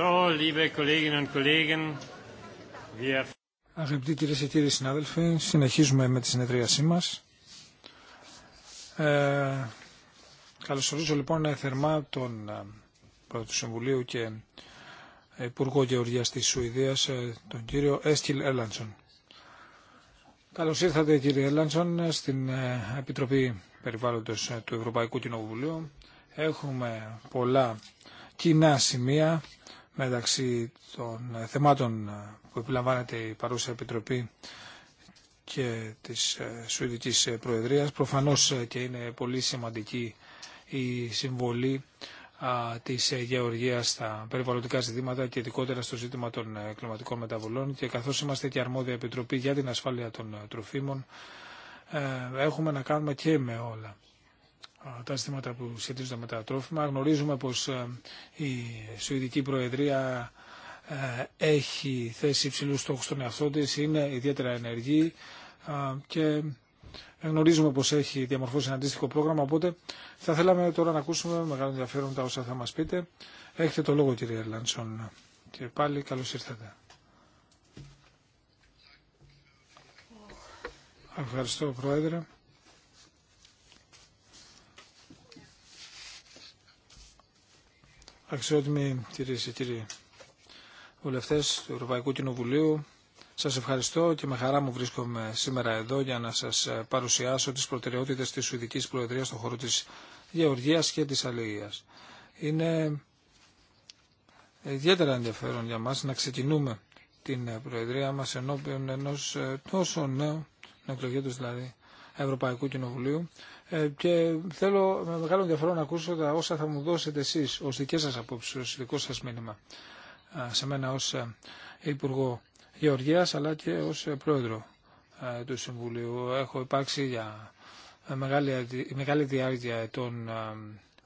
So, liebe Kolleginnen und Kollegen, wir... Αγαπητοί κυρίε και κύριοι συνάδελφοι, συνεχίζουμε με τη συνεδρίασή μα. Ε, καλωσορίζω λοιπόν θερμά τον ε, Πρωθυπουργό του Συμβουλίου και Υπουργό Γεωργία τη Σουηδία, ε, τον κύριο Έσκιλ Έλαντσον. Καλώ ήρθατε κύριε Έλαντσον στην ε, Επιτροπή Περιβάλλοντο του Ευρωπαϊκού Κοινοβουλίου. Έχουμε πολλά κοινά σημεία μεταξύ των ε, θεμάτων ε, που επιλαμβάνεται η παρούσα Επιτροπή και της ε, Σουηδικής Προεδρίας. Προφανώς και είναι πολύ σημαντική η συμβολή της γεωργίας στα περιβαλλοντικά ζητήματα και ειδικότερα στο ζήτημα των κλιματικών μεταβολών και καθώς είμαστε και αρμόδια επιτροπή για την ασφάλεια των τροφίμων έχουμε να κάνουμε και με όλα τα ζητήματα που σχετίζονται με τα τρόφιμα. Γνωρίζουμε πως ε, η Σουηδική Προεδρία ε, έχει θέσει υψηλούς στόχους στον εαυτό της, είναι ιδιαίτερα ενεργή και γνωρίζουμε πως έχει διαμορφώσει ένα αντίστοιχο πρόγραμμα, οπότε θα θέλαμε τώρα να ακούσουμε μεγάλο ενδιαφέρον τα όσα θα μας πείτε. Έχετε το λόγο κύριε Λαντσόν και πάλι καλώς ήρθατε. Ευχαριστώ Πρόεδρε. Αξιότιμοι κυρίε και κύριοι βουλευτέ του Ευρωπαϊκού Κοινοβουλίου, σας ευχαριστώ και με χαρά μου βρίσκομαι σήμερα εδώ για να σας παρουσιάσω τις προτεραιότητες της Σουηδικής Προεδρίας στον χώρο της Γεωργίας και της Αλληλείας. Είναι ιδιαίτερα ενδιαφέρον για μας να ξεκινούμε την Προεδρία μας ενώπιον ενός τόσο νέου, εκλογέτους δηλαδή, Ευρωπαϊκού Κοινοβουλίου, ε, και θέλω με μεγάλο ενδιαφέρον να ακούσω τα όσα θα μου δώσετε εσείς ως δικές σας απόψεις, ως δικό σας μήνυμα σε μένα ως ε, Υπουργό Γεωργίας αλλά και ως ε, Πρόεδρο του Συμβουλίου. Έχω υπάρξει για μεγάλη, μεγάλη διάρκεια των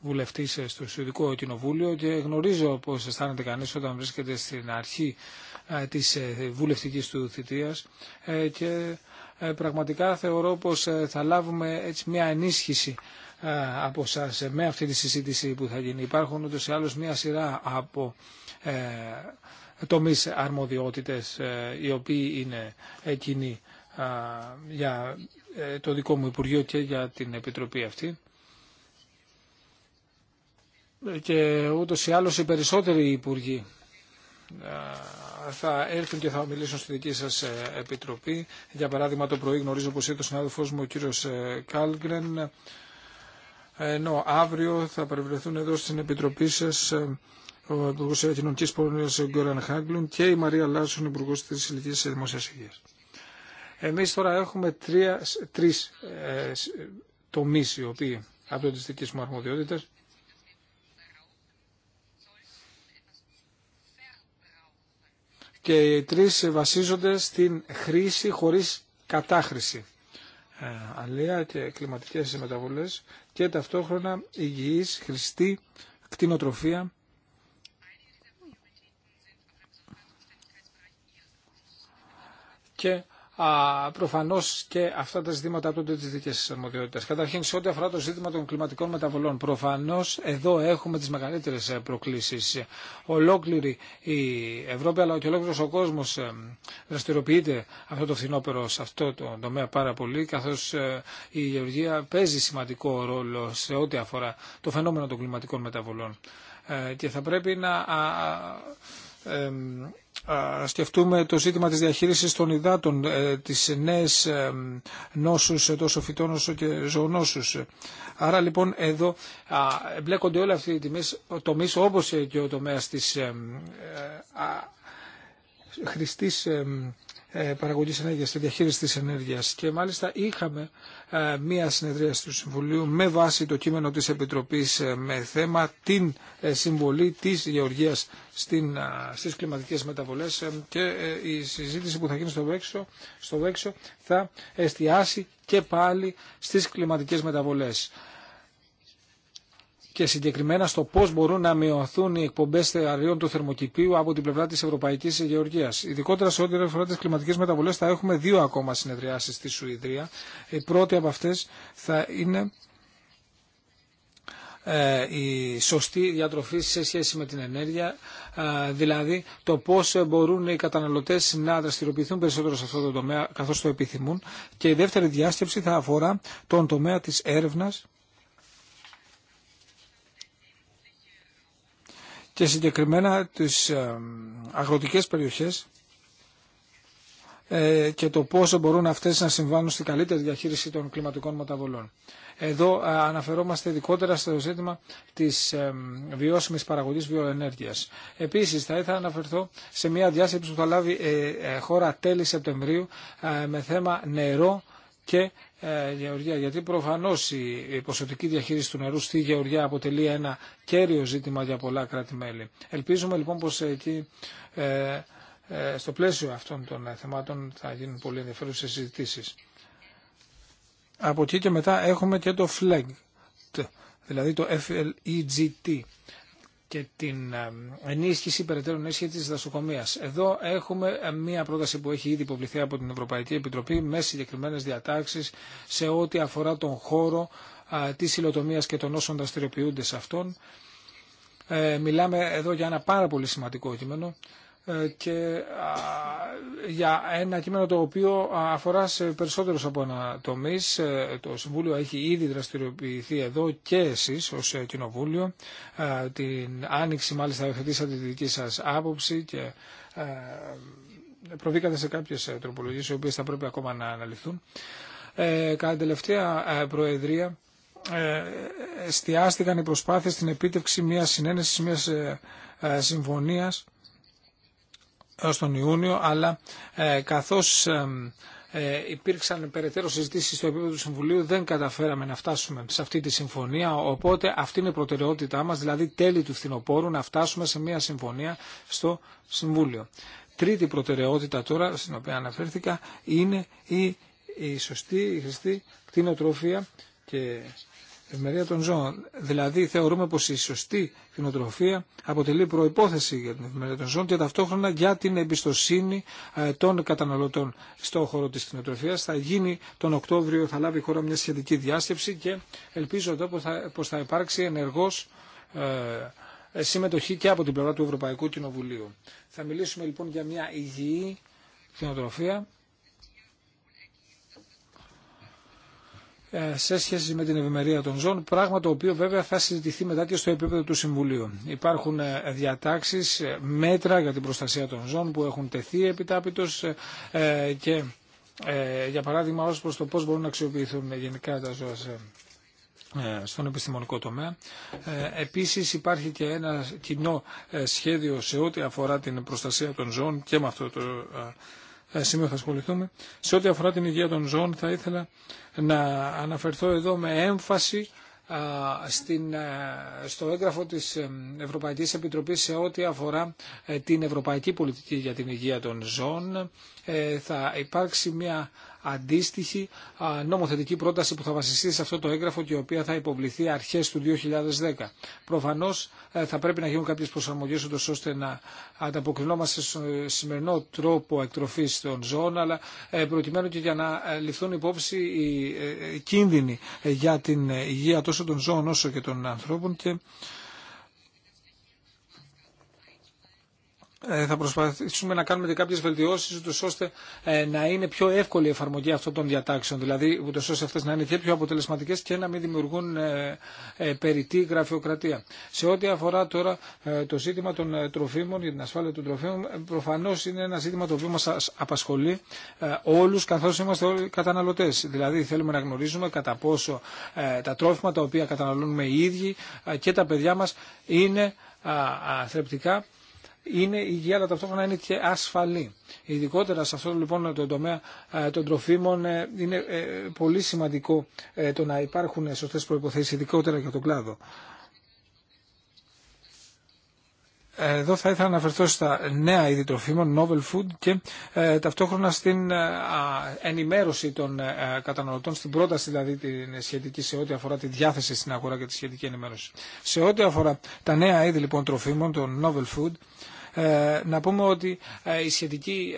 βουλευτή στο Συνδικό Κοινοβούλιο και γνωρίζω πώς αισθάνεται κανείς όταν βρίσκεται στην αρχή της βουλευτικής του θητείας και ε, πραγματικά θεωρώ πως ε, θα λάβουμε έτσι μια ενίσχυση ε, από σας με αυτή τη συζήτηση που θα γίνει. Υπάρχουν ούτως ή άλλως μια σειρά από τομείς αρμοδιότητες οι οποίοι είναι εκείνοι για το δικό μου Υπουργείο και για την Επιτροπή αυτή. Και ούτως ή άλλως οι περισσότεροι Υπουργοί θα έρθουν και θα μιλήσουν στη δική σας ε, επιτροπή. Για παράδειγμα το πρωί γνωρίζω πως είναι το συνάδελφός μου ο κύριος ε, Κάλγκρεν, ενώ αύριο θα παρευρεθούν εδώ στην επιτροπή σας ε, ο Υπουργός Κοινωνικής ο Γκέραν Χάγκλουν και η Μαρία Λάσσον, Υπουργός της Ηλικίας Δημόσιας Υγείας. Εμείς τώρα έχουμε τρία, τρεις ε, τομείς οι οποίοι από τις δικές μου αρμοδιότητες και οι τρεις βασίζονται στην χρήση χωρίς κατάχρηση ε, αλεία και κλιματικές μεταβολές και ταυτόχρονα υγιής, χρηστή, κτηνοτροφία. Και προφανώ και αυτά τα ζητήματα από τις δικές σα αρμοδιότητα. Καταρχήν, σε ό,τι αφορά το ζήτημα των κλιματικών μεταβολών, προφανώ εδώ έχουμε τι μεγαλύτερε ε, προκλήσει. Ολόκληρη η Ευρώπη αλλά και ολόκληρο ο κόσμο ε, δραστηριοποιείται αυτό το φθινόπερο σε αυτό το τομέα πάρα πολύ, καθώ ε, η Γεωργία παίζει σημαντικό ρόλο σε ό,τι αφορά το φαινόμενο των κλιματικών μεταβολών. Και θα πρέπει να σκεφτούμε το ζήτημα της διαχείρισης των υδάτων, ε, τις νέες ε, νόσους ε, τόσο φυτών όσο και ζωονόσους. Άρα λοιπόν εδώ εμπλέκονται όλα αυτοί οι τομείς όπως και ο τομέας της χρηστής ε, παραγωγής ενέργειας και διαχείριση της ενέργειας. Και μάλιστα είχαμε ε, μία συνεδρία του Συμβουλίου με βάση το κείμενο της Επιτροπής ε, με θέμα την συμβολή της γεωργίας στην, στις κλιματικές μεταβολές και η συζήτηση που θα γίνει στο Βέξο, στο θα εστιάσει και πάλι στις κλιματικές μεταβολές και συγκεκριμένα στο πώ μπορούν να μειωθούν οι εκπομπέ θεαριών του θερμοκηπίου από την πλευρά τη Ευρωπαϊκή Γεωργίας. Ειδικότερα σε ό,τι αφορά τι κλιματικέ μεταβολέ, θα έχουμε δύο ακόμα συνεδριάσεις στη Σουηδία. Η πρώτη από αυτέ θα είναι ε, η σωστή διατροφή σε σχέση με την ενέργεια, ε, δηλαδή το πώ μπορούν οι καταναλωτέ να δραστηριοποιηθούν περισσότερο σε αυτό το τομέα καθώ το επιθυμούν. Και η δεύτερη διάσκεψη θα αφορά τον τομέα τη έρευνα. και συγκεκριμένα τις ε, αγροτικές περιοχές ε, και το πόσο μπορούν αυτές να συμβάνουν στη καλύτερη διαχείριση των κλιματικών μεταβολών. Εδώ ε, αναφερόμαστε ειδικότερα στο ζήτημα της βιώσιμης παραγωγής βιοενέργειας. Επίσης θα ήθελα να αναφερθώ σε μια διάσκεψη που θα λάβει χώρα τέλη Σεπτεμβρίου με θέμα νερό και ε, Γεωργία, γιατί προφανώς η ποσοτική διαχείριση του νερού στη Γεωργία αποτελεί ένα κέριο ζήτημα για πολλά κράτη-μέλη. Ελπίζουμε λοιπόν πως εκεί ε, ε, στο πλαίσιο αυτών των θεμάτων θα γίνουν πολύ ενδιαφέρουσες συζητήσεις. Από εκεί και μετά έχουμε και το FLEGT, δηλαδή το FLEGT, και την ενίσχυση, περαιτέρω ενίσχυση της δασοκομίας. Εδώ έχουμε μία πρόταση που έχει ήδη υποβληθεί από την Ευρωπαϊκή Επιτροπή με συγκεκριμένε διατάξεις σε ό,τι αφορά τον χώρο τη υλοτομία και των όσων δραστηριοποιούνται σε αυτόν. Ε, μιλάμε εδώ για ένα πάρα πολύ σημαντικό κείμενο ε, και για ένα κείμενο το οποίο αφορά σε περισσότερους από ένα τομείς. Ε, το Συμβούλιο έχει ήδη δραστηριοποιηθεί εδώ και εσείς ως ε, Κοινοβούλιο. Την Άνοιξη μάλιστα εφετήσατε τη δική σας άποψη και προβήκατε σε κάποιες τροπολογίες οι οποίες θα πρέπει ακόμα να αναλυθούν. Κατά τελευταία προεδρία εστιάστηκαν οι προσπάθειες στην επίτευξη μιας συνένεσης, μιας συμφωνίας έως τον Ιούνιο, αλλά ε, καθώς ε, υπήρξαν περαιτέρω συζητήσει στο επίπεδο του Συμβουλίου, δεν καταφέραμε να φτάσουμε σε αυτή τη συμφωνία, οπότε αυτή είναι η προτεραιότητά μας, δηλαδή τέλη του φθινοπόρου να φτάσουμε σε μια συμφωνία στο Συμβούλιο. Τρίτη προτεραιότητα τώρα, στην οποία αναφέρθηκα, είναι η, η σωστή, η χρηστή κτηνοτροφία και ευημερία των ζώων. Δηλαδή θεωρούμε πως η σωστή κοινοτροφία αποτελεί προϋπόθεση για την ευημερία των ζώων και ταυτόχρονα για την εμπιστοσύνη ε, των καταναλωτών στο χώρο της κοινοτροφίας. Θα γίνει τον Οκτώβριο, θα λάβει η χώρα μια σχετική διάσκεψη και ελπίζω εδώ πως θα, θα υπάρξει ενεργός ε, ε, συμμετοχή και από την πλευρά του Ευρωπαϊκού Κοινοβουλίου. Θα μιλήσουμε λοιπόν για μια υγιή κοινοτροφία. Ε, σε σχέση με την ευημερία των ζώων, πράγμα το οποίο βέβαια θα συζητηθεί μετά και στο επίπεδο του Συμβουλίου. Υπάρχουν ε, διατάξεις, ε, μέτρα για την προστασία των ζώων που έχουν τεθεί επιτάπητος και για παράδειγμα ως προς το πώς μπορούν να αξιοποιηθούν γενικά τα ζώα στον επιστημονικό τομέα. Επίσης υπάρχει και ένα κοινό σχέδιο σε ό,τι αφορά την προστασία των ζώων και με αυτό το ε, θα Σε ό,τι αφορά την υγεία των ζώων θα ήθελα να αναφερθώ εδώ με έμφαση στην, ε, στο έγγραφο της ε, Ευρωπαϊκής Επιτροπής σε ό,τι αφορά την ευρωπαϊκή πολιτική για την υγεία των ζώων θα υπάρξει μια αντίστοιχη νομοθετική πρόταση που θα βασιστεί σε αυτό το έγγραφο και η οποία θα υποβληθεί αρχές του 2010. Προφανώς ε, θα πρέπει να γίνουν κάποιες προσαρμογές ώστε να ανταποκρινόμαστε στο σημερινό τρόπο εκτροφής των ζώων αλλά ε, προκειμένου και για να ε, ληφθούν υπόψη οι κίνδυνοι για την υγεία τόσο των ζώων όσο και των ανθρώπων Ε, θα προσπαθήσουμε να κάνουμε και κάποιε βελτιώσει, ώστε ε, να είναι πιο εύκολη η εφαρμογή αυτών των διατάξεων δηλαδή ούτω ώστε αυτές να είναι και πιο αποτελεσματικέ και να μην δημιουργούν ε, περιττή γραφειοκρατία. Σε ό,τι αφορά τώρα το ζήτημα των τροφίμων για την ασφάλεια των τροφίμων προφανώ είναι ένα ζήτημα το οποίο μα απασχολεί όλου, καθώ είμαστε όλοι καταναλωτές. Δηλαδή θέλουμε να γνωρίζουμε κατά πόσο τα τρόφιμα τα οποία καταναλώνουμε οι ίδιοι και τα παιδιά μα είναι θρεπτικά είναι υγεία αλλά ταυτόχρονα είναι και ασφαλή. Ειδικότερα σε αυτό λοιπόν το τομέα ε, των τροφίμων ε, είναι ε, πολύ σημαντικό το να υπάρχουν σωστές προϋποθέσεις ειδικότερα για τον κλάδο. Εδώ θα ήθελα να αναφερθώ στα νέα είδη τροφίμων, novel food και ταυτόχρονα στην ενημέρωση των ε, καταναλωτών, στην πρόταση δηλαδή την σχετική σε ό,τι αφορά τη διάθεση στην αγορά και τη σχετική ενημέρωση. Σε ό,τι αφορά τα νέα είδη λοιπόν τροφίμων, των novel food, ε, να πούμε ότι ε, η σχετική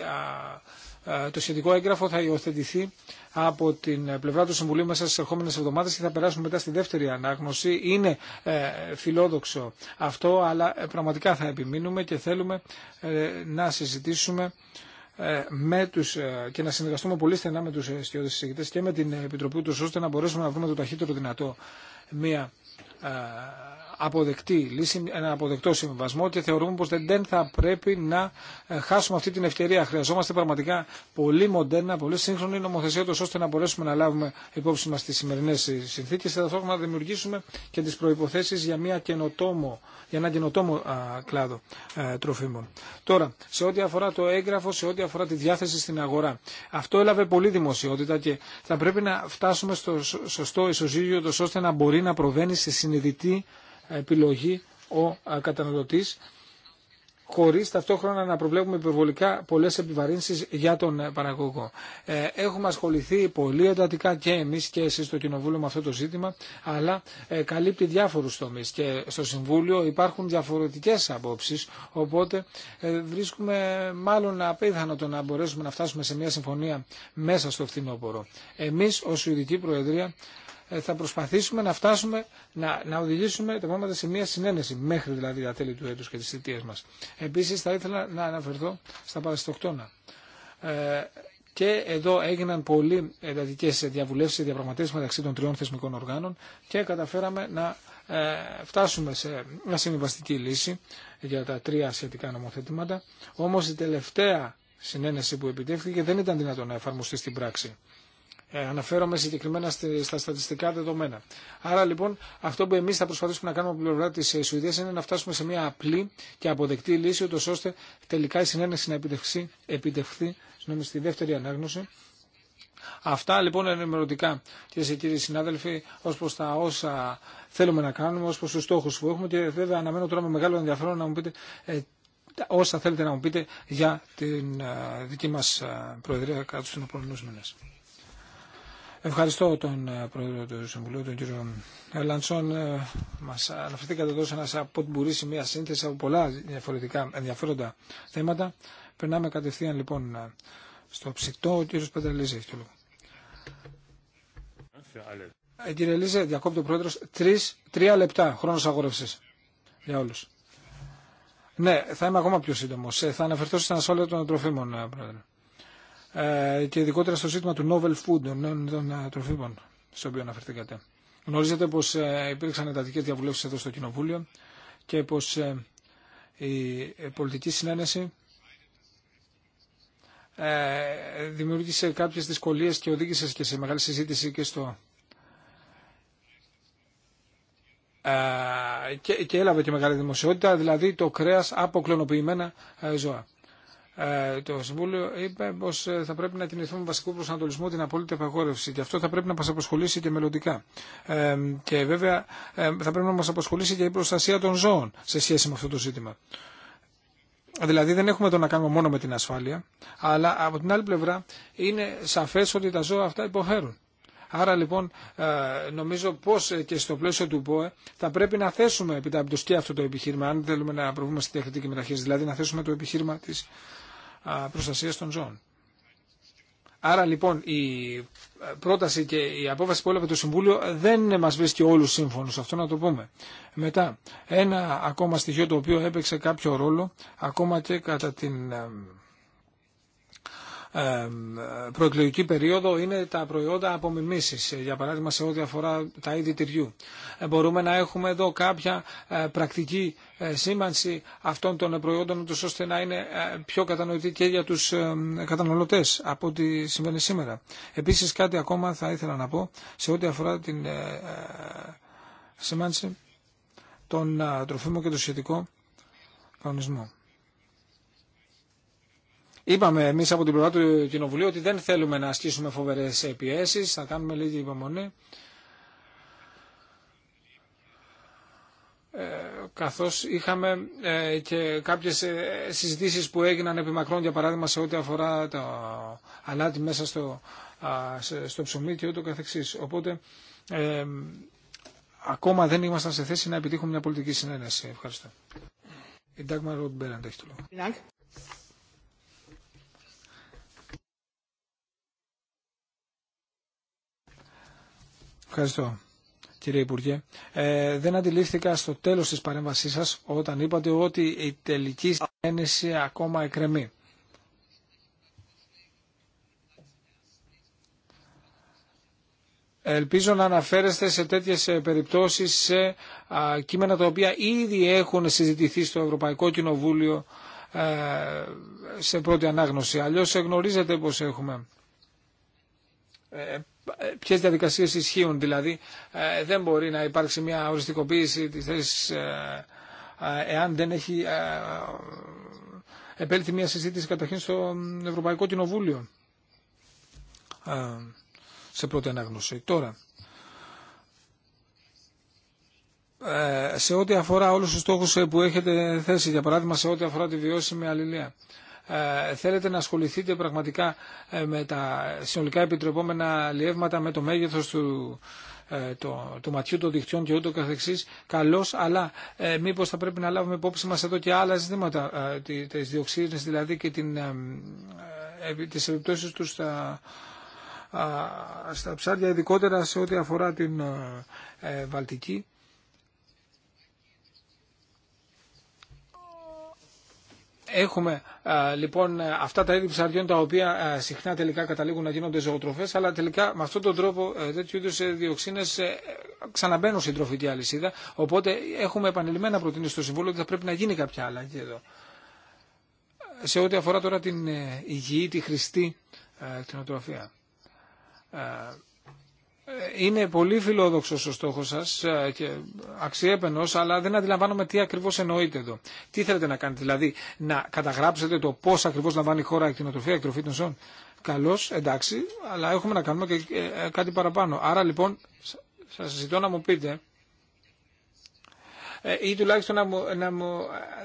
ε, το σχετικό έγγραφο θα υιοθετηθεί από την πλευρά του Συμβουλίου μέσα στι ερχόμενε εβδομάδε και θα περάσουμε μετά στη δεύτερη ανάγνωση. Είναι φιλόδοξο αυτό, αλλά πραγματικά θα επιμείνουμε και θέλουμε να συζητήσουμε με τους, και να συνεργαστούμε πολύ στενά με τους αισιόδες συζητητές και με την Επιτροπή του ώστε να μπορέσουμε να βρούμε το ταχύτερο δυνατό μία αποδεκτή λύση, ένα αποδεκτό συμβασμό και θεωρούμε πως δεν θα πρέπει να ε, χάσουμε αυτή την ευκαιρία. Χρειαζόμαστε πραγματικά πολύ μοντέρνα, πολύ σύγχρονη νομοθεσία ώστε να μπορέσουμε να λάβουμε υπόψη μας τις σημερινές συνθήκες και θα να δημιουργήσουμε και τις προϋποθέσεις για, μια καινοτόμο, για ένα καινοτόμο κλάδο ε, τροφίμων. Τώρα, σε ό,τι αφορά το έγγραφο, σε ό,τι αφορά τη διάθεση στην αγορά. Αυτό έλαβε πολύ δημοσιότητα και θα πρέπει να φτάσουμε στο σωστό ισοζύγιο, ώστε να μπορεί να προβαίνει σε συνειδητή επιλογή ο καταναλωτή χωρί ταυτόχρονα να προβλέπουμε υπερβολικά πολλέ επιβαρύνσει για τον ε, παραγωγό. Ε, έχουμε ασχοληθεί πολύ εντατικά και εμεί και εσεί στο Κοινοβούλιο με αυτό το ζήτημα, αλλά ε, καλύπτει διάφορου τομεί και στο Συμβούλιο υπάρχουν διαφορετικέ απόψει, οπότε βρίσκουμε μάλλον απίθανο το να μπορέσουμε να φτάσουμε σε μια συμφωνία μέσα στο φθινόπωρο. Εμεί ω Ιουδική Προεδρία ε, θα προσπαθήσουμε να φτάσουμε, να, να οδηγήσουμε τα πράγματα σε μια συνένεση μέχρι δηλαδή τα τέλη του έτους και της θητείας μας. Επίσης θα ήθελα να αναφερθώ στα παραστοκτόνα. Ε, και εδώ έγιναν πολλοί εντατικέ διαβουλεύσει και διαπραγματεύσει μεταξύ των τριών θεσμικών οργάνων και καταφέραμε να ε, φτάσουμε σε μια συμβιβαστική λύση για τα τρία σχετικά νομοθετήματα. Όμω η τελευταία συνένεση που επιτεύχθηκε δεν ήταν δυνατόν να εφαρμοστεί στην πράξη. Ε, αναφέρομαι συγκεκριμένα στα στατιστικά δεδομένα. Άρα λοιπόν αυτό που εμείς θα προσπαθήσουμε να κάνουμε από την πλευρά της ε, Σουηδία είναι να φτάσουμε σε μια απλή και αποδεκτή λύση ώστε τελικά η συνένεση να επιτευχθεί, επιτευχθεί στη δεύτερη ανάγνωση. Αυτά λοιπόν ενημερωτικά κυρίε και κύριοι συνάδελφοι ω προ τα όσα θέλουμε να κάνουμε, ω προ του στόχου που έχουμε και βέβαια αναμένω τώρα με μεγάλο ενδιαφέρον να μου πείτε ε, όσα θέλετε να μου πείτε για την ε, δική μα ε, Προεδρία κάτω στου επόμενου μήνε. Ευχαριστώ τον ε, πρόεδρο του Συμβουλίου, τον κύριο Λαντσόν. Ε, Μα αναφερθήκατε εδώ σε ένα από την πουρήση μια σύνθεση από πολλά διαφορετικά ενδιαφέροντα θέματα. Περνάμε κατευθείαν λοιπόν ε, στο ψητό. Ο κύριο Πενταλίζη έχει το λόγο. Ε, κύριε Λίζε, διακόπτει ο πρόεδρο. Τρία λεπτά χρόνο αγόρευση για όλου. Ναι, θα είμαι ακόμα πιο σύντομο. Θα αναφερθώ στην ασφάλεια των τροφίμων, πρόεδρε. Ε, και ειδικότερα στο ζήτημα του novel food, των νέων ε, τροφίμων, στο οποίο αναφερθήκατε. Γνωρίζετε πως ε, υπήρξαν εντατικές διαβουλεύσεις εδώ στο Κοινοβούλιο και πως η πολιτική συνένεση δημιούργησε κάποιες δυσκολίες και οδήγησε και σε μεγάλη συζήτηση και στο και, και έλαβε και μεγάλη δημοσιότητα, δηλαδή το κρέας από κλωνοποιημένα ζώα. Ε, το Συμβούλιο είπε πω ε, θα πρέπει να κινηθούμε βασικό προσανατολισμό την απόλυτη απαγόρευση και αυτό θα πρέπει να μα απασχολήσει και μελλοντικά. Ε, και βέβαια θα πρέπει να μα απασχολήσει και η προστασία των ζώων σε σχέση με αυτό το ζήτημα. Δηλαδή δεν έχουμε το να κάνουμε μόνο με την ασφάλεια, αλλά από την άλλη πλευρά είναι σαφέ ότι τα ζώα αυτά υποφέρουν. Άρα λοιπόν νομίζω πως και στο πλαίσιο του ΠΟΕ θα πρέπει να θέσουμε τα και αυτό το επιχείρημα αν θέλουμε να προβούμε στη διακριτική μεταχείριση, δηλαδή να θέσουμε το επιχείρημα τη προστασία των ζώων. Άρα λοιπόν η πρόταση και η απόφαση που έλαβε το Συμβούλιο δεν μας βρίσκει όλους σύμφωνους, αυτό να το πούμε. Μετά, ένα ακόμα στοιχείο το οποίο έπαιξε κάποιο ρόλο, ακόμα και κατά την προεκλογική περίοδο είναι τα προϊόντα απομιμήσεις, ε, για παράδειγμα σε ό,τι αφορά τα είδη τυριού. Ε, μπορούμε να έχουμε εδώ κάποια ε, πρακτική σήμανση αυτών των προϊόντων τους ώστε να είναι πιο κατανοητή και για τους καταναλωτές από ό,τι συμβαίνει σήμερα. Επίσης κάτι ακόμα θα ήθελα να πω σε ό,τι αφορά την σήμανση των τροφίμων και το σχετικό κανονισμό. Είπαμε εμεί από την πλευρά του Κοινοβουλίου ότι δεν θέλουμε να ασκήσουμε φοβερέ πιέσει, θα κάνουμε λίγη υπομονή. Ε, καθώς είχαμε ε, και κάποιες ε, συζητήσεις που έγιναν επί μακρόν, για παράδειγμα σε ό,τι αφορά το αλάτι μέσα στο, στο ψωμί και ούτω καθεξής. Οπότε ε, ακόμα δεν ήμασταν σε θέση να επιτύχουμε μια πολιτική συνένεση. Ευχαριστώ. Η Ευχαριστώ. Κύριε Υπουργέ, ε, δεν αντιλήφθηκα στο τέλος της παρέμβασής σας όταν είπατε ότι η τελική ένεση ακόμα εκκρεμεί. Ελπίζω να αναφέρεστε σε τέτοιες ε, περιπτώσεις σε κείμενα τα οποία ήδη έχουν συζητηθεί στο Ευρωπαϊκό Κοινοβούλιο ε, σε πρώτη ανάγνωση. Αλλιώς ε, γνωρίζετε πως έχουμε ε, ποιες διαδικασίες ισχύουν. Δηλαδή ε, δεν μπορεί να υπάρξει μια οριστικοποίηση της θέσης ε, εάν δεν έχει επέλθει μια συζήτηση καταρχήν στο Ευρωπαϊκό Κοινοβούλιο σε πρώτη ανάγνωση. Τώρα, σε ό,τι αφορά όλους τους στόχους που έχετε θέσει, για παράδειγμα σε ό,τι αφορά τη βιώσιμη αλληλεία. Ε, θέλετε να ασχοληθείτε πραγματικά ε, με τα συνολικά επιτρεπόμενα λιεύματα, με το μέγεθος του, ε, το, ματιού των δικτυών και ούτω καθεξής καλώς, αλλά μήπως θα πρέπει να λάβουμε υπόψη μας εδώ και άλλα ζητήματα ε, τις δηλαδή και την, ε, τις τους στα, στα ψάρια ειδικότερα σε ό,τι αφορά την Βαλτική Έχουμε λοιπόν αυτά τα είδη ψαριών τα οποία συχνά τελικά καταλήγουν να γίνονται ζωοτροφές αλλά τελικά με αυτόν τον τρόπο ε, τέτοιου είδου ε, διοξίνες ε, ξαναμπαίνουν στην τροφική αλυσίδα οπότε έχουμε επανειλημμένα προτείνει στο Συμβούλιο ότι θα πρέπει να γίνει κάποια αλλαγή εδώ. Σε ό,τι αφορά τώρα την υγιή, τη χρηστή κτηνοτροφία είναι πολύ φιλόδοξος ο στόχος σας ε, και αξιέπαινος, αλλά δεν αντιλαμβάνομαι τι ακριβώς εννοείτε εδώ. Τι θέλετε να κάνετε, δηλαδή να καταγράψετε το πώς ακριβώς λαμβάνει η χώρα η κτηνοτροφία, η εκτροφή των ζώων. Καλώς, εντάξει, αλλά έχουμε να κάνουμε και ε, ε, κάτι παραπάνω. Άρα λοιπόν, σας ζητώ να μου πείτε, ή τουλάχιστον να μου, να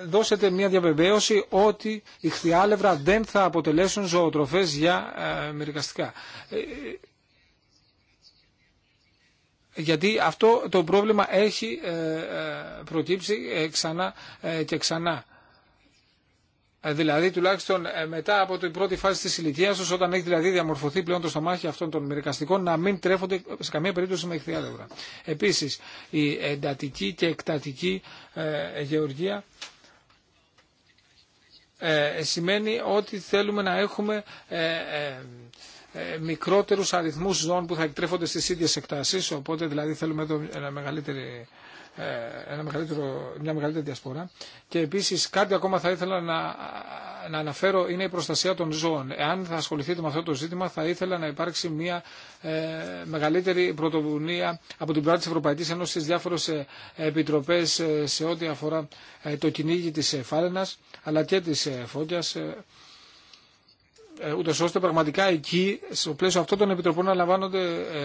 δώσετε μια διαβεβαίωση ότι οι χθιάλευρα δεν θα αποτελέσουν ζωοτροφές για μερικαστικά γιατί αυτό το πρόβλημα έχει ε, ε, προκύψει ε, ξανά και ξανά. Δηλαδή τουλάχιστον μετά από την πρώτη φάση της ηλικία όταν έχει δηλαδή διαμορφωθεί πλέον το στομάχι αυτών των μερικαστικών, να μην τρέφονται σε καμία περίπτωση με ηχθιάδευρα. Επίσης, η εντατική και εκτατική γεωργία σημαίνει ότι θέλουμε να έχουμε ε, μικρότερους αριθμούς ζώων που θα εκτρέφονται στις ίδιες εκτάσεις, οπότε δηλαδή θέλουμε εδώ ένα μεγαλύτερο, ε, ένα μεγαλύτερο, μια μεγαλύτερη διασπορά. Και επίσης κάτι ακόμα θα ήθελα να, να αναφέρω είναι η προστασία των ζώων. Εάν θα ασχοληθείτε με αυτό το ζήτημα, θα ήθελα να υπάρξει μια ε, μεγαλύτερη πρωτοβουλία από την Πράξη τη Ευρωπαϊκή Ένωση στι διάφορε επιτροπέ σε ό,τι αφορά το κυνήγι τη φάλαινας αλλά και τη φόκια. Ε, ούτως ώστε πραγματικά εκεί, στο πλαίσιο αυτών των επιτροπών, να λαμβάνονται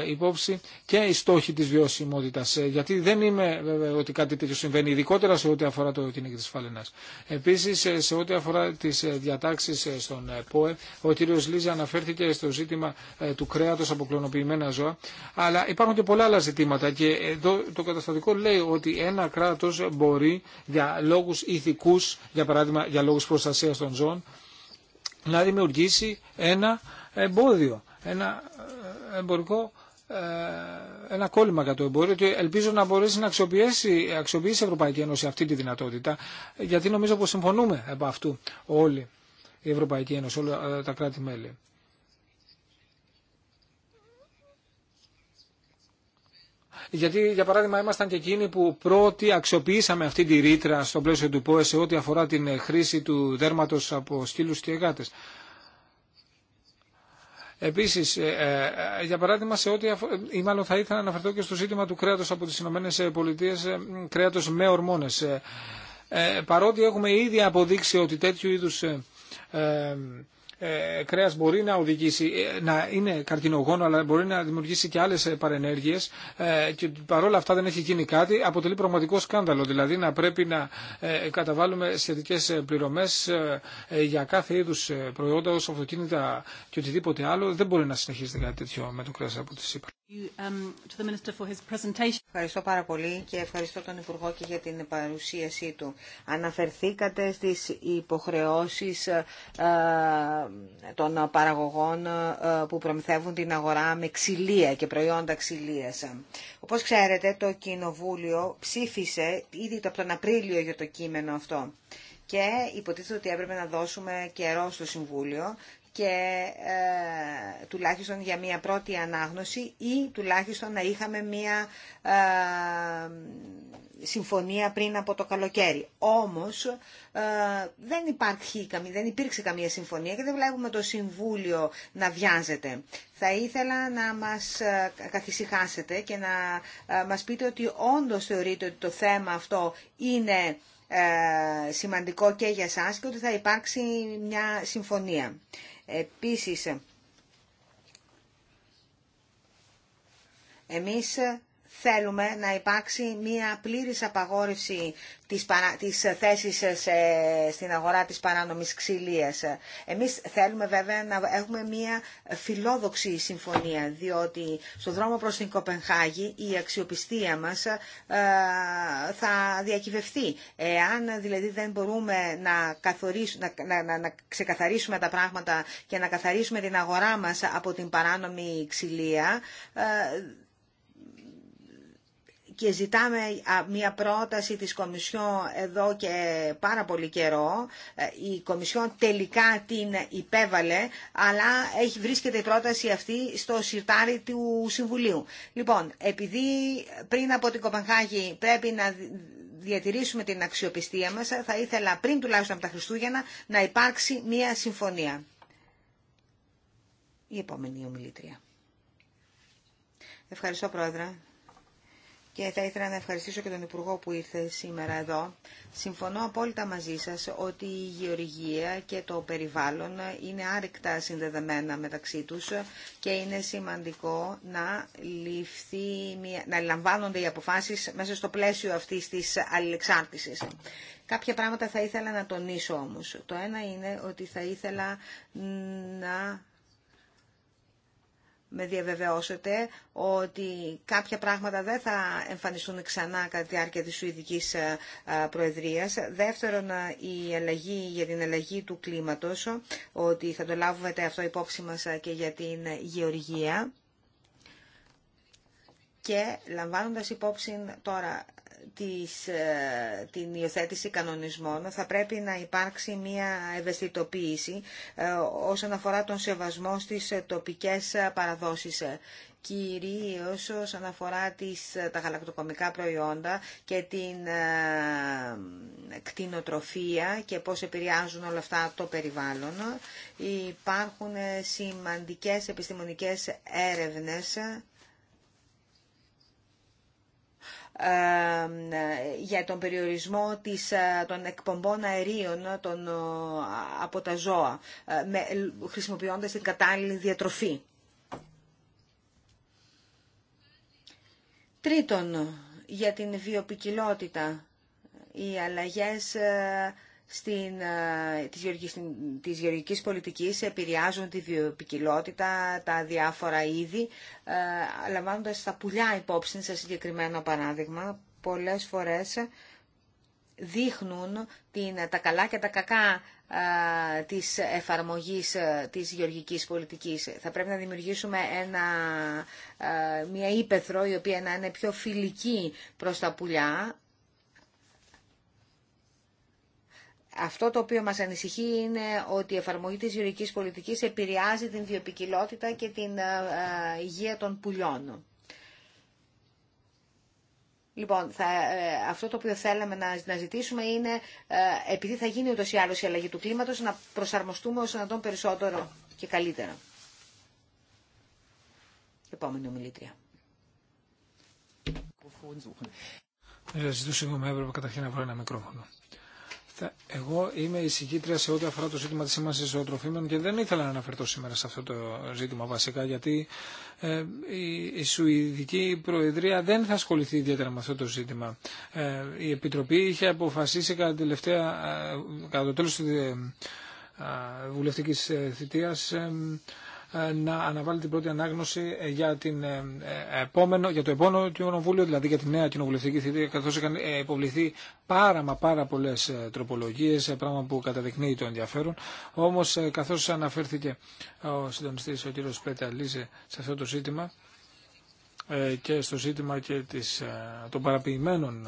ε, υπόψη και οι στόχοι της βιωσιμότητας. Ε, γιατί δεν είμαι βέβαια ότι κάτι τέτοιο συμβαίνει, ειδικότερα σε ό,τι αφορά το κυνήγι της φαλενάς. Επίσης, σε ό,τι αφορά τις διατάξεις στον ΠΟΕ, ο κ. Λίζα αναφέρθηκε στο ζήτημα του κρέατος από κλωνοποιημένα ζώα, αλλά υπάρχουν και πολλά άλλα ζητήματα και εδώ το καταστατικό λέει ότι ένα κράτος μπορεί για λόγου, ηθικούς, για παράδειγμα για λόγου προστασίας των ζώων, να δημιουργήσει ένα εμπόδιο, ένα ε, εμπορικό ε, ένα κόλλημα κατά το εμπόριο και ελπίζω να μπορέσει να αξιοποιήσει, αξιοποιήσει η Ευρωπαϊκή Ένωση αυτή τη δυνατότητα γιατί νομίζω πως συμφωνούμε από αυτού όλοι η Ευρωπαϊκή Ένωση, όλα τα κράτη-μέλη. γιατί για παράδειγμα ήμασταν και εκείνοι που πρώτοι αξιοποιήσαμε αυτή τη ρήτρα στο πλαίσιο του ΠΟΕ σε ό,τι αφορά την ε, χρήση του δέρματος από σκύλους και γάτες. Επίσης, ε, ε, για παράδειγμα, σε ό,τι ή μάλλον θα ήθελα να αναφερθώ και στο ζήτημα του κρέατος από τις Ηνωμένες Πολιτείες, κρέατος με ορμόνες. Παρότι έχουμε ήδη αποδείξει ότι τέτοιου είδους ε, κρέας μπορεί να οδηγήσει, ε, να είναι καρκινογόνο, αλλά μπορεί να δημιουργήσει και άλλες ε, παρενέργειες και παρόλα αυτά δεν έχει γίνει κάτι, αποτελεί πραγματικό σκάνδαλο. Δηλαδή να πρέπει να καταβάλουμε σχετικές πληρωμές για κάθε είδους προϊόντα, ως αυτοκίνητα και οτιδήποτε άλλο. Δεν μπορεί να συνεχίσει κάτι τέτοιο με το κρέας από τη ΣΥΠΑ. Um, ευχαριστώ πάρα πολύ και ευχαριστώ τον Υπουργό και για την παρουσίασή του. Αναφερθήκατε στις υποχρεώσεις ε, ε, των παραγωγών ε, που προμηθεύουν την αγορά με ξυλία και προϊόντα ξυλίας. Όπως ξέρετε, το Κοινοβούλιο ψήφισε ήδη από τον Απρίλιο για το κείμενο αυτό και υποτίθεται ότι έπρεπε να δώσουμε καιρό στο Συμβούλιο και ε, τουλάχιστον για μία πρώτη ανάγνωση ή τουλάχιστον να είχαμε μία ε, συμφωνία πριν από το καλοκαίρι. Όμως ε, δεν, υπάρχει, δεν υπήρξε καμία συμφωνία και δεν βλέπουμε το Συμβούλιο να βιάζεται. Θα ήθελα να μας καθησυχάσετε και να μας πείτε ότι όντως θεωρείτε ότι το θέμα αυτό είναι σημαντικό και για σας και ότι θα υπάρξει μια συμφωνία. Επίσης, εμείς θέλουμε να υπάρξει μία πλήρης απαγόρευση της, παρα... της θέσης σε... στην αγορά της παράνομης ξυλίας. Εμείς θέλουμε βέβαια να έχουμε μία φιλόδοξη συμφωνία, διότι στον δρόμο προς την Κοπενχάγη η αξιοπιστία μας ε, θα διακυβευτεί. Εάν δηλαδή δεν μπορούμε να, καθορίσουμε, να, να, να ξεκαθαρίσουμε τα πράγματα και να καθαρίσουμε την αγορά μας από την παράνομη ξυλία... Ε, και ζητάμε μια πρόταση της Κομισιόν εδώ και πάρα πολύ καιρό. Ε, η Κομισιόν τελικά την υπέβαλε, αλλά έχει, βρίσκεται η πρόταση αυτή στο σιρτάρι του Συμβουλίου. Λοιπόν, επειδή πριν από την Κοπενχάγη πρέπει να διατηρήσουμε την αξιοπιστία μας, θα ήθελα πριν τουλάχιστον από τα Χριστούγεννα να υπάρξει μια συμφωνία. Η επόμενη ομιλήτρια. Ευχαριστώ, Πρόεδρε και θα ήθελα να ευχαριστήσω και τον Υπουργό που ήρθε σήμερα εδώ. Συμφωνώ απόλυτα μαζί σας ότι η γεωργία και το περιβάλλον είναι άρρηκτα συνδεδεμένα μεταξύ τους και είναι σημαντικό να, ληφθεί, να λαμβάνονται οι αποφάσεις μέσα στο πλαίσιο αυτής της αλληλεξάρτησης. Κάποια πράγματα θα ήθελα να τονίσω όμως. Το ένα είναι ότι θα ήθελα να με διαβεβαιώσετε ότι κάποια πράγματα δεν θα εμφανιστούν ξανά κατά τη διάρκεια της Σουηδικής ε, ε, Προεδρίας. Δεύτερον, ε, η αλλαγή για την αλλαγή του κλίματος, ότι θα το λάβουμε αυτό υπόψη μας και για την γεωργία. Και λαμβάνοντας υπόψη τώρα της, ε, την υιοθέτηση κανονισμών θα πρέπει να υπάρξει μια ευαισθητοποίηση ε, όσον αφορά τον σεβασμό στις ε, τοπικές παραδόσεις κυρίως όσον αφορά τις, τα γαλακτοκομικά προϊόντα και την κτηνοτροφία και πώς επηρεάζουν όλα αυτά το περιβάλλον. Υπάρχουν σημαντικές επιστημονικές έρευνες ε, για τον περιορισμό της, ε, των εκπομπών αερίων ε, των, από τα ζώα, με, χρησιμοποιώντας την κατάλληλη διατροφή. Τρίτον, για την βιοπικιλότητα, οι αλλαγές στην, της, γεωργικής, της πολιτικής επηρεάζουν τη διοπικιλότητα, τα διάφορα είδη, ε, λαμβάνοντας τα πουλιά υπόψη σε συγκεκριμένο παράδειγμα, πολλές φορές δείχνουν την, τα καλά και τα κακά της εφαρμογής της γεωργικής πολιτικής. Θα πρέπει να δημιουργήσουμε ένα, μια ύπεθρο η οποία να είναι πιο φιλική προς τα πουλιά, αυτό το οποίο μας ανησυχεί είναι ότι η εφαρμογή της γεωργικής πολιτικής επηρεάζει την βιοπικιλότητα και την ε, ε, υγεία των πουλιών. Λοιπόν, θα, ε, αυτό το οποίο θέλαμε να, ζητήσουμε είναι, επειδή θα γίνει ούτως ή άλλως η αλλαγή του κλίματος, να προσαρμοστούμε όσο να τον περισσότερο και καλύτερα. Επόμενη ομιλήτρια. Ευχαριστώ ζητώ συγγνώμη, έπρεπε καταρχήν να βρω ένα μικρόφωνο. Εγώ είμαι η συγκήτρια σε ό,τι αφορά το ζήτημα τη σήμανση ζωοτροφίμων και δεν ήθελα να αναφερθώ σήμερα σε αυτό το ζήτημα βασικά γιατί ε, η Σουηδική Προεδρία δεν θα ασχοληθεί ιδιαίτερα με αυτό το ζήτημα. Ε, η Επιτροπή είχε αποφασίσει κατά, τελευταία, ε, κατά το τέλος της βουλευτικής θητείας ε, να αναβάλει την πρώτη ανάγνωση ε, για, την ε, επόμενο, για το επόμενο κοινοβούλιο, δηλαδή για τη νέα κοινοβουλευτική θητεία, καθώ είχαν υποβληθεί πάρα μα πάρα πολλέ τροπολογίε, πράγμα που καταδεικνύει το ενδιαφέρον. Όμω, καθώ αναφέρθηκε ο συντονιστή, ο κ. Πέτα Λίζε, σε αυτό το ζήτημα και στο ζήτημα και της, των παραποιημένων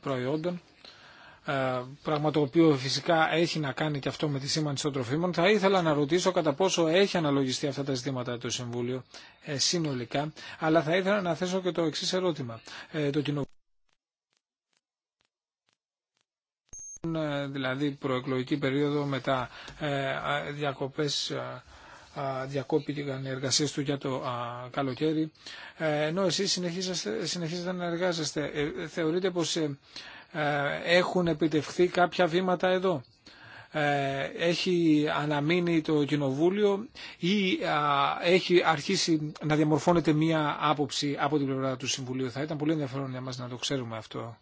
προϊόντων, ε, πράγμα το οποίο φυσικά έχει να κάνει και αυτό με τη σήμανση των τροφίμων, θα ήθελα να ρωτήσω κατά πόσο έχει αναλογιστεί αυτά τα ζητήματα το Συμβούλιο ε, συνολικά, αλλά θα ήθελα να θέσω και το εξή ερώτημα. Ε, το δηλαδή προεκλογική περίοδο μετά διακοπές διακόπηκαν οι εργασίες του για το καλοκαίρι ενώ εσείς συνεχίζετε να εργάζεστε θεωρείτε πως ε, έχουν επιτευχθεί κάποια βήματα εδώ. Ε, έχει αναμείνει το Κοινοβούλιο ή έχει αρχίσει να διαμορφώνεται μία άποψη από την πλευρά του Συμβουλίου. Θα ήταν πολύ ενδιαφέρον για μας να το ξέρουμε αυτό.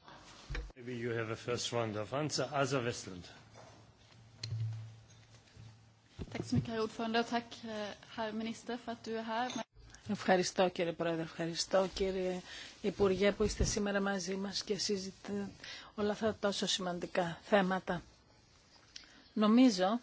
Ευχαριστώ κύριε Πρόεδρε, ευχαριστώ κύριε Υπουργέ που είστε σήμερα μαζί μας και συζητείτε όλα αυτά τόσο σημαντικά θέματα. Νομίζω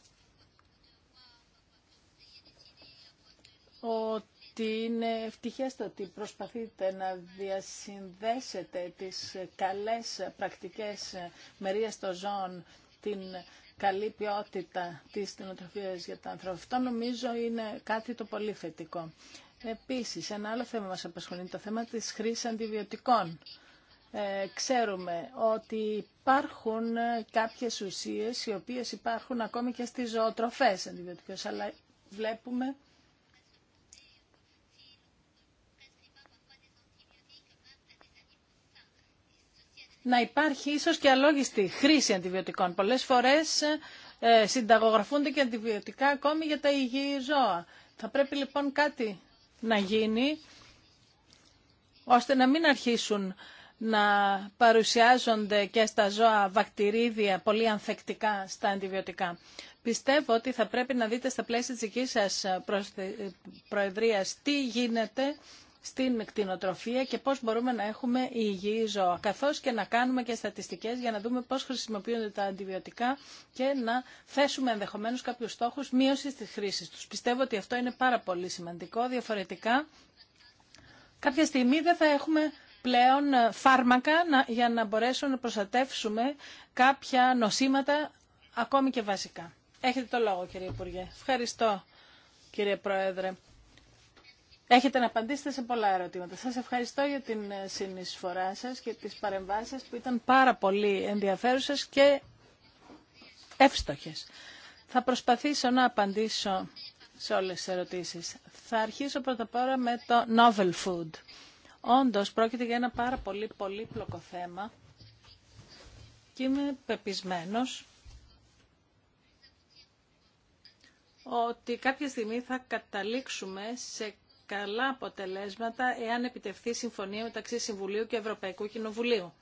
ότι είναι ευτυχές το ότι προσπαθείτε να διασυνδέσετε τις καλές πρακτικές μερίες των ζώων, την καλή ποιότητα της κτηνοτροφίας για τα ανθρώπινα. Αυτό νομίζω είναι κάτι το πολύ θετικό. Επίσης, ένα άλλο θέμα μας απασχολεί, το θέμα της χρήσης αντιβιωτικών. Ε, ξέρουμε ότι υπάρχουν ε, κάποιες ουσίες οι οποίες υπάρχουν ακόμη και στις ζωοτροφές αντιβιωτικές, αλλά βλέπουμε να υπάρχει ίσως και αλόγιστη χρήση αντιβιωτικών. Πολλές φορές ε, συνταγογραφούνται και αντιβιωτικά ακόμη για τα υγιή ζώα. Θα πρέπει λοιπόν κάτι να γίνει ώστε να μην αρχίσουν να παρουσιάζονται και στα ζώα βακτηρίδια πολύ ανθεκτικά στα αντιβιωτικά. Πιστεύω ότι θα πρέπει να δείτε στα πλαίσια της δική σας προεδρίας τι γίνεται στην κτηνοτροφία και πώς μπορούμε να έχουμε υγιή ζώα. Καθώς και να κάνουμε και στατιστικές για να δούμε πώς χρησιμοποιούνται τα αντιβιωτικά και να θέσουμε ενδεχομένως κάποιους στόχους μείωσης της χρήσης τους. Πιστεύω ότι αυτό είναι πάρα πολύ σημαντικό. Διαφορετικά, κάποια στιγμή δεν θα έχουμε πλέον φάρμακα για να μπορέσουμε να προστατεύσουμε κάποια νοσήματα ακόμη και βασικά. Έχετε το λόγο κύριε Υπουργέ. Ευχαριστώ κύριε Πρόεδρε έχετε να απαντήσετε σε πολλά ερωτήματα. Σας ευχαριστώ για την ε, συνεισφορά σας και τις παρεμβάσεις που ήταν πάρα πολύ ενδιαφέρουσες και εύστοχες. Θα προσπαθήσω να απαντήσω σε όλες τις ερωτήσεις. Θα αρχίσω πρώτα απ' με το novel food. Όντως, πρόκειται για ένα πάρα πολύ πολύπλοκο θέμα και είμαι πεπισμένος ότι κάποια στιγμή θα καταλήξουμε σε καλά αποτελέσματα εάν επιτευχθεί συμφωνία μεταξύ Συμβουλίου και Ευρωπαϊκού Κοινοβουλίου.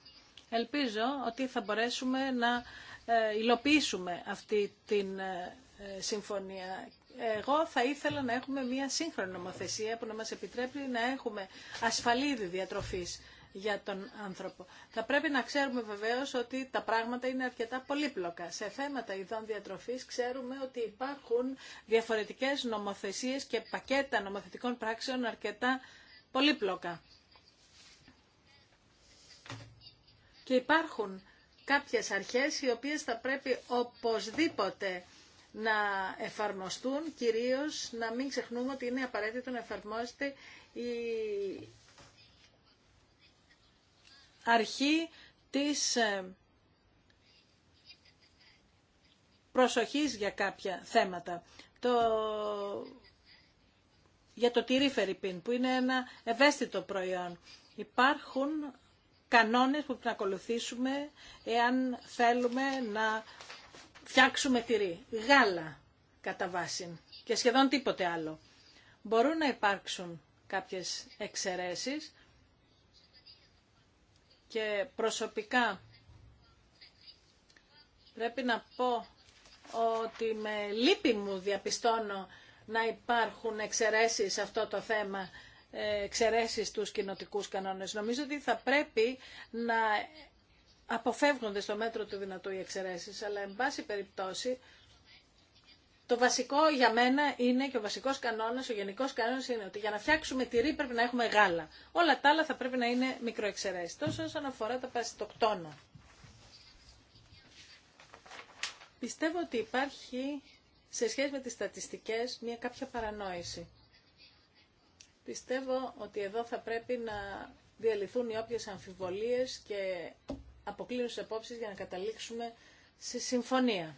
Ελπίζω ότι θα μπορέσουμε να ε, υλοποιήσουμε αυτή τη ε, συμφωνία. Εγώ θα ήθελα να έχουμε μια σύγχρονη νομοθεσία που να μας επιτρέπει να έχουμε ασφαλή διατροφής για τον άνθρωπο. Θα πρέπει να ξέρουμε βεβαίως ότι τα πράγματα είναι αρκετά πολύπλοκα. Σε θέματα ειδών διατροφής ξέρουμε ότι υπάρχουν διαφορετικές νομοθεσίες και πακέτα νομοθετικών πράξεων αρκετά πολύπλοκα. Και υπάρχουν κάποιες αρχές οι οποίες θα πρέπει οπωσδήποτε να εφαρμοστούν, κυρίως να μην ξεχνούμε ότι είναι απαραίτητο να εφαρμόζεται η αρχή της ε, προσοχής για κάποια θέματα. Το... Για το τυρί φερρυπίν, που είναι ένα ευαίσθητο προϊόν. Υπάρχουν κανόνες που πρέπει να ακολουθήσουμε εάν θέλουμε να φτιάξουμε τυρί. Γάλα, κατά βάση, και σχεδόν τίποτε άλλο. Μπορούν να υπάρξουν κάποιες εξαιρέσεις, και προσωπικά πρέπει να πω ότι με λύπη μου διαπιστώνω να υπάρχουν εξαιρέσει σε αυτό το θέμα, εξαιρέσει στους κοινοτικούς κανόνες. Νομίζω ότι θα πρέπει να αποφεύγονται στο μέτρο του δυνατού οι εξαιρέσει, αλλά εν πάση περιπτώσει το βασικό για μένα είναι και ο βασικός κανόνας, ο γενικός κανόνας είναι ότι για να φτιάξουμε τυρί πρέπει να έχουμε γάλα. Όλα τα άλλα θα πρέπει να είναι μικροεξαιρέσεις. Τόσο όσον αφορά τα παστοκτόνα, Πιστεύω ότι υπάρχει σε σχέση με τις στατιστικές μια κάποια παρανόηση. Πιστεύω ότι εδώ θα πρέπει να διαλυθούν οι όποιες αμφιβολίες και αποκλίνουσες απόψεις για να καταλήξουμε σε συμφωνία.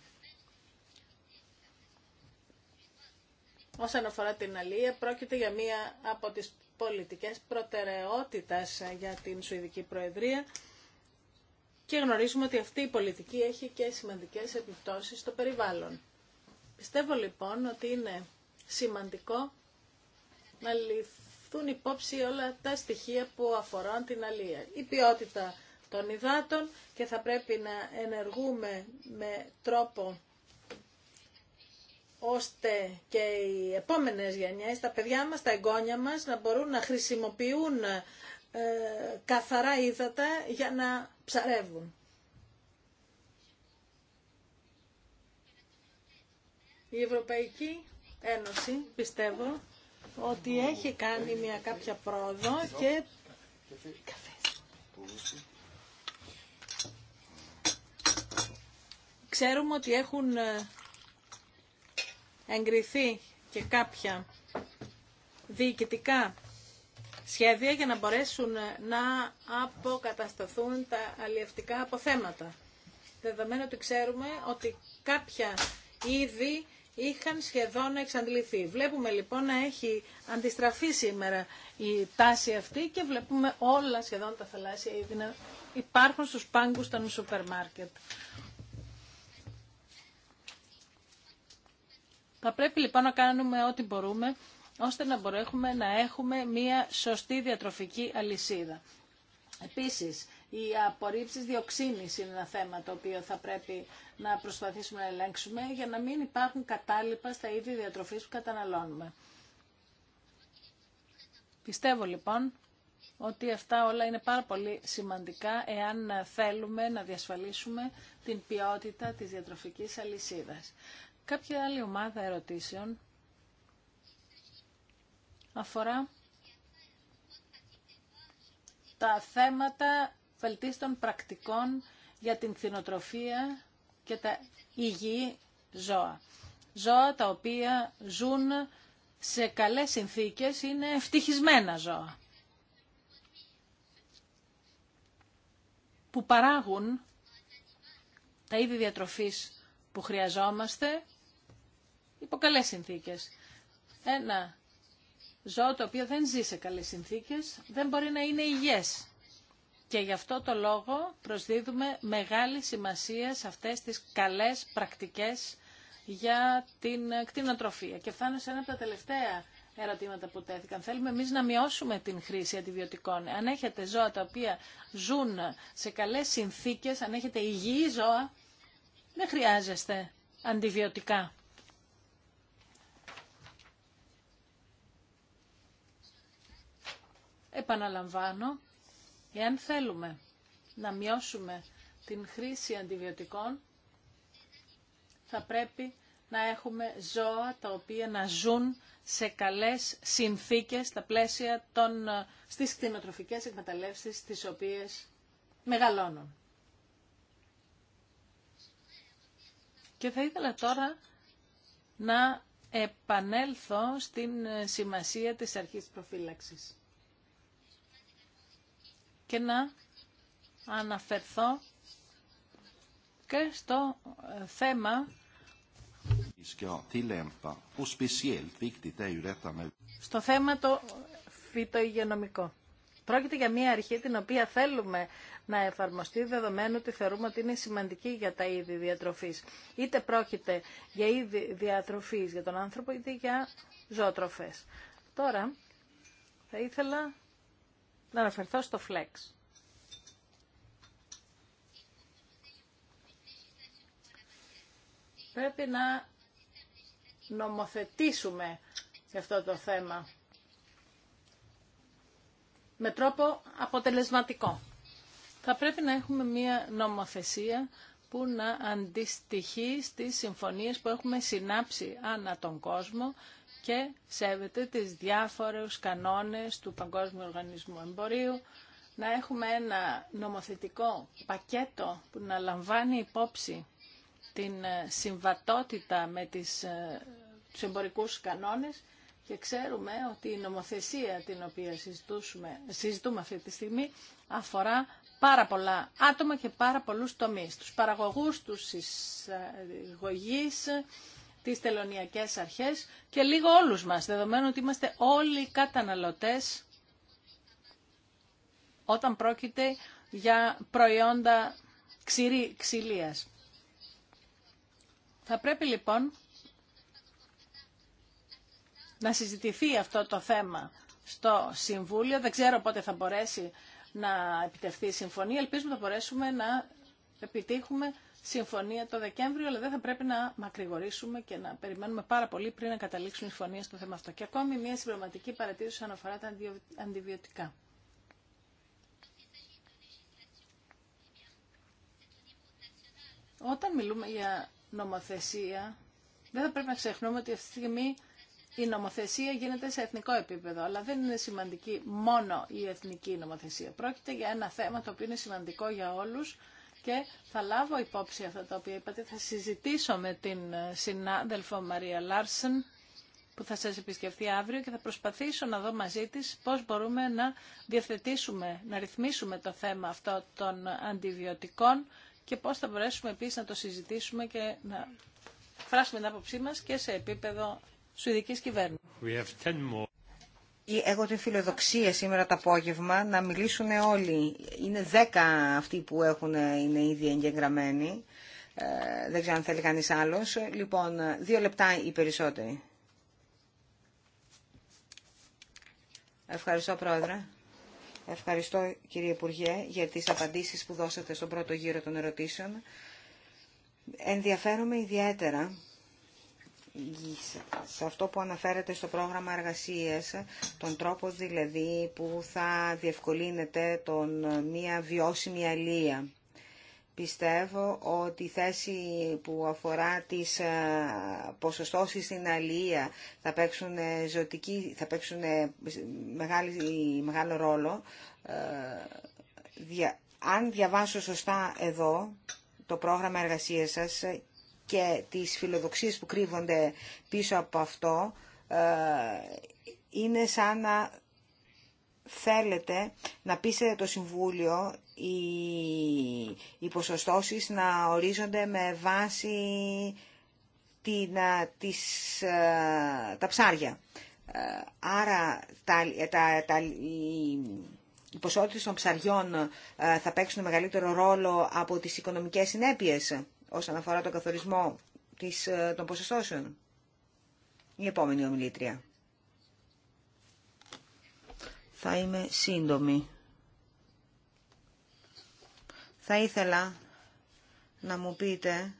Όσον αφορά την αλία, πρόκειται για μία από τις πολιτικές προτεραιότητες ε, για την Σουηδική Προεδρία και γνωρίζουμε ότι αυτή η πολιτική έχει και σημαντικές επιπτώσεις στο περιβάλλον. Πιστεύω λοιπόν ότι είναι σημαντικό να ληφθούν υπόψη όλα τα στοιχεία που αφορούν την αλία. Η ποιότητα των υδάτων και θα πρέπει να ενεργούμε με τρόπο ώστε και οι επόμενες γενιές, τα παιδιά μας, τα εγγόνια μας να μπορούν να χρησιμοποιούν ε, καθαρά ύδατα για να ψαρεύουν. Η Ευρωπαϊκή Ένωση πιστεύω ότι έχει κάνει μια κάποια πρόοδο και ξέρουμε ότι έχουν ε, εγκριθεί και κάποια διοικητικά σχέδια για να μπορέσουν να αποκατασταθούν τα αλλιευτικά αποθέματα. Δεδομένου ότι ξέρουμε ότι κάποια είδη είχαν σχεδόν εξαντληθεί. Βλέπουμε λοιπόν να έχει αντιστραφεί σήμερα η τάση αυτή και βλέπουμε όλα σχεδόν τα θαλάσσια είδη να υπάρχουν στους πάγκους των σούπερ μάρκετ. Θα πρέπει λοιπόν να κάνουμε ό,τι μπορούμε ώστε να μπορέσουμε να έχουμε μία σωστή διατροφική αλυσίδα. Επίσης, οι απορρίψεις διοξίνης είναι ένα θέμα το οποίο θα πρέπει να προσπαθήσουμε να ελέγξουμε για να μην υπάρχουν κατάλοιπα στα είδη διατροφής που καταναλώνουμε. Πιστεύω λοιπόν ότι αυτά όλα είναι πάρα πολύ σημαντικά εάν θέλουμε να διασφαλίσουμε την ποιότητα της διατροφικής αλυσίδας. Κάποια άλλη ομάδα ερωτήσεων αφορά τα θέματα βελτίστων πρακτικών για την κτηνοτροφία και τα υγιή ζώα. Ζώα τα οποία ζουν σε καλές συνθήκες είναι ευτυχισμένα ζώα. Που παράγουν τα είδη διατροφής που χρειαζόμαστε υπό καλές συνθήκες. Ένα ζώο το οποίο δεν ζει σε καλές συνθήκες δεν μπορεί να είναι υγιές. Και γι' αυτό το λόγο προσδίδουμε μεγάλη σημασία σε αυτές τις καλές πρακτικές για την κτηνοτροφία. Και φτάνω σε ένα από τα τελευταία ερωτήματα που τέθηκαν. Θέλουμε εμείς να μειώσουμε την χρήση αντιβιωτικών. Αν έχετε ζώα τα οποία ζουν σε καλές συνθήκες, αν έχετε υγιή ζώα, δεν χρειάζεστε αντιβιωτικά. Επαναλαμβάνω, εάν θέλουμε να μειώσουμε την χρήση αντιβιωτικών, θα πρέπει να έχουμε ζώα τα οποία να ζουν σε καλές συνθήκες στα πλαίσια των, ε, στις κτηνοτροφικές εκμεταλλεύσεις τις οποίες μεγαλώνουν. Και θα ήθελα τώρα να επανέλθω στην ε, σημασία της αρχής προφύλαξης και να αναφερθώ και στο ε, θέμα στο θέμα το φυτογενομικό. Πρόκειται για μια αρχή την οποία θέλουμε να εφαρμοστεί δεδομένου ότι θεωρούμε ότι είναι σημαντική για τα είδη διατροφής. Είτε πρόκειται για είδη διατροφής για τον άνθρωπο είτε για ζωοτροφές. Τώρα θα ήθελα να αναφερθώ στο Flex. Πρέπει να νομοθετήσουμε για αυτό το θέμα με τρόπο αποτελεσματικό. Θα πρέπει να έχουμε μία νομοθεσία που να αντιστοιχεί στις συμφωνίες που έχουμε συνάψει ανά τον κόσμο και σέβεται τις διάφορους κανόνες του Παγκόσμιου Οργανισμού Εμπορίου, να έχουμε ένα νομοθετικό πακέτο που να λαμβάνει υπόψη την ε, συμβατότητα με τις, ε, τους εμπορικούς κανόνες και ξέρουμε ότι η νομοθεσία την οποία συζητούμε αυτή τη στιγμή αφορά πάρα πολλά άτομα και πάρα πολλούς τομείς. Τους παραγωγούς, τους εισαγωγείς, τις τελωνιακές αρχές και λίγο όλους μας, δεδομένου ότι είμαστε όλοι καταναλωτές όταν πρόκειται για προϊόντα ξηρή, ξυλίας. Θα πρέπει λοιπόν να συζητηθεί αυτό το θέμα στο Συμβούλιο. Δεν ξέρω πότε θα μπορέσει να επιτευχθεί η συμφωνία. Ελπίζουμε να μπορέσουμε να επιτύχουμε συμφωνία το Δεκέμβριο, αλλά δεν θα πρέπει να μακρηγορήσουμε και να περιμένουμε πάρα πολύ πριν να καταλήξουν οι συμφωνίες στο θέμα αυτό. Και ακόμη μια συμπληρωματική παρατήρηση αναφορά αφορά τα αντιβιωτικά. Όταν μιλούμε για νομοθεσία, δεν θα πρέπει να ξεχνούμε ότι αυτή τη στιγμή η νομοθεσία γίνεται σε εθνικό επίπεδο, αλλά δεν είναι σημαντική μόνο η εθνική νομοθεσία. Πρόκειται για ένα θέμα το οποίο είναι σημαντικό για όλους, και θα λάβω υπόψη αυτά τα οποία είπατε. Θα συζητήσω με την συνάδελφο Μαρία Λάρσεν που θα σας επισκεφθεί αύριο και θα προσπαθήσω να δω μαζί της πώς μπορούμε να διαθετήσουμε, να ρυθμίσουμε το θέμα αυτό των αντιβιωτικών και πώς θα μπορέσουμε επίσης να το συζητήσουμε και να φράσουμε την άποψή μας και σε επίπεδο Σουηδικής κυβέρνησης. Έχω την φιλοδοξία σήμερα το απόγευμα να μιλήσουν όλοι. Είναι δέκα αυτοί που έχουν, είναι ήδη εγγεγραμμένοι. Ε, δεν ξέρω αν θέλει κανείς άλλος. Λοιπόν, δύο λεπτά οι περισσότεροι. Ευχαριστώ, Πρόεδρε. Ευχαριστώ, κύριε Υπουργέ, για τις απαντήσεις που δώσατε στον πρώτο γύρο των ερωτήσεων. Ενδιαφέρομαι ιδιαίτερα σε αυτό που αναφέρεται στο πρόγραμμα εργασίες... τον τρόπο δηλαδή που θα διευκολύνεται τον μια βιώσιμη αλία. Πιστεύω ότι η θέση που αφορά τις ε, ποσοστώσεις στην αλία θα παίξουν, ε, ζωτική, θα παίξουν ε, μεγάλο ρόλο. αν διαβάσω σωστά εδώ το πρόγραμμα εργασίας σας και τις φιλοδοξίες που κρύβονται πίσω από αυτό ε, είναι σαν να θέλετε να πείσετε το Συμβούλιο οι, οι ποσοστώσεις να ορίζονται με βάση την, τις, ε, τα ψάρια. Ε, άρα τα, τα, τα, οι, οι ποσότητες των ψαριών θα παίξουν μεγαλύτερο ρόλο από τις οικονομικές συνέπειες όσον αφορά τον καθορισμό της, ε, των ποσοστώσεων. Η επόμενη ομιλήτρια. Θα είμαι σύντομη. Θα ήθελα να μου πείτε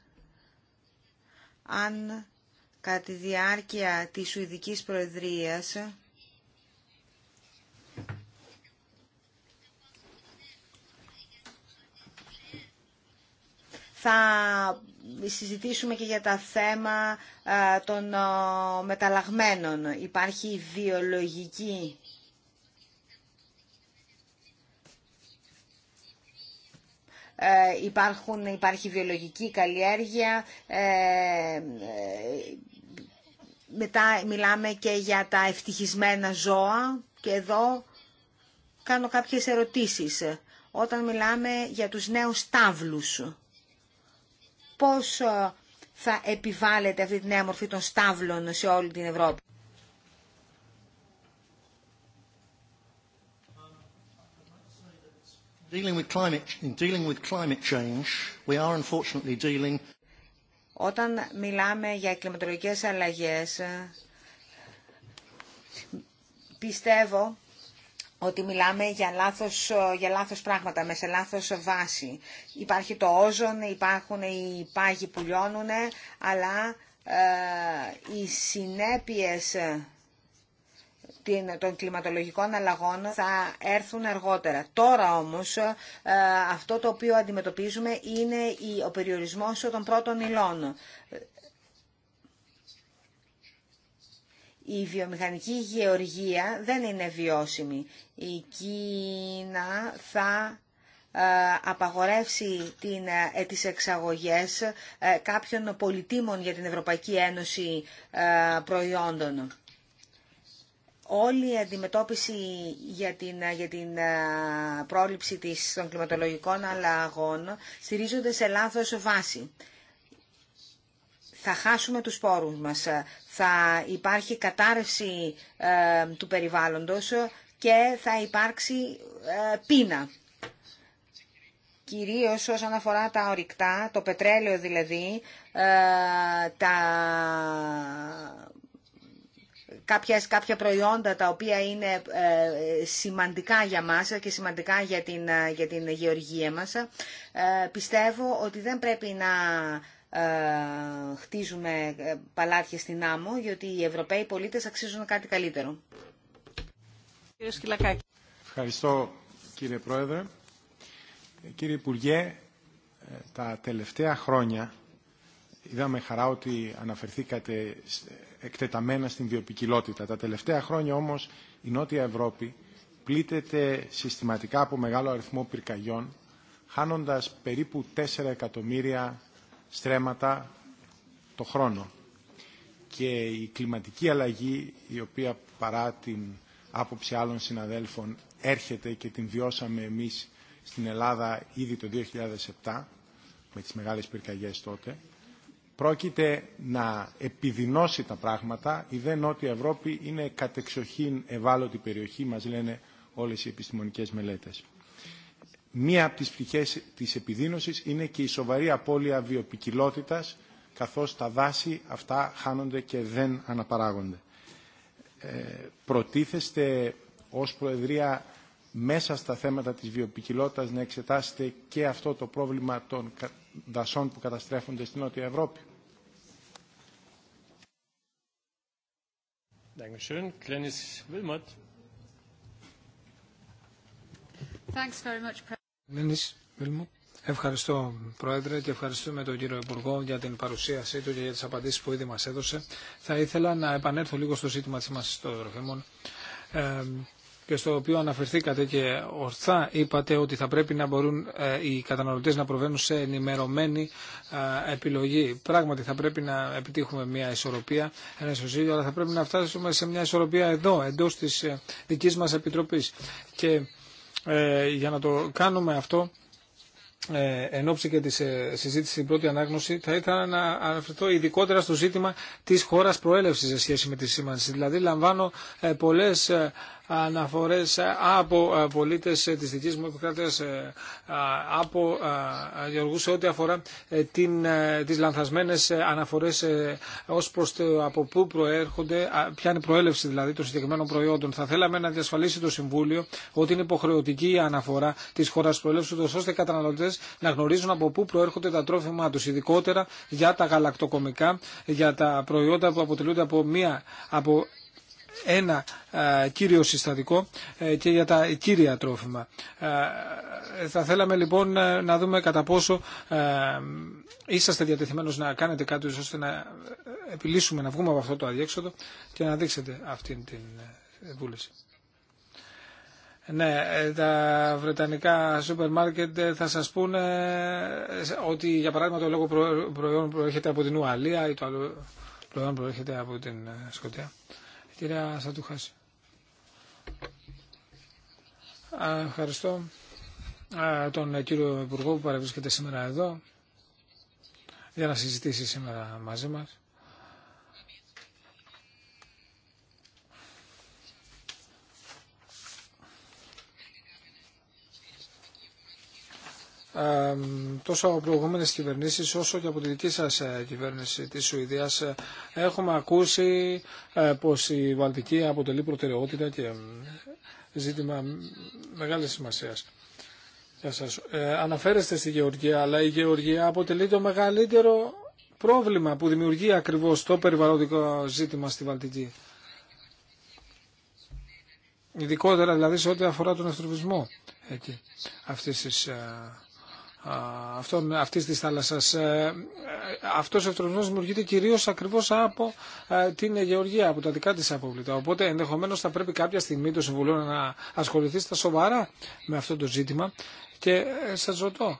αν κατά τη διάρκεια της Σουηδικής Προεδρίας θα συζητήσουμε και για τα θέμα ε, των ε, μεταλλαγμένων. Υπάρχει βιολογική ε, υπάρχουν, υπάρχει βιολογική καλλιέργεια, μετά μιλάμε και για τα ευτυχισμένα ζώα και εδώ κάνω κάποιες ερωτήσεις. Όταν μιλάμε για τους νέους τάβλους, πώς θα επιβάλλεται αυτή τη νέα μορφή των στάβλων σε όλη την Ευρώπη. Όταν μιλάμε για κλιματολογικές αλλαγές, πιστεύω ότι μιλάμε για λάθος, για λάθος πράγματα, με σε λάθος βάση. Υπάρχει το όζον, υπάρχουν οι πάγοι που λιώνουν, αλλά ε, οι συνέπειες ε, των κλιματολογικών αλλαγών θα έρθουν αργότερα. Τώρα όμως ε, αυτό το οποίο αντιμετωπίζουμε είναι ο περιορισμός των πρώτων υλών. η βιομηχανική γεωργία δεν είναι βιώσιμη. Η Κίνα θα ε, απαγορεύσει την, ε, ε, τις εξαγωγές κάποιων πολιτήμων για την Ευρωπαϊκή Ένωση προϊόντων. Όλη η αντιμετώπιση για την, για την πρόληψη της, των κλιματολογικών αλλαγών στηρίζονται σε λάθος βάση θα χάσουμε τους σπόρους μας, θα υπάρχει κατάρρευση ε, του περιβάλλοντος και θα υπάρξει ε, πείνα. Κυρίως όσον αφορά τα ορυκτά, το πετρέλαιο δηλαδή, ε, τα... Κάποιες, κάποια προϊόντα τα οποία είναι σημαντικά για μας και σημαντικά για την, για την γεωργία μας. πιστεύω ότι δεν πρέπει να ε, χτίζουμε ε, παλάτια στην άμμο, γιατί οι Ευρωπαίοι πολίτες αξίζουν κάτι καλύτερο. Ευχαριστώ κύριε Πρόεδρε. Ε, κύριε Υπουργέ, τα τελευταία χρόνια είδαμε χαρά ότι αναφερθήκατε εκτεταμένα στην βιοπικιλότητα. Τα τελευταία χρόνια όμως η Νότια Ευρώπη πλήττεται συστηματικά από μεγάλο αριθμό πυρκαγιών, χάνοντας περίπου 4 εκατομμύρια στρέμματα το χρόνο. Και η κλιματική αλλαγή, η οποία παρά την άποψη άλλων συναδέλφων έρχεται και την βιώσαμε εμείς στην Ελλάδα ήδη το 2007, με τις μεγάλες πυρκαγιές τότε, πρόκειται να επιδεινώσει τα πράγματα. Η δε Νότια Ευρώπη είναι κατεξοχήν ευάλωτη περιοχή, μας λένε όλες οι επιστημονικές μελέτες. Μία από τις πτυχές της επιδείνωσης είναι και η σοβαρή απώλεια βιοπικιλότητας, καθώς τα δάση αυτά χάνονται και δεν αναπαράγονται. Ε, προτίθεστε ως Προεδρία μέσα στα θέματα της βιοπικιλότητας να εξετάσετε και αυτό το πρόβλημα των δασών που καταστρέφονται στην Νότια Ευρώπη. Thanks very Ευχαριστώ, Πρόεδρε, και ευχαριστούμε τον κύριο Υπουργό για την παρουσίασή του και για τις απαντήσει που ήδη μα έδωσε. Θα ήθελα να επανέλθω λίγο στο ζήτημα τη μα των ε, και στο οποίο αναφερθήκατε και ορθά είπατε ότι θα πρέπει να μπορούν ε, οι καταναλωτές να προβαίνουν σε ενημερωμένη ε, επιλογή. Πράγματι θα πρέπει να επιτύχουμε μια ισορροπία, ένα ισοζύγιο, αλλά θα πρέπει να φτάσουμε σε μια ισορροπία εδώ, εντός της ε, δικής μας Επιτροπής. Και ε, για να το κάνουμε αυτό ε, εν ώψη και τη ε, συζήτηση στην πρώτη ανάγνωση, θα ήθελα να αναφερθώ ειδικότερα στο ζήτημα τη χώρα προέλευση σε σχέση με τη σήμανση. Δηλαδή, λαμβάνω πολλέ αναφορές από ε, πολίτες ε, της δικής μου επικράτειας, ε, από Γεωργού σε ό,τι αφορά την, τις λανθασμένες αναφορές ως προς το από πού προέρχονται, ποια είναι η προέλευση δηλαδή των συγκεκριμένων προϊόντων. Θα θέλαμε να διασφαλίσει το Συμβούλιο ότι είναι υποχρεωτική η αναφορά της χώρας προέλευσης, ώστε οι καταναλωτές να γνωρίζουν από πού προέρχονται τα τρόφιμά τους, ειδικότερα για τα γαλακτοκομικά, για τα προϊόντα που αποτελούνται από μία από ένα κύριο συστατικό ε, και για τα κύρια τρόφιμα. Θα θέλαμε λοιπόν ε, να δούμε κατά πόσο ε, είσαστε διατεθειμένος να κάνετε κάτι ώστε να επιλύσουμε να βγούμε από αυτό το αδιέξοδο και να δείξετε αυτή την βούληση. Ναι, τα βρετανικά σούπερ μάρκετ θα σας πούνε ότι για παράδειγμα το λόγο προϊόν προέρχεται από την Ουαλία ή το άλλο προϊόν προέρχεται από την Σκοτία. Κυρία Ευχαριστώ τον κύριο Υπουργό που παρευρίσκεται σήμερα εδώ για να συζητήσει σήμερα μαζί μας τόσο από προηγούμενες κυβερνήσεις όσο και από τη δική σας ε, κυβέρνηση της Σουηδίας ε, έχουμε ακούσει ε, πως η Βαλτική αποτελεί προτεραιότητα και ζήτημα μεγάλης σημασίας. Σας. αναφέρεστε στη Γεωργία, αλλά η Γεωργία αποτελεί το μεγαλύτερο πρόβλημα που δημιουργεί ακριβώς το περιβαλλοντικό ζήτημα στη Βαλτική. Ειδικότερα δηλαδή σε ό,τι αφορά τον αστροφισμό εκεί, αυτής της αυτό, αυτής της θάλασσας. Ε, ε, αυτός ο ευτρονισμός δημιουργείται κυρίως ακριβώς από ε, την γεωργία, από τα δικά της απόβλητα. Οπότε ενδεχομένως θα πρέπει κάποια στιγμή το Συμβουλίο να ασχοληθεί στα σοβαρά με αυτό το ζήτημα και σας ρωτώ.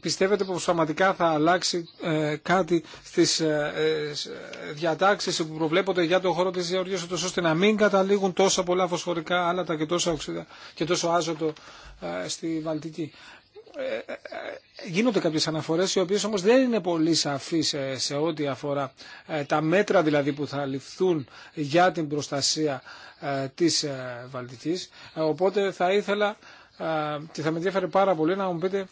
Πιστεύετε πως πραγματικά θα αλλάξει κάτι στις διατάξεις που προβλέπονται για τον χώρο της γεωργίας ώστε να μην καταλήγουν τόσα πολλά φωσφορικά άλατα και, και τόσο άζωτο στη Βαλτική. Ε, ε, ε, γίνονται κάποιες αναφορές οι οποίες όμως δεν είναι πολύ σαφείς σε ό,τι αφορά τα μέτρα δηλαδή που θα ληφθούν για την προστασία της Βαλτικής. Οπότε θα ήθελα και θα με ενδιαφέρει πάρα πολύ να μου πείτε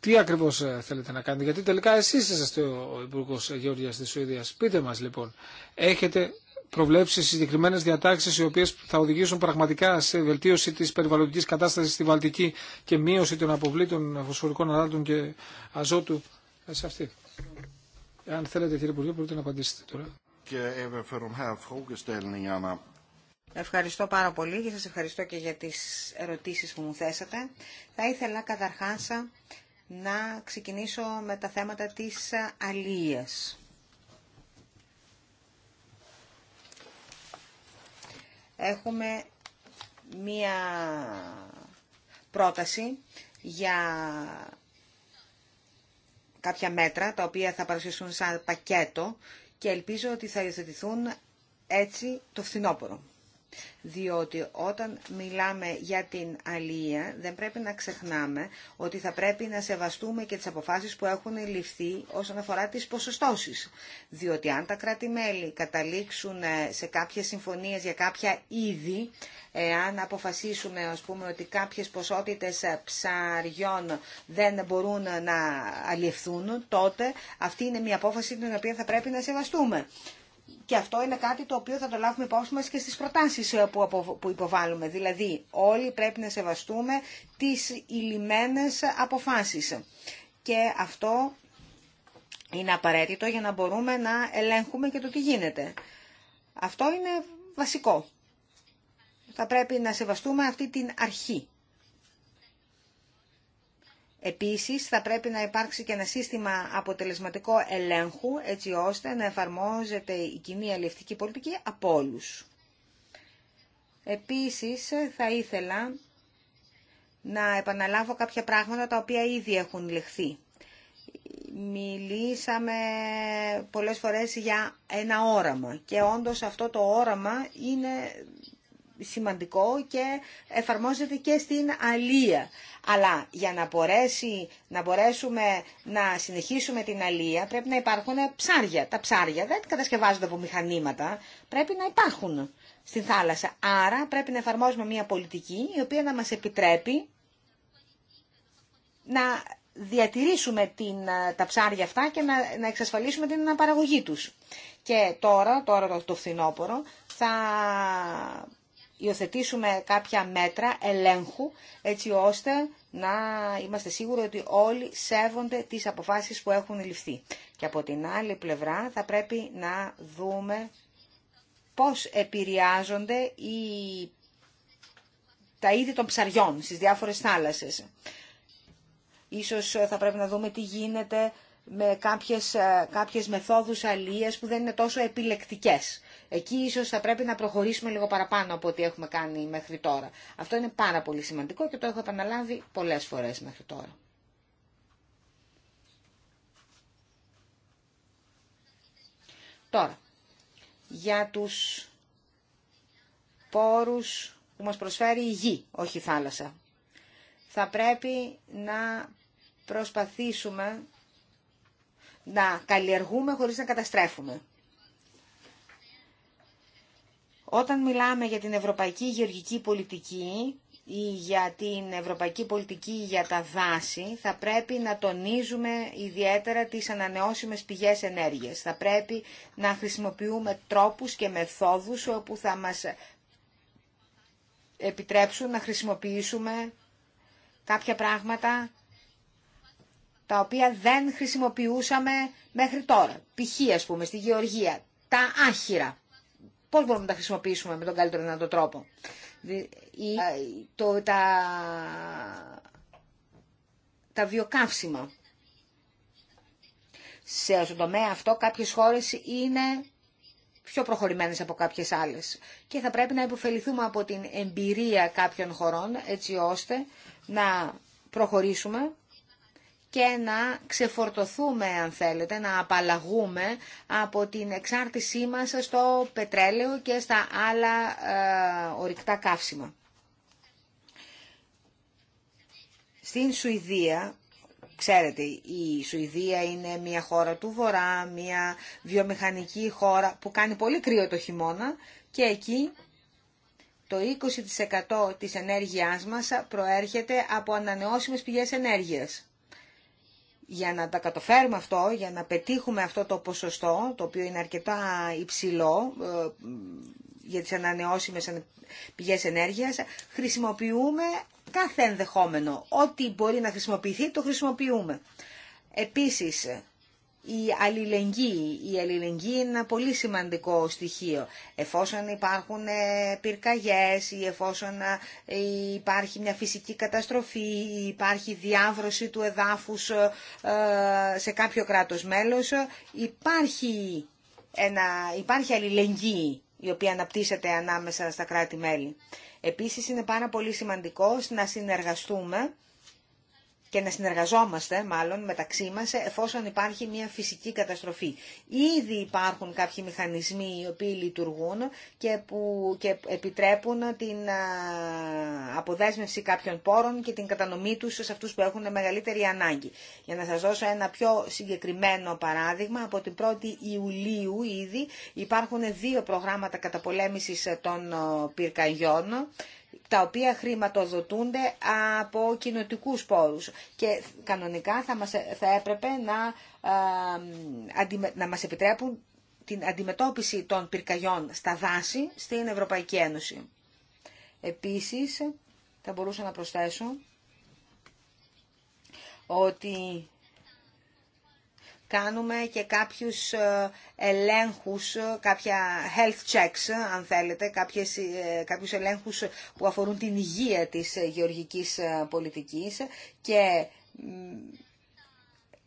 τι ακριβώς θέλετε να κάνετε, γιατί τελικά εσείς είσαστε ο Υπουργό Γεωργίας της Σουηδίας. Πείτε μας λοιπόν, έχετε προβλέψει συγκεκριμένε διατάξει οι οποίε θα οδηγήσουν πραγματικά σε βελτίωση τη περιβαλλοντική κατάσταση στη Βαλτική και μείωση των αποβλήτων φωσφορικών αδάτων και αζότου σε αυτή. Αν θέλετε κύριε Υπουργέ μπορείτε να απαντήσετε τώρα. Ε, ευχαριστώ πάρα πολύ και σας ευχαριστώ και για τις ερωτήσεις που μου θέσατε. Θα ήθελα καταρχάς να ξεκινήσω με τα θέματα της αλίας. έχουμε μία πρόταση για κάποια μέτρα τα οποία θα παρουσιαστούν σαν πακέτο και ελπίζω ότι θα υιοθετηθούν έτσι το φθινόπωρο διότι όταν μιλάμε για την αλία δεν πρέπει να ξεχνάμε ότι θα πρέπει να σεβαστούμε και τις αποφάσεις που έχουν ληφθεί όσον αφορά τις ποσοστώσεις. Διότι αν τα κράτη-μέλη καταλήξουν ε, σε κάποιες συμφωνίες για κάποια είδη, εάν αποφασίσουμε ας πούμε, ότι κάποιες ποσότητες ε, ψαριών δεν μπορούν να αλλιευθούν, τότε αυτή είναι μια απόφαση την οποία θα πρέπει να σεβαστούμε και αυτό είναι κάτι το οποίο θα το λάβουμε υπόψη μας και στις προτάσεις ε, που υποβάλλουμε. Δηλαδή, όλοι πρέπει να σεβαστούμε τις ηλιμένες αποφάσεις. Και αυτό είναι απαραίτητο για να μπορούμε να ελέγχουμε και το τι γίνεται. Αυτό είναι βασικό. Θα πρέπει να σεβαστούμε αυτή την αρχή. Επίσης, θα πρέπει να υπάρξει και ένα σύστημα αποτελεσματικό ελέγχου, έτσι ώστε να εφαρμόζεται η κοινή αλληλευτική πολιτική από όλους. Επίσης, θα ήθελα να επαναλάβω κάποια πράγματα τα οποία ήδη έχουν λεχθεί. Μιλήσαμε πολλές φορές για ένα όραμα και όντως αυτό το όραμα είναι σημαντικό και εφαρμόζεται και στην αλία. Αλλά για να, μπορέσει, να μπορέσουμε να συνεχίσουμε την αλία πρέπει να υπάρχουν ψάρια. Τα ψάρια δεν κατασκευάζονται από μηχανήματα, πρέπει να υπάρχουν στην θάλασσα. Άρα πρέπει να εφαρμόζουμε μια πολιτική η οποία να μας επιτρέπει να διατηρήσουμε την, τα ψάρια αυτά και να, να εξασφαλίσουμε την αναπαραγωγή τους. Και τώρα, τώρα το, το φθινόπωρο, θα υιοθετήσουμε κάποια μέτρα ελέγχου έτσι ώστε να είμαστε σίγουροι ότι όλοι σέβονται τις αποφάσεις που έχουν ληφθεί. Και από την άλλη πλευρά θα πρέπει να δούμε πώς επηρεάζονται οι... τα είδη των ψαριών στις διάφορες θάλασσες. Ίσως ε, θα πρέπει να δούμε τι γίνεται με κάποιες, ε, κάποιες μεθόδους αλίες που δεν είναι τόσο επιλεκτικές. Εκεί ίσως θα πρέπει να προχωρήσουμε λίγο παραπάνω από ό,τι έχουμε κάνει μέχρι τώρα. Αυτό είναι πάρα πολύ σημαντικό και το έχω επαναλάβει πολλές φορές μέχρι τώρα. Τώρα, για τους πόρους που μας προσφέρει η γη, όχι η θάλασσα. Θα πρέπει να προσπαθήσουμε να καλλιεργούμε χωρίς να καταστρέφουμε. Όταν μιλάμε για την ευρωπαϊκή γεωργική πολιτική ή για την ευρωπαϊκή πολιτική για τα δάση, θα πρέπει να τονίζουμε ιδιαίτερα τις ανανεώσιμες πηγές ενέργειας. Θα πρέπει να χρησιμοποιούμε τρόπους και μεθόδους όπου θα μας επιτρέψουν να χρησιμοποιήσουμε κάποια πράγματα τα οποία δεν χρησιμοποιούσαμε μέχρι τώρα. Π.χ. ας πούμε στη Γεωργία, τα άχυρα. Πώ μπορούμε να τα χρησιμοποιήσουμε με τον καλύτερο δυνατό τρόπο. Το, τα, τα βιοκαύσιμα. Σε αυτό τομέα αυτό κάποιες χώρες είναι πιο προχωρημένες από κάποιες άλλες και θα πρέπει να υποφεληθούμε από την εμπειρία κάποιων χωρών έτσι ώστε να προχωρήσουμε και να ξεφορτωθούμε, αν θέλετε, να απαλλαγούμε από την εξάρτησή μας στο πετρέλαιο και στα άλλα ε, ορυκτά καύσιμα. Στην Σουηδία, ξέρετε, η Σουηδία είναι μια χώρα του βορρά, μια βιομηχανική χώρα που κάνει πολύ κρύο το χειμώνα και εκεί το 20% της ενέργειάς μας προέρχεται από ανανεώσιμες πηγές ενέργειας για να τα καταφέρουμε αυτό, για να πετύχουμε αυτό το ποσοστό, το οποίο είναι αρκετά υψηλό ε, για τις ανανεώσιμες πηγές ενέργειας, χρησιμοποιούμε κάθε ενδεχόμενο. Ό,τι μπορεί να χρησιμοποιηθεί, το χρησιμοποιούμε. Επίσης, η αλληλεγγύη. Η αλληλεγγύη είναι ένα πολύ σημαντικό στοιχείο. Εφόσον υπάρχουν ε, πυρκαγιές ή εφόσον ε, υπάρχει μια φυσική καταστροφή ή υπάρχει διάβρωση του εδάφους ε, σε κάποιο κράτος μέλος, υπάρχει, ένα, υπάρχει αλληλεγγύη η οποία αναπτύσσεται ανάμεσα στα κράτη-μέλη. Επίσης είναι πάρα πολύ σημαντικό να συνεργαστούμε και να συνεργαζόμαστε μάλλον μεταξύ μας εφόσον υπάρχει μια φυσική καταστροφή. Ήδη υπάρχουν κάποιοι μηχανισμοί οι οποίοι λειτουργούν και που και επιτρέπουν την αποδέσμευση κάποιων πόρων και την κατανομή τους σε αυτούς που έχουν μεγαλύτερη ανάγκη. Για να σας δώσω ένα πιο συγκεκριμένο παράδειγμα, από την 1η Ιουλίου ήδη υπάρχουν δύο προγράμματα καταπολέμησης των πυρκαγιών τα οποία χρηματοδοτούνται από κοινωτικούς πόρους και κανονικά θα, μας, θα έπρεπε να, να μας επιτρέπουν την αντιμετώπιση των πυρκαγιών στα δάση στην Ευρωπαϊκή Ένωση. Επίσης, θα μπορούσα να προσθέσω ότι κάνουμε και κάποιους ε, ελέγχους, ε, κάποια health checks, ε, αν θέλετε, κάποιες, κάποιους ελέγχους που αφορούν την υγεία της γεωργικής πολιτικής και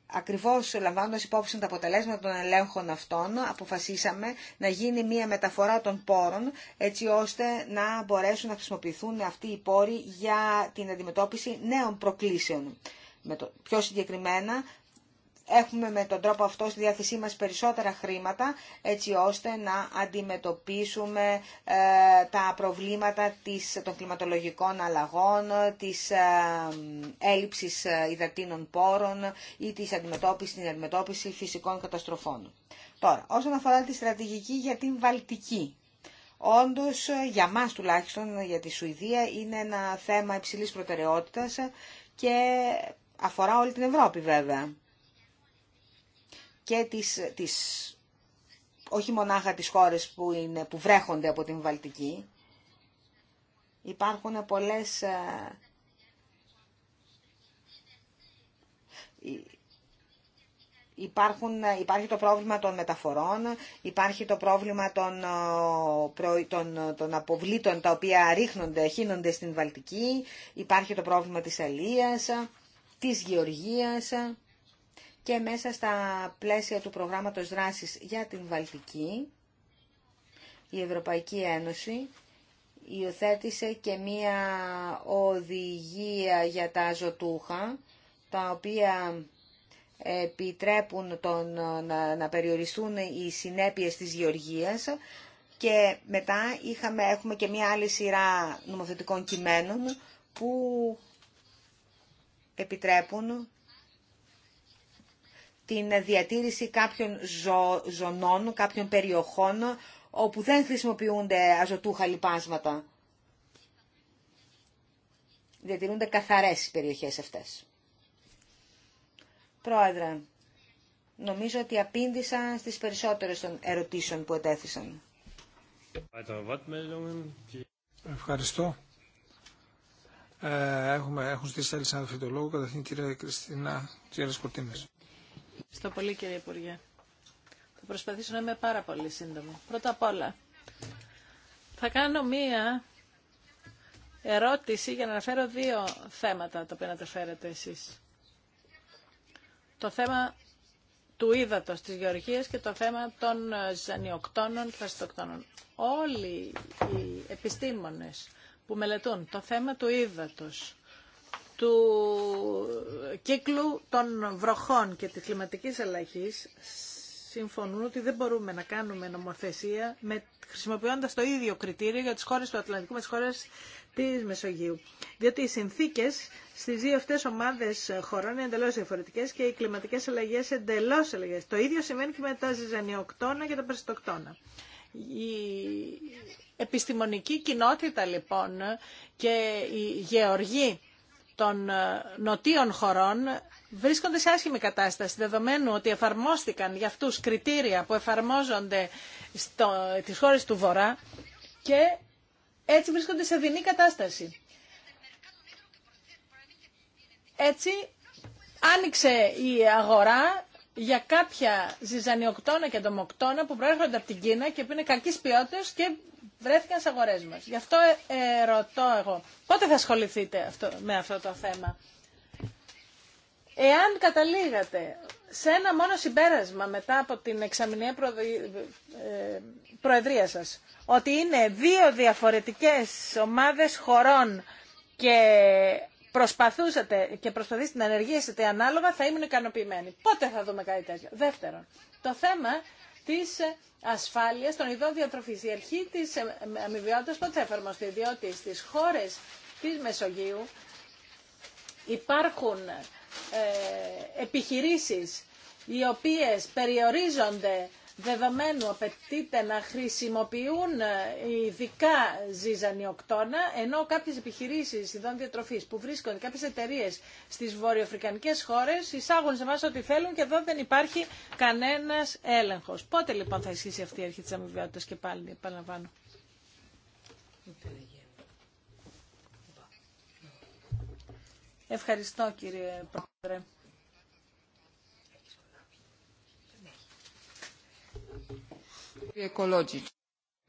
Ακριβώς λαμβάνοντας υπόψη τα αποτελέσματα των ελέγχων αυτών, αποφασίσαμε να γίνει μια μεταφορά των πόρων, έτσι ώστε να μπορέσουν να χρησιμοποιηθούν αυτοί οι πόροι για την αντιμετώπιση νέων προκλήσεων. Πιο συγκεκριμένα, έχουμε με τον τρόπο αυτό στη διάθεσή μας περισσότερα χρήματα έτσι ώστε να αντιμετωπίσουμε ε, τα προβλήματα της, των κλιματολογικών αλλαγών, της ε, έλλειψης ε, υδατίνων πόρων ή της αντιμετώπισης, την αντιμετώπιση φυσικών καταστροφών. Τώρα, όσον αφορά τη στρατηγική για την Βαλτική, όντως ε, για μας τουλάχιστον, για τη Σουηδία, είναι ένα θέμα υψηλής προτεραιότητας και αφορά όλη την Ευρώπη βέβαια και τις, τις όχι μονάχα τις χώρες που, είναι, που βρέχονται από την Βαλτική. Υπάρχουν πολλές... Ε, υπάρχουν, ε, υπάρχει το πρόβλημα των μεταφορών, υπάρχει το πρόβλημα των, ε, των, των αποβλήτων τα οποία ρίχνονται, χύνονται στην Βαλτική, υπάρχει το πρόβλημα της αλίας, της γεωργίας και μέσα στα πλαίσια του προγράμματος δράσης για την Βαλτική, η Ευρωπαϊκή Ένωση υιοθέτησε και μία οδηγία για τα ζωτούχα, τα οποία επιτρέπουν τον, να, περιοριστούν οι συνέπειες της γεωργίας και μετά είχαμε, έχουμε και μία άλλη σειρά νομοθετικών κειμένων που επιτρέπουν την διατήρηση κάποιων ζωνών, κάποιων περιοχών όπου δεν χρησιμοποιούνται αζωτούχα λιπάσματα. Διατηρούνται καθαρές οι περιοχές αυτές. Πρόεδρε, νομίζω ότι απήντησα στις περισσότερες των ερωτήσεων που ετέθησαν. Ευχαριστώ. Ε, έχουμε, έχουν στήσει άλλη συναδελφή το λόγο. Καταρχήν η κυρία Κριστίνα Τσιέρας Κορτίνης. Ευχαριστώ πολύ κύριε Υπουργέ. Θα προσπαθήσω να είμαι πάρα πολύ σύντομο. Πρώτα απ' όλα, θα κάνω μία ερώτηση για να αναφέρω δύο θέματα τα οποία αναφέρετε εσείς. Το θέμα του ύδατος της γεωργίας και το θέμα των ζανιοκτώνων και φαστοκτώνων. Όλοι οι επιστήμονες που μελετούν το θέμα του ύδατος του κύκλου των βροχών και της κλιματικής αλλαγής συμφωνούν ότι δεν μπορούμε να κάνουμε νομοθεσία με, χρησιμοποιώντας το ίδιο κριτήριο για τις χώρες του Ατλαντικού με τις χώρες της Μεσογείου. Διότι οι συνθήκες στις δύο αυτές ομάδες χωρών είναι εντελώς διαφορετικές και οι κλιματικές αλλαγές εντελώς αλλαγές. Το ίδιο σημαίνει και με τα ζυζανιοκτώνα και τα περιστοκτώνα. Η επιστημονική κοινότητα λοιπόν και η γεωργή των ε, νοτίων χωρών βρίσκονται σε άσχημη κατάσταση, δεδομένου ότι εφαρμόστηκαν για αυτούς κριτήρια που εφαρμόζονται στις χώρες του Βορρά και έτσι βρίσκονται σε δεινή κατάσταση. Έτσι άνοιξε η αγορά για κάποια ζυζανιοκτώνα και ντομοκτώνα που προέρχονται από την Κίνα και που είναι κακής ποιότητας και βρέθηκαν στι αγορές μας. Γι' αυτό ε, ε, ρωτώ εγώ, πότε θα ασχοληθείτε αυτό, με αυτό το θέμα. Εάν καταλήγατε σε ένα μόνο συμπέρασμα μετά από την εξαμηνία ε, προεδρία σας, ότι είναι δύο διαφορετικές ομάδες χωρών και προσπαθούσατε και προσπαθήσετε να ενεργήσετε ανάλογα, θα ήμουν ικανοποιημένη. Πότε θα δούμε κάτι τέτοιο. Δεύτερον, το θέμα της ασφάλειας των ειδών διατροφής. Η αρχή της αμοιβιότητας πότε θα εφαρμοστεί, διότι στις χώρες της Μεσογείου υπάρχουν ε, επιχειρήσεις οι οποίες περιορίζονται δεδομένου απαιτείται να χρησιμοποιούν ε, ειδικά ζυζανιοκτώνα, ενώ κάποιε επιχειρήσει ειδών διατροφή που βρίσκονται, κάποιες εταιρείε στις βορειοαφρικανικέ χώρες εισάγουν σε εμά ό,τι θέλουν και εδώ δεν υπάρχει κανένας έλεγχος. Πότε λοιπόν θα ισχύσει αυτή η αρχή τη αμοιβαιότητα και πάλι, επαναλαμβάνω. Ευχαριστώ κύριε Πρόεδρε.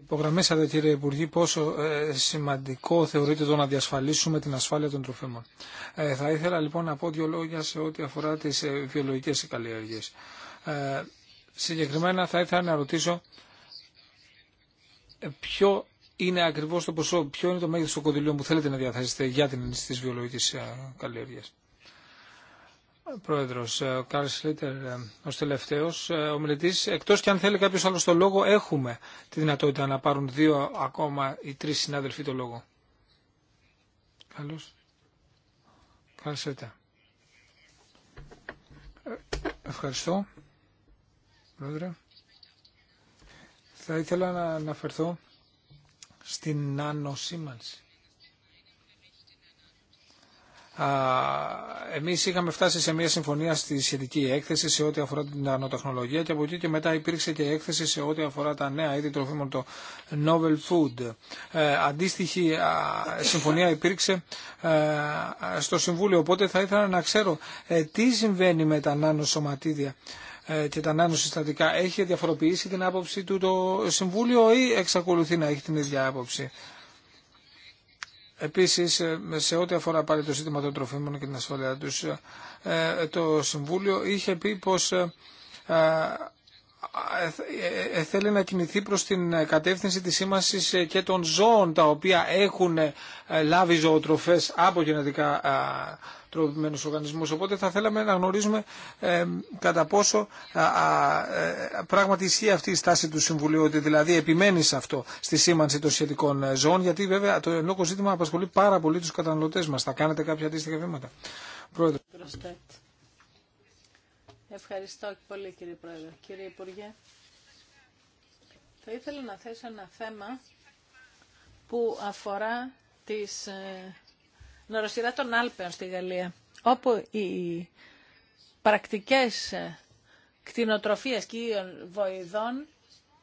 Υπογραμμίσατε κύριε Υπουργή πόσο ε, σημαντικό θεωρείτε το να διασφαλίσουμε την ασφάλεια των τροφίμων. Ε, θα ήθελα λοιπόν να πω δύο λόγια σε ό,τι αφορά τις ε, βιολογικές καλλιέργειες. Ε, συγκεκριμένα θα ήθελα να ρωτήσω ποιο είναι ακριβώς το ποσό, ποιο είναι το μέγεθος των κονδυλίων που θέλετε να διαθέσετε για την ενίσχυση της Πρόεδρος, ε, ο Κάρλ Σλίτερ ε, ως τελευταίος ε, ομιλητής. Εκτός και αν θέλει κάποιος άλλος το λόγο, έχουμε τη δυνατότητα να πάρουν δύο ακόμα ή τρεις συνάδελφοι το λόγο. Καλώς. Κάρλ Σλίτερ. Ευχαριστώ. Πρόεδρε. Θα ήθελα να αναφερθώ στην νανοσήμανση εμείς είχαμε φτάσει σε μια συμφωνία στη σχετική έκθεση σε ό,τι αφορά την νανοτεχνολογία και από εκεί και μετά υπήρξε και έκθεση σε ό,τι αφορά τα νέα είδη τροφίμων, το Novel Food. Ε, αντίστοιχη συμφωνία υπήρξε ε, στο Συμβούλιο, οπότε θα ήθελα να ξέρω ε, τι συμβαίνει με τα νάνο σωματίδια και τα νάνο Έχει διαφοροποιήσει την άποψη του το Συμβούλιο ή εξακολουθεί να έχει την ίδια άποψη. Επίσης, ε, σε ό,τι αφορά πάλι το ζήτημα των τροφίμων και την ασφαλεία τους, ε, ε, το Συμβούλιο είχε πει πω. Ε, ε, ε, θέλει να κινηθεί προς την κατεύθυνση της σήμανσης και των ζώων τα οποία έχουν λάβει ζωοτροφές από γενετικά τροποποιημένους οργανισμούς. Οπότε θα θέλαμε να γνωρίζουμε κατά πόσο πράγματι ισχύει αυτή η στάση του Συμβουλίου, ότι δηλαδή επιμένει σε αυτό στη σήμανση των σχετικών ζώων, γιατί βέβαια το ενόκο ζήτημα απασχολεί πάρα πολύ τους καταναλωτές μας. Θα κάνετε κάποια αντίστοιχα βήματα. Πρόεδρε. Ευχαριστώ πολύ κύριε Πρόεδρε. Κύριε Υπουργέ, θα ήθελα να θέσω ένα θέμα που αφορά τις ε, νοροσυρά των Άλπαιων στη Γαλλία, όπου οι πρακτικές ε, κτηνοτροφίας και βοηδών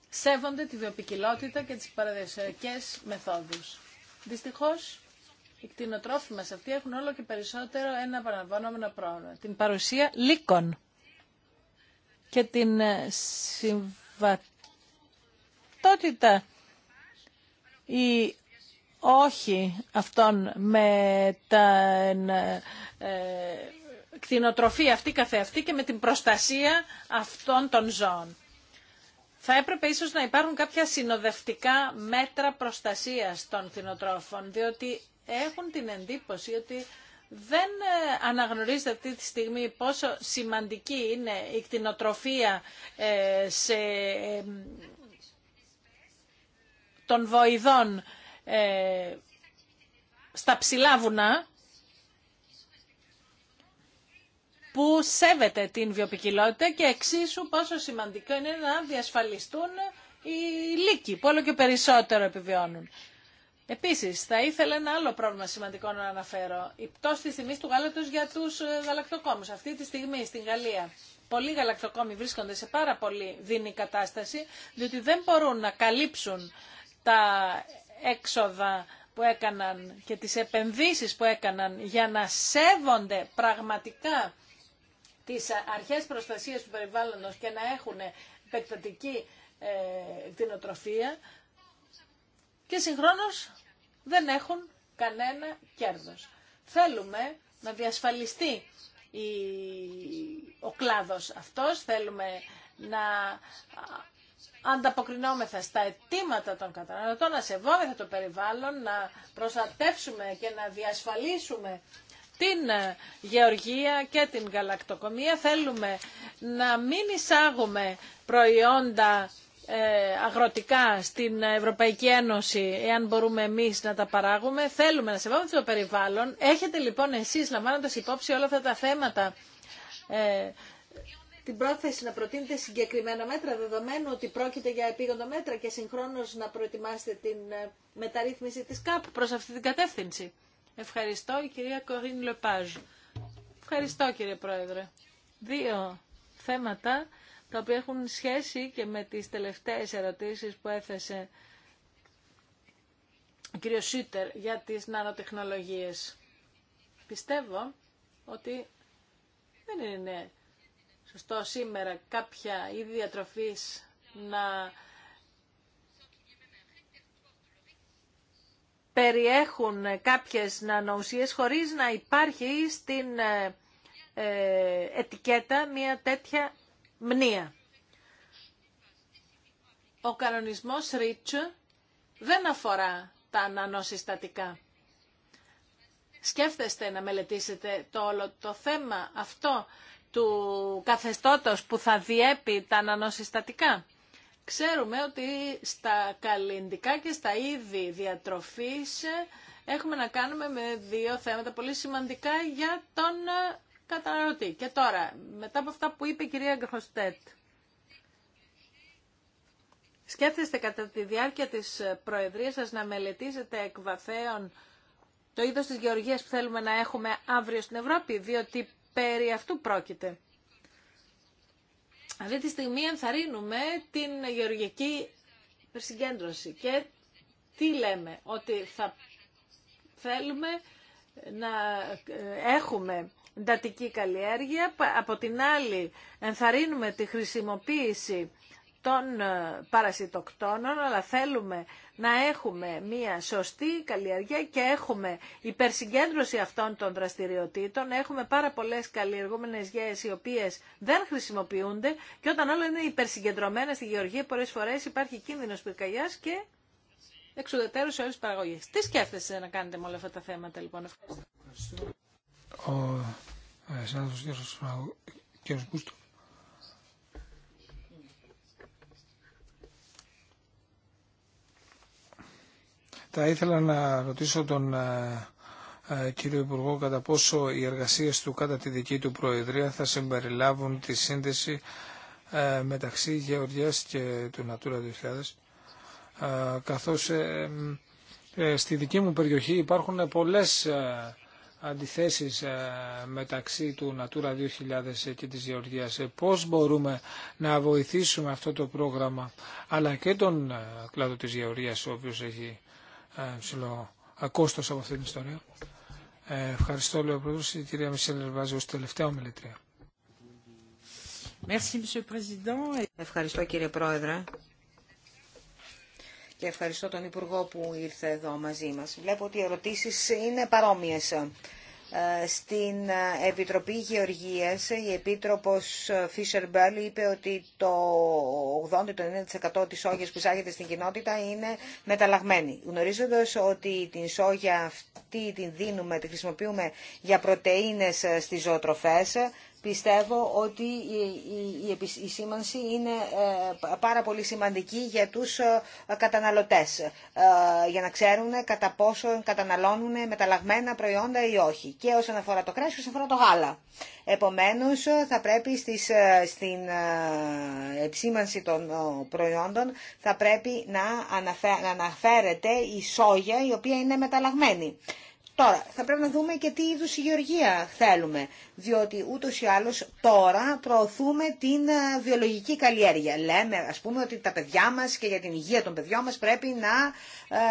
σέβονται τη βιοπικιλότητα και τις παραδοσιακές μεθόδους. Δυστυχώς, οι κτηνοτρόφοι μας αυτοί έχουν όλο και περισσότερο ένα παραβανόμενο πρόβλημα, την παρουσία λύκων και την ε, συμβατότητα ή όχι αυτών με τα ε, ε, κτηνοτροφή αυτή καθεαυτή και με την προστασία αυτών των ζώων. Θα έπρεπε ίσως να υπάρχουν κάποια συνοδευτικά μέτρα προστασίας των κτηνοτρόφων, διότι έχουν την εντύπωση ότι δεν ε, αναγνωρίζετε αυτή τη στιγμή πόσο σημαντική είναι η κτηνοτροφία ε, σε των βοηδών ε, στα ψηλά βουνά που σέβεται την βιοπικιλότητα και εξίσου πόσο σημαντικό είναι να διασφαλιστούν οι λύκοι που όλο και περισσότερο επιβιώνουν. Επίσης, θα ήθελα ένα άλλο πρόβλημα σημαντικό να αναφέρω. Η πτώση της τιμής του γάλατος για τους ε, γαλακτοκόμους. Αυτή τη στιγμή στην Γαλλία πολλοί γαλακτοκόμοι βρίσκονται σε πάρα πολύ δίνη κατάσταση, διότι δεν μπορούν να καλύψουν τα έξοδα που έκαναν και τις επενδύσεις που έκαναν για να σέβονται πραγματικά τις αρχές προστασίας του περιβάλλοντος και να έχουν επεκτατική ε, κτηνοτροφία, και συγχρόνως δεν έχουν κανένα κέρδος. Θέλουμε να διασφαλιστεί η... ο κλάδος αυτός, θέλουμε να ανταποκρινόμεθα στα αιτήματα των καταναλωτών, να σεβόμεθα το περιβάλλον, να προστατεύσουμε και να διασφαλίσουμε την γεωργία και την γαλακτοκομία. Θέλουμε να μην εισάγουμε προϊόντα ε, αγροτικά στην Ευρωπαϊκή Ένωση, εάν μπορούμε εμείς να τα παράγουμε. Θέλουμε να σεβόμαστε το περιβάλλον. Έχετε λοιπόν εσείς, λαμβάνοντας υπόψη όλα αυτά τα θέματα, ε, την πρόθεση να προτείνετε συγκεκριμένα μέτρα, δεδομένου ότι πρόκειται για επίγοντα μέτρα και συγχρόνως να προετοιμάσετε την ε, μεταρρύθμιση της ΚΑΠ προς αυτή την κατεύθυνση. Ευχαριστώ, η κυρία Κορίν Λεπάζ. Ευχαριστώ, κύριε Πρόεδρε. Δύο θέματα τα οποία έχουν σχέση και με τις τελευταίες ερωτήσεις που έθεσε ο κ. Σίτερ για τις νανοτεχνολογίες. Πιστεύω ότι δεν είναι σωστό σήμερα κάποια είδη διατροφής να περιέχουν κάποιες νανοουσίες χωρίς να υπάρχει στην ε, ε, ετικέτα μια τέτοια ο κανονισμός Rich δεν αφορά τα ανανοσυστατικά. Σκέφτεστε να μελετήσετε το όλο το θέμα αυτό του καθεστώτος που θα διέπει τα ανανοσυστατικά. Ξέρουμε ότι στα καλλιντικά και στα είδη διατροφής έχουμε να κάνουμε με δύο θέματα πολύ σημαντικά για τον καταναλωτή. Και τώρα, μετά από αυτά που είπε η κυρία Γκροστέτ, σκέφτεστε κατά τη διάρκεια της προεδρίας σας να μελετήσετε εκ βαθέων το είδος της γεωργίας που θέλουμε να έχουμε αύριο στην Ευρώπη, διότι περί αυτού πρόκειται. Αυτή τη στιγμή ενθαρρύνουμε την γεωργική συγκέντρωση και τι λέμε, ότι θα θέλουμε να ε, έχουμε εντατική καλλιέργεια. Από την άλλη ενθαρρύνουμε τη χρησιμοποίηση των ε, παρασιτοκτόνων, αλλά θέλουμε να έχουμε μία σωστή καλλιέργεια και έχουμε υπερσυγκέντρωση αυτών των δραστηριοτήτων. Έχουμε πάρα πολλές καλλιεργούμενες γέες οι οποίες δεν χρησιμοποιούνται και όταν όλα είναι υπερσυγκεντρωμένα στη γεωργία πολλές φορές υπάρχει κίνδυνος πυρκαγιάς και εξουδετέρωση όλες τις παραγωγές. Τι σκέφτεστε να κάνετε με όλα αυτά τα θέματα λοιπόν. Ευχαριστώ. Θα ήθελα να ρωτήσω τον ε, ε, κύριο Υπουργό κατά πόσο οι εργασίες του κατά τη δική του Προεδρία θα συμπεριλάβουν τη σύνδεση ε, μεταξύ Γεωργίας και του Natura 2000 καθώς στη δική μου περιοχή υπάρχουν πολλές αντιθέσεις ε, μεταξύ του Natura 2000 και της Γεωργίας. Ε, πώς μπορούμε να βοηθήσουμε αυτό το πρόγραμμα, αλλά και τον ε, κλάδο της Γεωργίας, ο οποίος έχει ψηλό κόστος από αυτήν την ιστορία. Ευχαριστώ, λέω πρόεδρος, η κυρία Μισελ Ερβάζη ως τελευταία ομιλητρία. Ευχαριστώ κύριε Πρόεδρε και ευχαριστώ τον Υπουργό που ήρθε εδώ μαζί μας. Βλέπω ότι οι ερωτήσεις είναι παρόμοιες. Ε, στην Επιτροπή Γεωργίας η Επίτροπος Φίσερ Μπέλ είπε ότι το 80-90% της σόγιας που εισάγεται στην κοινότητα είναι μεταλλαγμένη. Γνωρίζοντας ότι την σόγια αυτή την δίνουμε, τη χρησιμοποιούμε για πρωτεΐνες στις ζωοτροφές, Πιστεύω ότι η σήμανση είναι ε, πάρα πολύ σημαντική για τους ε, καταναλωτές, ε, για να ξέρουν κατά πόσο καταναλώνουν μεταλλαγμένα προϊόντα ή όχι, και όσον αφορά το κρέας και όσον αφορά το γάλα. Επομένως, θα πρέπει στις, στην επισήμανση των προϊόντων θα πρέπει να, αναφέρεται η σόγια η οποία είναι μεταλλαγμένη. Τώρα, θα πρέπει να δούμε και τι είδους γεωργία θέλουμε διότι ούτως ή άλλως τώρα προωθούμε την ε, βιολογική καλλιέργεια. Λέμε ας πούμε ότι τα παιδιά μας και για την υγεία των παιδιών μας πρέπει να ε,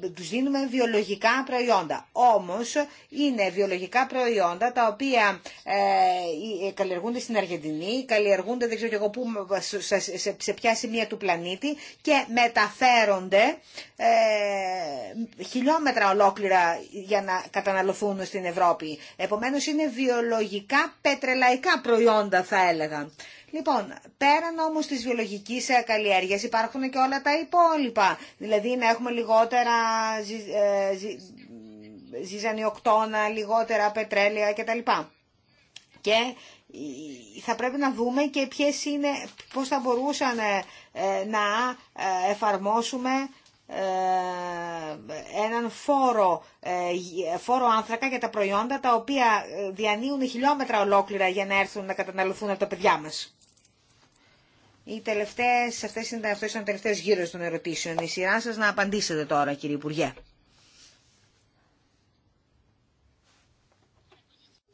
ε, ε τους δίνουμε βιολογικά προϊόντα. Όμως είναι βιολογικά προϊόντα τα οποία ε, καλλιεργούνται στην Αργεντινή, καλλιεργούνται δεν ξέρω και εγώ πού, σε, ποια σημεία του πλανήτη και μεταφέρονται χιλιόμετρα ολόκληρα για να καταναλωθούν στην Ευρώπη. Επομένως είναι βιολογικά πετρελαϊκά προϊόντα θα έλεγα. Λοιπόν, πέραν όμως της βιολογικής ε, καλλιέργειας υπάρχουν και όλα τα υπόλοιπα. Δηλαδή να έχουμε λιγότερα ε, ζυζανιοκτώνα, λιγότερα πετρέλαια κτλ. Και ε, θα πρέπει να δούμε και ποιες είναι, πώς θα μπορούσαν να εφαρμόσουμε ε, έναν φόρο, ε, ε, φόρο άνθρακα για τα προϊόντα τα οποία διανύουν χιλιόμετρα ολόκληρα για να έρθουν να καταναλωθούν από τα παιδιά μας. Οι τελευταίες, αυτές είναι ο τελευταίες γύρες των ερωτήσεων. Η σειρά σας να απαντήσετε τώρα κύριε Υπουργέ.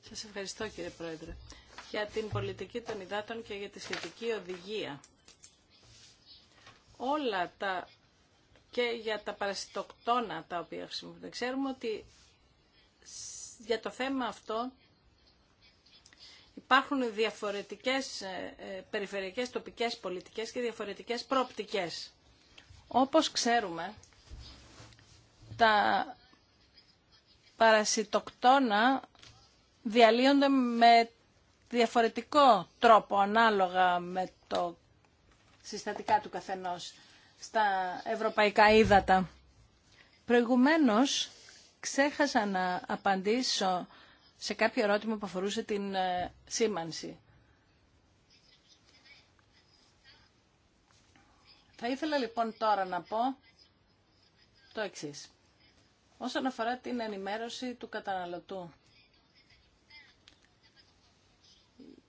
Σας ευχαριστώ κύριε Πρόεδρε για την πολιτική των υδάτων και για τη σχετική οδηγία. Όλα τα και για τα παρασιτοκτόνα τα οποία χρησιμοποιούνται. Ξέρουμε ότι για το θέμα αυτό υπάρχουν διαφορετικές ε, ε, περιφερειακές τοπικές πολιτικές και διαφορετικές προοπτικές. Όπως ξέρουμε, τα παρασιτοκτόνα διαλύονται με διαφορετικό τρόπο ανάλογα με το συστατικά του καθενός στα ευρωπαϊκά ύδατα. Προηγουμένως ξέχασα να απαντήσω σε κάποιο ερώτημα που αφορούσε την ε, σήμανση. Θα ήθελα λοιπόν τώρα να πω το εξής. Όσον αφορά την ενημέρωση του καταναλωτού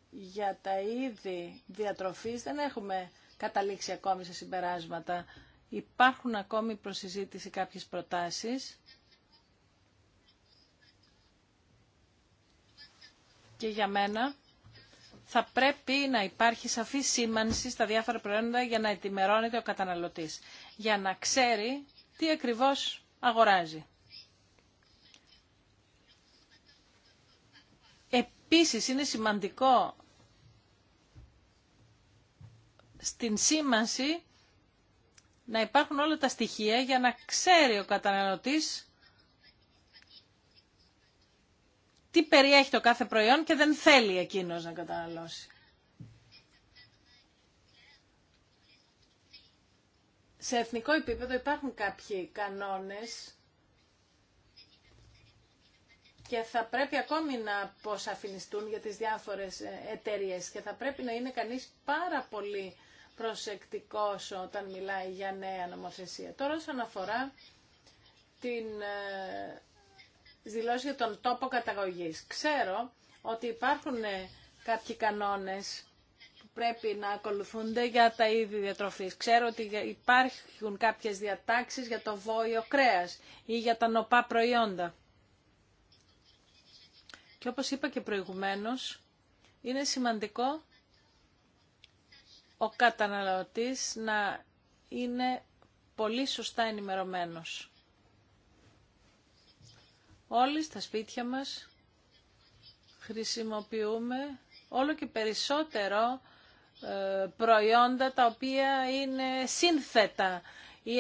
για τα είδη διατροφής δεν έχουμε καταλήξει ακόμη σε συμπεράσματα. Υπάρχουν ακόμη προσυζήτηση κάποιες προτάσεις. Και για μένα θα πρέπει να υπάρχει σαφή σήμανση στα διάφορα προϊόντα για να ετημερώνεται ο καταναλωτής. Για να ξέρει τι ακριβώς αγοράζει. Επίσης είναι σημαντικό στην σήμανση να υπάρχουν όλα τα στοιχεία για να ξέρει ο καταναλωτής τι περιέχει το κάθε προϊόν και δεν θέλει εκείνος να καταναλώσει. Σε εθνικό επίπεδο υπάρχουν κάποιοι κανόνες και θα πρέπει ακόμη να αποσαφινιστούν για τις διάφορες ε, εταιρείες και θα πρέπει να είναι κανείς πάρα πολύ προσεκτικός όταν μιλάει για νέα νομοθεσία. Τώρα όσον αφορά την ε, δηλώσει για τον τόπο καταγωγής. Ξέρω ότι υπάρχουν ε, κάποιοι κανόνες που πρέπει να ακολουθούνται για τα είδη διατροφής. Ξέρω ότι υπάρχουν κάποιες διατάξεις για το βόηο κρέας ή για τα νοπά προϊόντα. Και όπως είπα και προηγουμένως, είναι σημαντικό ο καταναλωτής να είναι πολύ σωστά ενημερωμένος. Όλοι στα σπίτια μας χρησιμοποιούμε όλο και περισσότερο ε, προϊόντα τα οποία είναι σύνθετα ή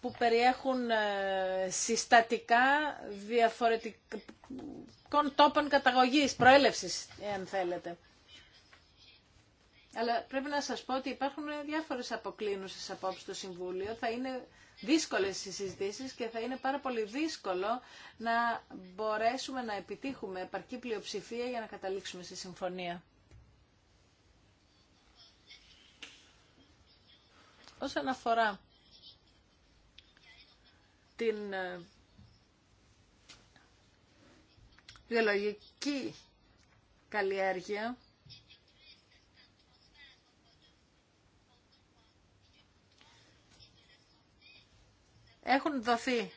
που περιέχουν ε, συστατικά διαφορετικών τόπων καταγωγής, προέλευσης, αν θέλετε. Αλλά πρέπει να σας πω ότι υπάρχουν διάφορες αποκλίνουσες απόψεις στο Συμβούλιο. Θα είναι δύσκολες οι συζητήσεις και θα είναι πάρα πολύ δύσκολο να μπορέσουμε να επιτύχουμε επαρκή πλειοψηφία για να καταλήξουμε στη συμφωνία. Όσον αφορά την ε, βιολογική καλλιέργεια, Έχουν δοθεί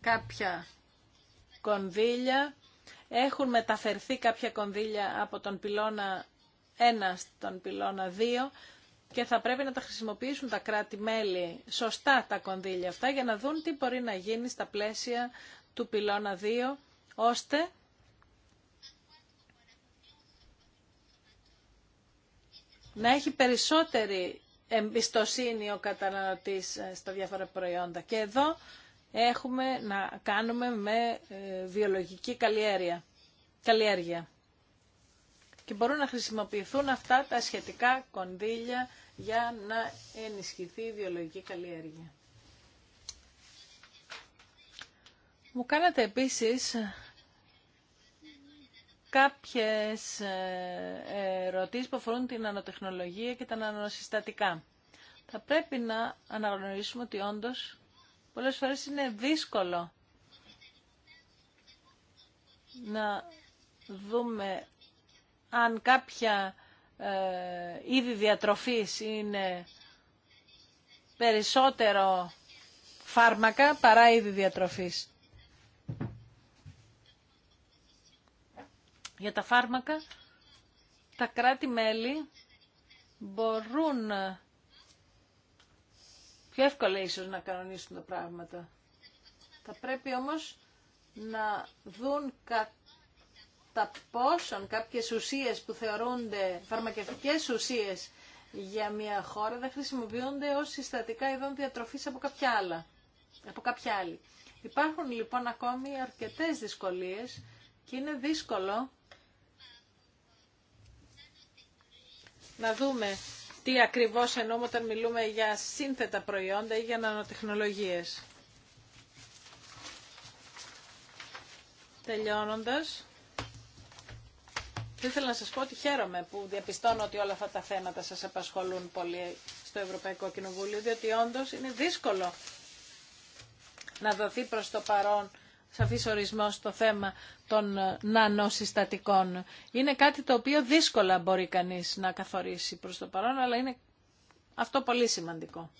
κάποια κονδύλια, έχουν μεταφερθεί κάποια κονδύλια από τον πυλώνα 1 στον πυλώνα 2 και θα πρέπει να τα χρησιμοποιήσουν τα κράτη-μέλη σωστά τα κονδύλια αυτά για να δουν τι μπορεί να γίνει στα πλαίσια του πυλώνα 2 ώστε να έχει περισσότερη εμπιστοσύνη ο καταναλωτής ε, στα διάφορα προϊόντα. Και εδώ έχουμε να κάνουμε με ε, βιολογική καλλιέργεια. καλλιέργεια. Και μπορούν να χρησιμοποιηθούν αυτά τα σχετικά κονδύλια για να ενισχυθεί η βιολογική καλλιέργεια. Μου κάνατε επίσης κάποιες ε, ερωτήσεις που αφορούν την ανατεχνολογία και τα ανανοσυστατικά. Θα πρέπει να αναγνωρίσουμε ότι όντως πολλές φορές είναι δύσκολο να δούμε αν κάποια ε, είδη διατροφής είναι περισσότερο φάρμακα παρά είδη διατροφής. Για τα φάρμακα, τα κράτη-μέλη μπορούν πιο εύκολα ίσως να κανονίσουν τα πράγματα. Θα πρέπει όμως να δουν κατά πόσον κάποιες ουσίες που θεωρούνται φαρμακευτικές ουσίες για μια χώρα δεν χρησιμοποιούνται ως συστατικά ειδών διατροφής από κάποια, άλλα, από κάποια άλλη. Υπάρχουν λοιπόν ακόμη αρκετές δυσκολίες και είναι δύσκολο να δούμε τι ακριβώς εννοούμε όταν μιλούμε για σύνθετα προϊόντα ή για νανοτεχνολογίες. Τελειώνοντας, ήθελα να σας πω ότι χαίρομαι που διαπιστώνω ότι όλα αυτά τα θέματα σας απασχολούν πολύ στο Ευρωπαϊκό Κοινοβούλιο, διότι όντως είναι δύσκολο να δοθεί προς το παρόν σαφής ορισμός στο θέμα των ε, νανοσυστατικών. Είναι κάτι το οποίο δύσκολα μπορεί κανείς να καθορίσει προς το παρόν, αλλά είναι αυτό πολύ σημαντικό.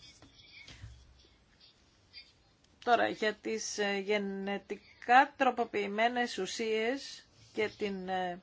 Τώρα, για τις ε, γενετικά τροποποιημένες ουσίες και την ε,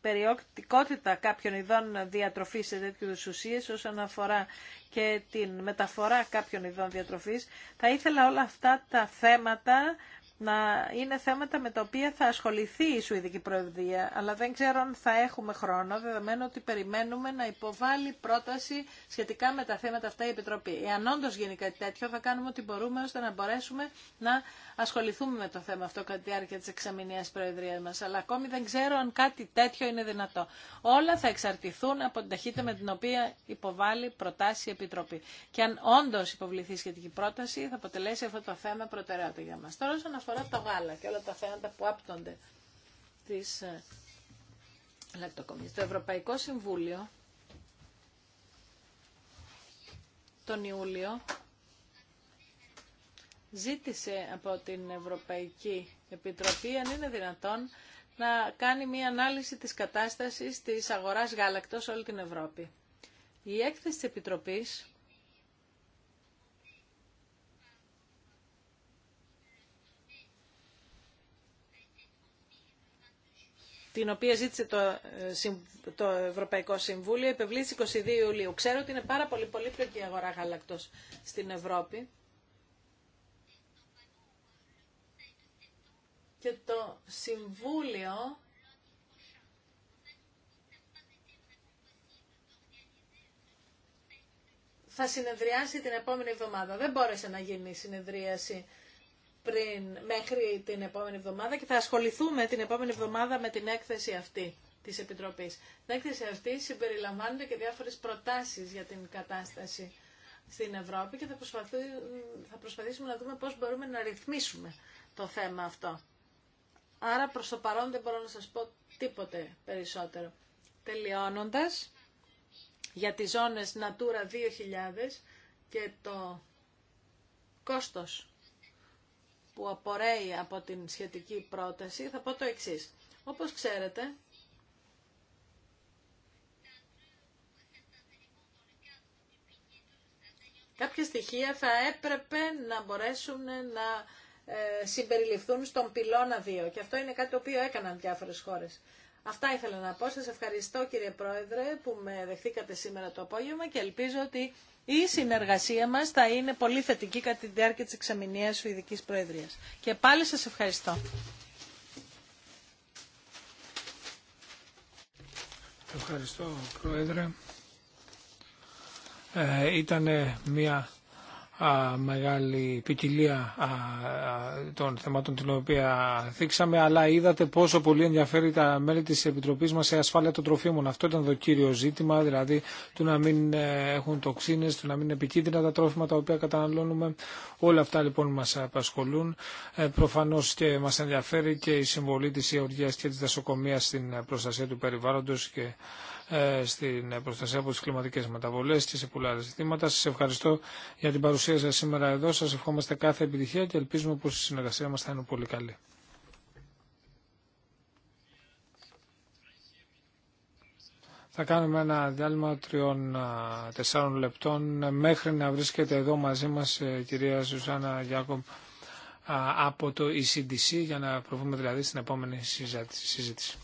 περιοκτικότητα κάποιων ειδών διατροφής σε τέτοιου ουσίες όσον αφορά και την μεταφορά κάποιων ειδών διατροφής. Θα ήθελα όλα αυτά τα θέματα να είναι θέματα με τα οποία θα ασχοληθεί η Σουηδική Προεδρία, αλλά δεν ξέρω αν θα έχουμε χρόνο, δεδομένου ότι περιμένουμε να υποβάλει πρόταση σχετικά με τα θέματα αυτά η Επιτροπή. Εάν όντω γίνει κάτι τέτοιο, θα κάνουμε ό,τι μπορούμε ώστε να μπορέσουμε να ασχοληθούμε με το θέμα αυτό κατά τη διάρκεια τη εξαμηνία Προεδρία μα. Αλλά ακόμη δεν ξέρω αν κάτι τέτοιο είναι δυνατό. Όλα θα εξαρτηθούν από την ταχύτητα με την οποία υποβάλει προτάσει η Επιτροπή. Και αν όντω υποβληθεί σχετική πρόταση, θα αποτελέσει αυτό το θέμα προτεραιότητα για μα. Τώρα, αφορά το γάλα και όλα τα θέματα που άπτονται της ε, λακτοκομίας. Το Ευρωπαϊκό Συμβούλιο τον Ιούλιο ζήτησε από την Ευρωπαϊκή Επιτροπή αν είναι δυνατόν να κάνει μια ανάλυση της κατάστασης της αγοράς γάλακτος σε όλη την Ευρώπη. Η έκθεση της Επιτροπής την οποία ζήτησε το, ε, Ευρωπαϊκό Συμβούλιο, υπευλήθη 22 Ιουλίου. Ξέρω ότι είναι πάρα πολύ πολύπλοκη η αγορά γάλακτος στην Ευρώπη. Και το Συμβούλιο θα συνεδριάσει την επόμενη εβδομάδα. Δεν μπόρεσε να γίνει η συνεδρίαση πριν, μέχρι την επόμενη εβδομάδα και θα ασχοληθούμε την επόμενη εβδομάδα με την έκθεση αυτή της Επιτροπής. Την έκθεση αυτή συμπεριλαμβάνονται και διάφορες προτάσεις για την κατάσταση στην Ευρώπη και θα, θα προσπαθήσουμε να δούμε πώς μπορούμε να ρυθμίσουμε το θέμα αυτό. Άρα προς το παρόν δεν μπορώ να σας πω τίποτε περισσότερο. Τελειώνοντας, για τις ζώνες Natura 2000 και το κόστος που απορρέει από την σχετική πρόταση, θα πω το εξής. Όπως ξέρετε, κάποια στοιχεία θα έπρεπε να μπορέσουν να ε, συμπεριληφθούν στον πυλώνα 2. Και αυτό είναι κάτι το οποίο έκαναν διάφορες χώρες. Αυτά ήθελα να πω. Σας ευχαριστώ κύριε Πρόεδρε που με δεχθήκατε σήμερα το απόγευμα και ελπίζω ότι η συνεργασία μας θα είναι πολύ θετική κατά τη διάρκεια της εξαμηνίας Σουηδική Προεδρίας. Και πάλι σας ευχαριστώ. Ευχαριστώ, Πρόεδρε. Ε, μια μεγάλη ποικιλία των θεμάτων την οποία θίξαμε, αλλά είδατε πόσο πολύ ενδιαφέρει τα μέλη της Επιτροπής μας σε ασφάλεια των τροφίμων. Αυτό ήταν το κύριο ζήτημα, δηλαδή του να μην ε, έχουν τοξίνες, του να μην είναι επικίνδυνα τα τρόφιμα τα οποία καταναλώνουμε. Όλα αυτά λοιπόν μας απασχολούν. Ε, προφανώς και μας ενδιαφέρει και η συμβολή της ιεωργίας και της δασοκομείας στην ε, προστασία του περιβάλλοντος και ε, στην προστασία από τι κλιματικές μεταβολές και σε πολλά άλλα ζητήματα. Σα ευχαριστώ για την παρουσία σας σήμερα εδώ. Σας ευχόμαστε κάθε επιτυχία και ελπίζουμε πως η συνεργασία μας θα είναι πολύ καλή. Θα κάνουμε ένα διάλειμμα τριών τεσσάρων λεπτών μέχρι να βρίσκεται εδώ μαζί μας ε, η κυρία Σουσάνα Γιάκομ από το ECDC για να προβούμε δηλαδή στην επόμενη συζήτηση.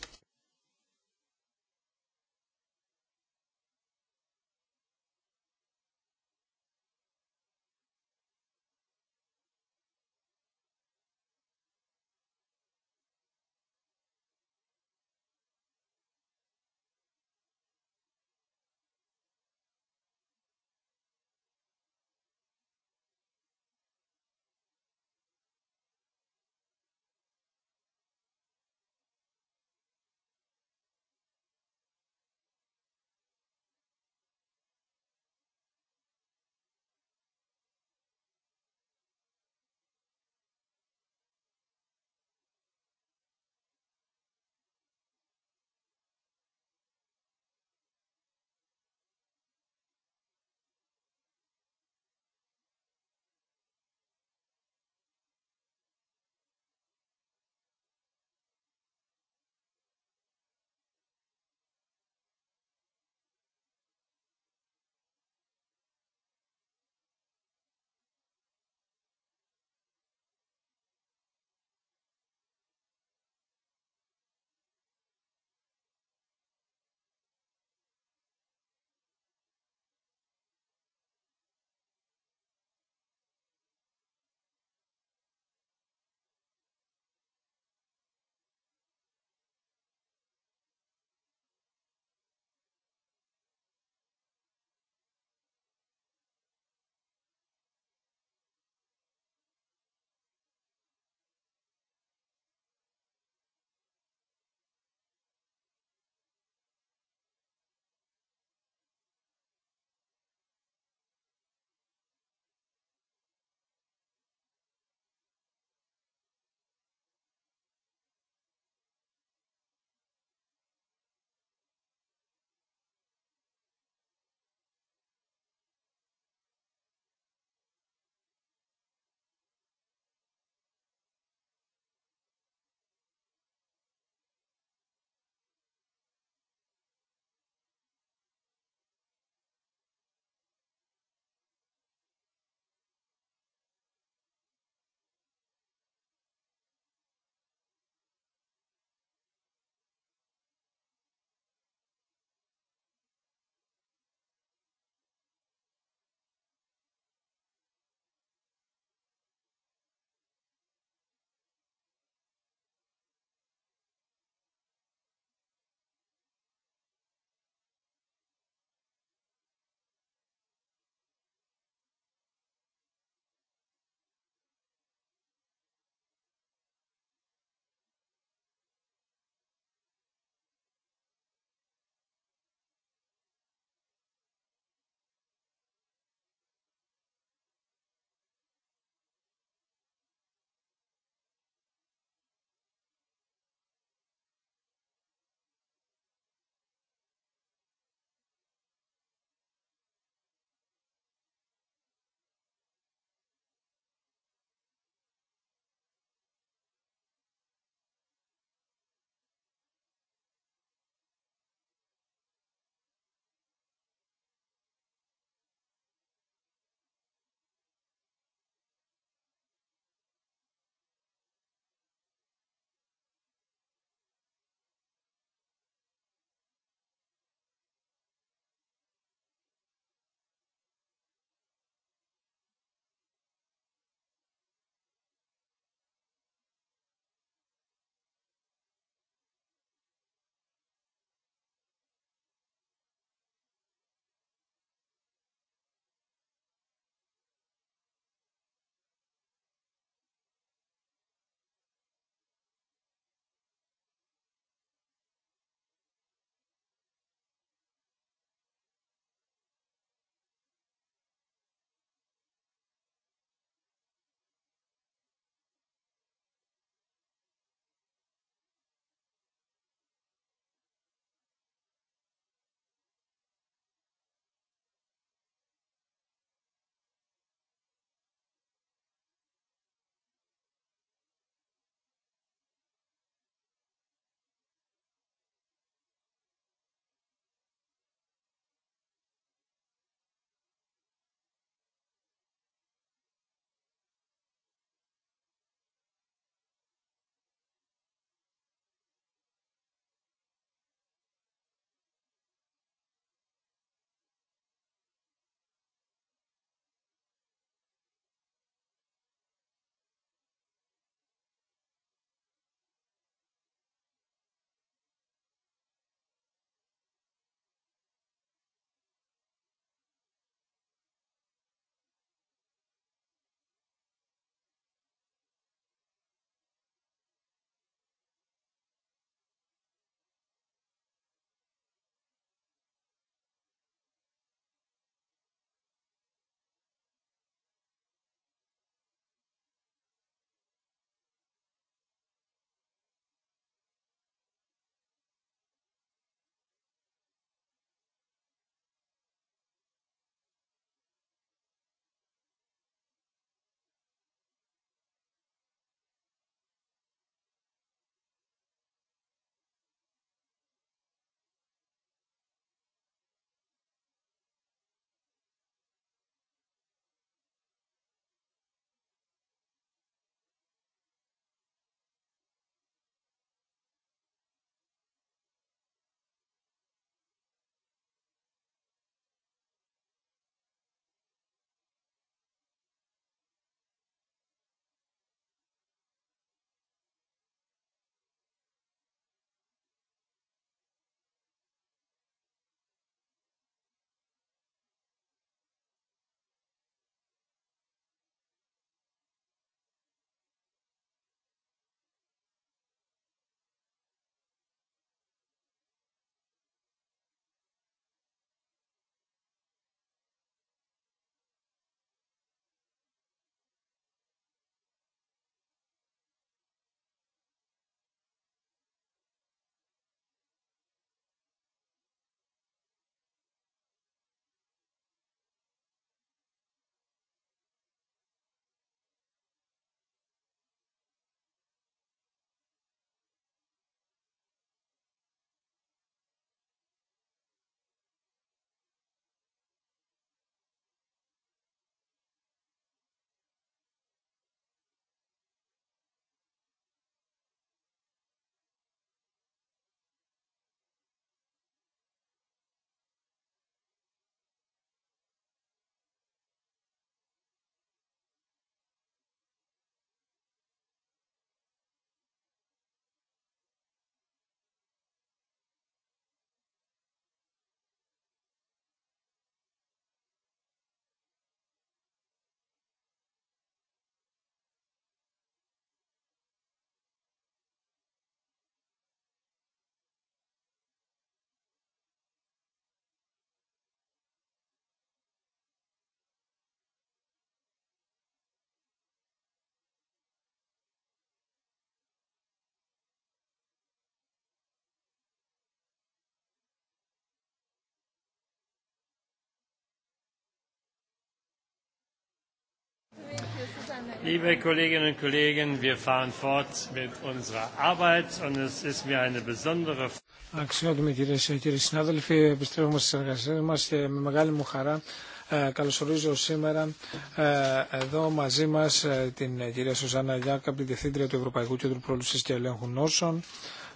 Liebe Kolleginnen und Kollegen, wir fahren fort mit unserer Arbeit und es ist mir eine besondere Αξιότιμοι κυρίε και κύριοι συνάδελφοι, επιστρέφουμε στι εργασίε μα και με μεγάλη μου χαρά ε, καλωσορίζω σήμερα ε, εδώ μαζί μα ε, την κυρία Σουζάνα Γιάκα, την Διευθύντρια του Ευρωπαϊκού Κέντρου Πρόληψη και Ελέγχου Νόσων.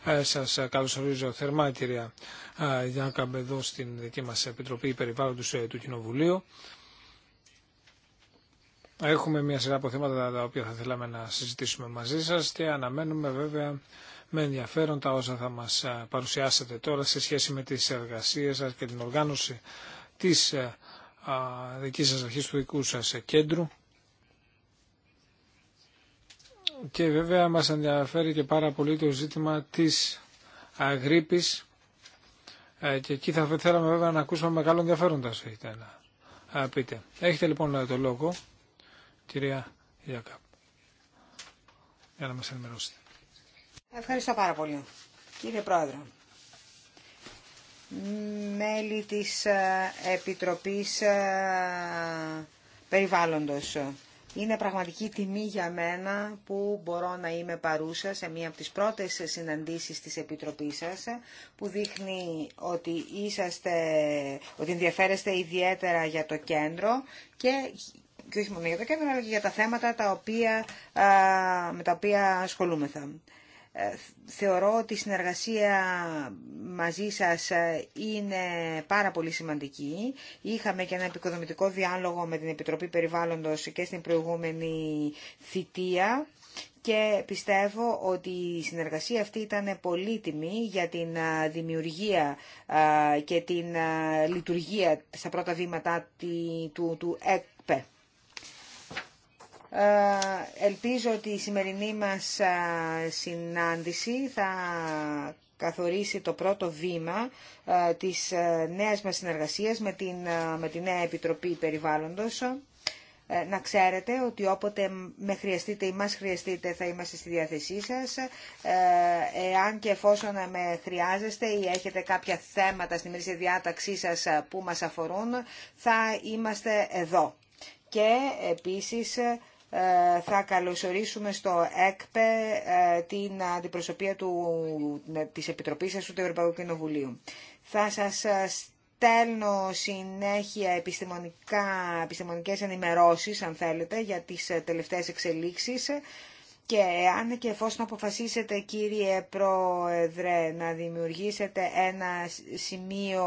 Ε, σα ε, καλωσορίζω θερμά κυρία ε, Γιάκα, εδώ στην δική μα Επιτροπή ε, του Κοινοβουλίου. Έχουμε μια σειρά από θέματα τα οποία θα θέλαμε να συζητήσουμε μαζί σας και αναμένουμε βέβαια με ενδιαφέρον τα όσα θα μας ε, παρουσιάσετε τώρα σε σχέση με τις εργασίες σας και την οργάνωση της ε, δικής σας αρχής του δικού σας κέντρου. Και βέβαια μας ενδιαφέρει και πάρα πολύ το ζήτημα της γρήπης ε, και εκεί θα θέλαμε βέβαια να ακούσουμε μεγάλο καλό πείτε. Έχετε λοιπόν το λόγο κυρία Ιακάπ, για να μας ενημερώσετε. Ευχαριστώ πάρα πολύ, κύριε Πρόεδρο. Μέλη της ε, Επιτροπής ε, Περιβάλλοντος. Είναι πραγματική τιμή για μένα που μπορώ να είμαι παρούσα σε μία από τις πρώτες συναντήσεις της Επιτροπής σας που δείχνει ότι, είσαστε, ότι ενδιαφέρεστε ιδιαίτερα για το κέντρο και και όχι μόνο για και για τα θέματα τα οποία, με τα οποία ασχολούμεθα. Ε, θεωρώ ότι η συνεργασία μαζί σας ε, είναι πάρα πολύ σημαντική. Είχαμε και ένα επικοδομητικό διάλογο με την Επιτροπή Περιβάλλοντος και στην προηγούμενη θητεία και πιστεύω ότι η συνεργασία αυτή ήταν πολύτιμη για την δημιουργία και την λειτουργία στα πρώτα βήματα του, του, ε, ελπίζω ότι η σημερινή μας ε, συνάντηση θα καθορίσει το πρώτο βήμα ε, της νέας μας συνεργασίας με την, με την νέα Επιτροπή Περιβάλλοντος. Να ξέρετε ότι όποτε με χρειαστείτε ή μας χρειαστείτε θα είμαστε στη διάθεσή σας. Εάν και εφόσον με χρειάζεστε ή έχετε κάποια θέματα στη μερική διάταξή σας που μας αφορούν, θα είμαστε εδώ. Και επίσης ε, θα καλωσορίσουμε στο ΕΚΠΕ ε, την αντιπροσωπεία του, ε, της Επιτροπής σας του Ευρωπαϊκού Κοινοβουλίου. Θα σας στέλνω συνέχεια επιστημονικά, επιστημονικές ενημερώσεις, αν θέλετε, για τις τελευταίες εξελίξεις. Και αν και εφόσον αποφασίσετε, κύριε Πρόεδρε, να δημιουργήσετε ένα σημείο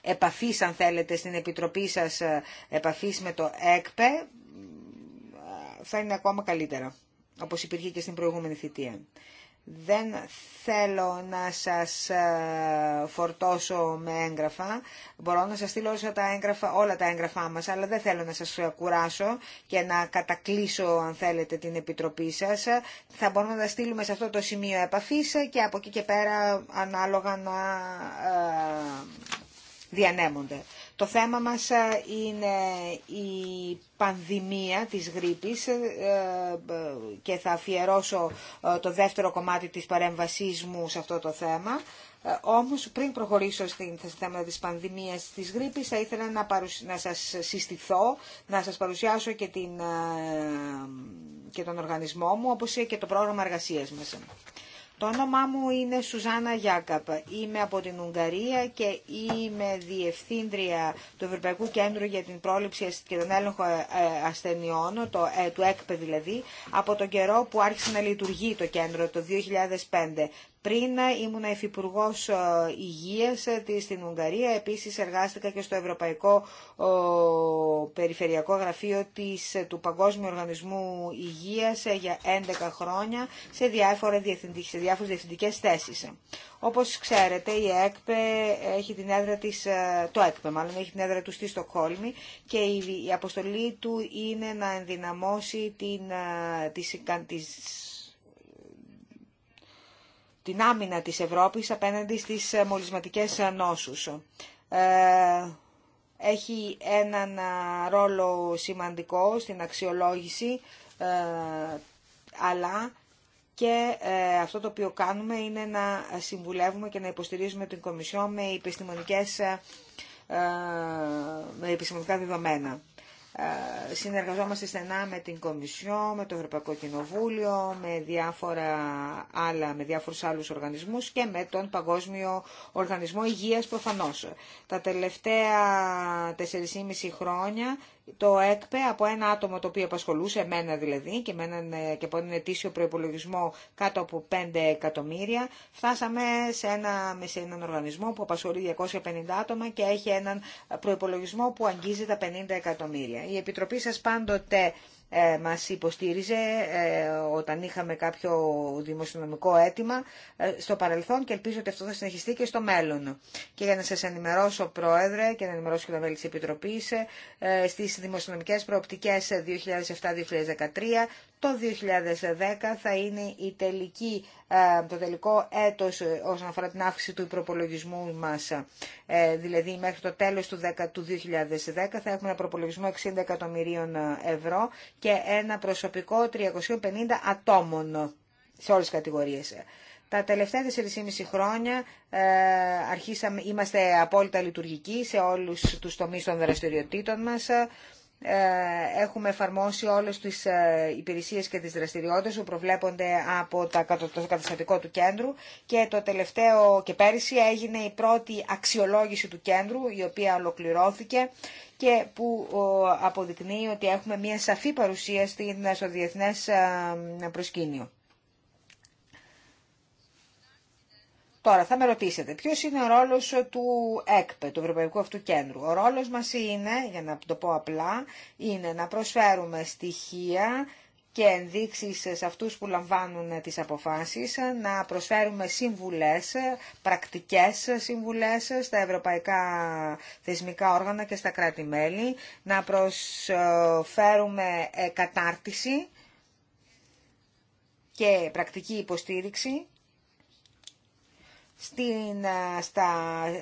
επαφής αν θέλετε στην επιτροπή σας, ε, επαφής με το ΕΚΠΕ, ε, θα είναι ακόμα καλύτερα, όπως υπήρχε και στην προηγούμενη θητεία. Δεν θέλω να σας ε, φορτώσω με έγγραφα. Μπορώ να σας στείλω όλα τα έγγραφα, όλα τα έγγραφά μας, αλλά δεν θέλω να σας κουράσω και να κατακλείσω, αν θέλετε, την επιτροπή σας. Θα μπορούμε να τα στείλουμε σε αυτό το σημείο επαφής και από εκεί και πέρα ανάλογα να διανέμονται. Το θέμα μας ε, είναι η πανδημία της γρήπης ε, ε, και θα αφιερώσω το δεύτερο κομμάτι της παρέμβασής μου σε αυτό το θέμα. Όμως πριν προχωρήσω στην θέμα της πανδημίας της γρήπης θα ήθελα να, παρουσ... να σας συστηθώ, να σας παρουσιάσω και, την... και τον οργανισμό μου όπως και το πρόγραμμα εργασίας μας. Το όνομά μου είναι Σουζάνα Γιάκαπ. Είμαι από την Ουγγαρία και είμαι διευθύντρια του Ευρωπαϊκού Κέντρου για την Πρόληψη και τον Έλεγχο ε, ε, Ασθενειών, το, ε, του ΕΚΠΕ δηλαδή, από τον καιρό που άρχισε να λειτουργεί το κέντρο το 2005. Πριν ήμουν υφυπουργό ε, υγείας ε, στην Ουγγαρία, Επίση εργάστηκα και στο Ευρωπαϊκό Περιφερειακό Γραφείο της, ε, του Παγκόσμιου Οργανισμού Υγεία για 11 χρόνια σε, διάφορε διευθυντικέ θέσει. Όπω Όπως ξέρετε, η ΕΚΠΕ έχει την έδρα της, το ΕΚΠΕ μάλλον, έχει την έδρα του στη Στοκχόλμη και η, αποστολή του είναι να ενδυναμώσει τι την άμυνα της Ευρώπης απέναντι στις μολυσματικές νόσους. Ε, έχει έναν ρόλο σημαντικό στην αξιολόγηση, ε, αλλά και ε, αυτό το οποίο κάνουμε είναι να συμβουλεύουμε και να υποστηρίζουμε την Κομισιό με με επιστημονικά δεδομένα. Ε, συνεργαζόμαστε στενά με την Κομισιό, με το Ευρωπαϊκό Κοινοβούλιο, με, διάφορα άλλα, με διάφορους άλλους οργανισμούς και με τον Παγκόσμιο Οργανισμό Υγείας προφανώς. Τα τελευταία 4,5 χρόνια το ΕΚΠΕ από ένα άτομο το οποίο απασχολούσε, εμένα δηλαδή, και, με έναν, ε, και από έναν ετήσιο προπολογισμό κάτω από 5 εκατομμύρια, φτάσαμε σε, ένα, σε έναν οργανισμό που απασχολεί 250 άτομα και έχει έναν προπολογισμό που αγγίζει τα 50 εκατομμύρια. Η Επιτροπή σας πάντοτε ε, μας υποστήριζε ε, όταν είχαμε κάποιο δημοσιονομικό αίτημα ε, στο παρελθόν και ελπίζω ότι αυτό θα συνεχιστεί και στο μέλλον. Και για να σας ενημερώσω, Πρόεδρε, και να ενημερώσω και τα μέλη της Επιτροπής, ε, στις δημοσιονομικές προοπτικές 2007-2013, το 2010 θα είναι η τελική, το τελικό έτος όσον αφορά την αύξηση του προπολογισμού μας. Δηλαδή μέχρι το τέλος του 2010 θα έχουμε ένα προπολογισμό 60 εκατομμυρίων ευρώ και ένα προσωπικό 350 ατόμων σε όλες τις κατηγορίες. Τα τελευταία 4,5 χρόνια ε, αρχίσαμε, είμαστε απόλυτα λειτουργικοί σε όλους τους τομείς των δραστηριοτήτων μας. Ε, έχουμε εφαρμόσει όλες τις ε, υπηρεσίες και τις δραστηριότητες που προβλέπονται από το καταστατικό του κέντρου και το τελευταίο και πέρυσι έγινε η πρώτη αξιολόγηση του κέντρου η οποία ολοκληρώθηκε και που αποδεικνύει ότι έχουμε μια σαφή παρουσία στο διεθνές ε, προσκήνιο. Τώρα θα με ρωτήσετε ποιος είναι ο ρόλος του ΕΚΠΕ, του Ευρωπαϊκού Αυτού Κέντρου. Ο ρόλος μας είναι, για να το πω απλά, είναι να προσφέρουμε στοιχεία και ενδείξεις σε αυτούς που λαμβάνουν τις αποφάσεις, να προσφέρουμε συμβουλές, πρακτικές συμβουλές στα ευρωπαϊκά θεσμικά όργανα και στα κράτη-μέλη, να προσφέρουμε ε, κατάρτιση και πρακτική υποστήριξη στην, στα,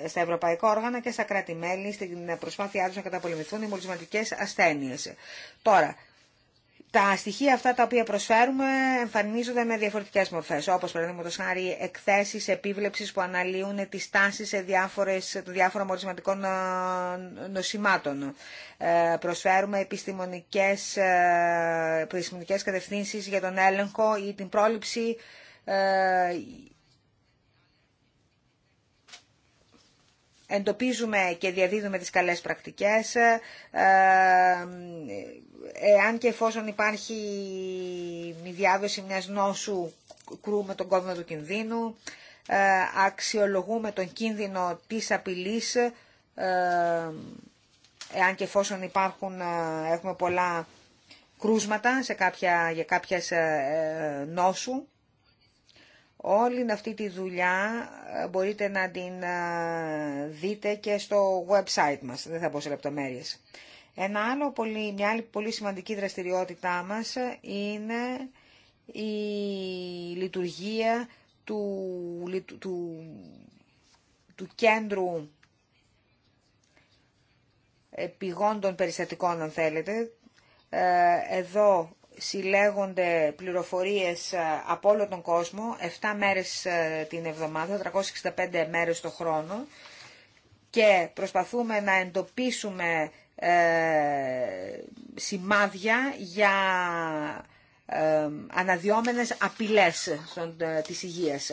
στα ευρωπαϊκά όργανα και στα κράτη-μέλη στην προσπάθειά τους να καταπολεμηθούν οι μολυσματικές ασθένειες. Τώρα, τα στοιχεία αυτά τα οποία προσφέρουμε εμφανίζονται με διαφορετικέ μορφέ. Όπω παραδείγματο χάρη εκθέσει επίβλεψη που αναλύουν τι τάσει σε διάφορες, διάφορων μορισματικών νοσημάτων. Ε, προσφέρουμε επιστημονικέ επιστημονικές ε, κατευθύνσει για τον έλεγχο ή την πρόληψη ε, εντοπίζουμε και διαδίδουμε τις καλές πρακτικές, ε, ε, εάν και εφόσον υπάρχει η διάδοση μιας νόσου, κρούμε τον κόδωνα του κινδύνου, ε, αξιολογούμε τον κίνδυνο της απειλής, εάν και εφόσον υπάρχουν, έχουμε πολλά κρούσματα σε κάποια, για κάποιες νόσου, Όλη αυτή τη δουλειά ε, μπορείτε να την ε, δείτε και στο website μας, δεν θα πω σε λεπτομέρειες. Ένα άλλο πολύ, μια άλλη πολύ σημαντική δραστηριότητά μας ε, είναι η λειτουργία του, του, του, κέντρου πηγών των περιστατικών, αν θέλετε. Εδώ συλλέγονται πληροφορίες ε, από όλο τον κόσμο, 7 μέρες ε, την εβδομάδα, 365 μέρες το χρόνο και προσπαθούμε να εντοπίσουμε ε, σημάδια για ε, αναδιόμενες απειλές της υγείας.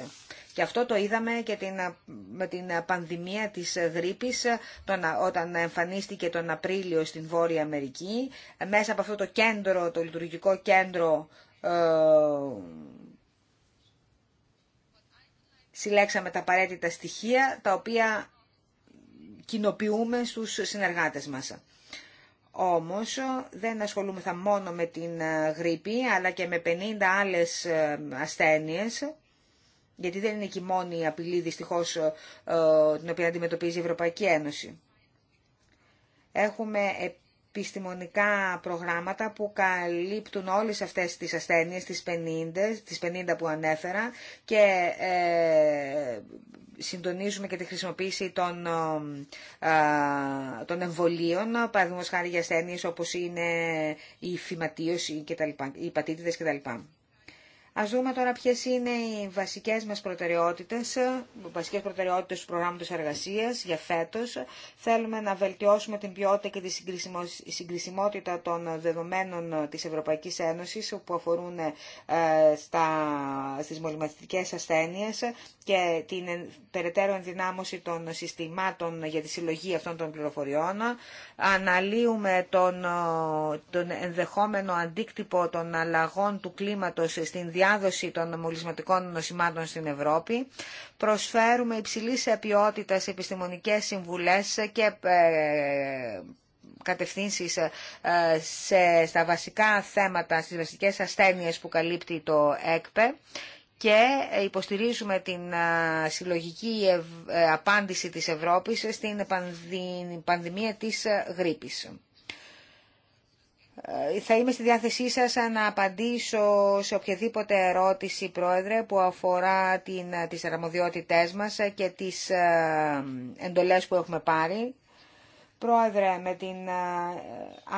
Και αυτό το είδαμε και την, με την πανδημία της γρήπης όταν εμφανίστηκε τον Απρίλιο στην Βόρεια Αμερική. Μέσα από αυτό το κέντρο, το λειτουργικό κέντρο ε, συλλέξαμε τα απαραίτητα στοιχεία τα οποία κοινοποιούμε στους συνεργάτες μας. Όμως δεν ασχολούμεθα μόνο με την ε, γρήπη αλλά και με 50 άλλες ε, ασθένειες γιατί δεν είναι και η μόνη απειλή δυστυχώς ε, την οποία αντιμετωπίζει η Ευρωπαϊκή Ένωση. Έχουμε επιστημονικά προγράμματα που καλύπτουν όλες αυτές τις ασθένειες, τις 50, τις 50 που ανέφερα και ε, συντονίζουμε και τη χρησιμοποίηση των, ε, ε, των εμβολίων, παραδείγματος χάρη για ασθένειες όπως είναι η φυματίωση, και οι πατήτηδες κτλ. Ας δούμε τώρα ποιες είναι οι βασικές μας προτεραιότητες, οι βασικές προτεραιότητες του προγράμματος εργασίας για φέτος. Θέλουμε να βελτιώσουμε την ποιότητα και τη συγκρισιμότητα των δεδομένων της Ευρωπαϊκής Ένωσης που αφορούν ε, στα, στις ασθένειε ασθένειες και την περαιτέρω ενδυνάμωση των συστημάτων για τη συλλογή αυτών των πληροφοριών. Αναλύουμε τον, τον ενδεχόμενο αντίκτυπο των αλλαγών του κλίματος στην διάρκεια διάδοση των μολυσματικών νοσημάτων στην Ευρώπη. Προσφέρουμε υψηλής επιότητας επιστημονικές συμβουλές και ε, κατευθύνσεις ε, σε, στα βασικά θέματα, στις βασικές ασθένειες που καλύπτει το ΕΚΠΕ και υποστηρίζουμε την ε, συλλογική απάντηση της Ευρώπης στην πανδημία της γρήπης. Ε, θα είμαι στη διάθεσή σας να απαντήσω σε οποιαδήποτε ερώτηση, Πρόεδρε, που αφορά την, τις αρμοδιότητές μας και τις ε, εντολές που έχουμε πάρει. Πρόεδρε, με την ε,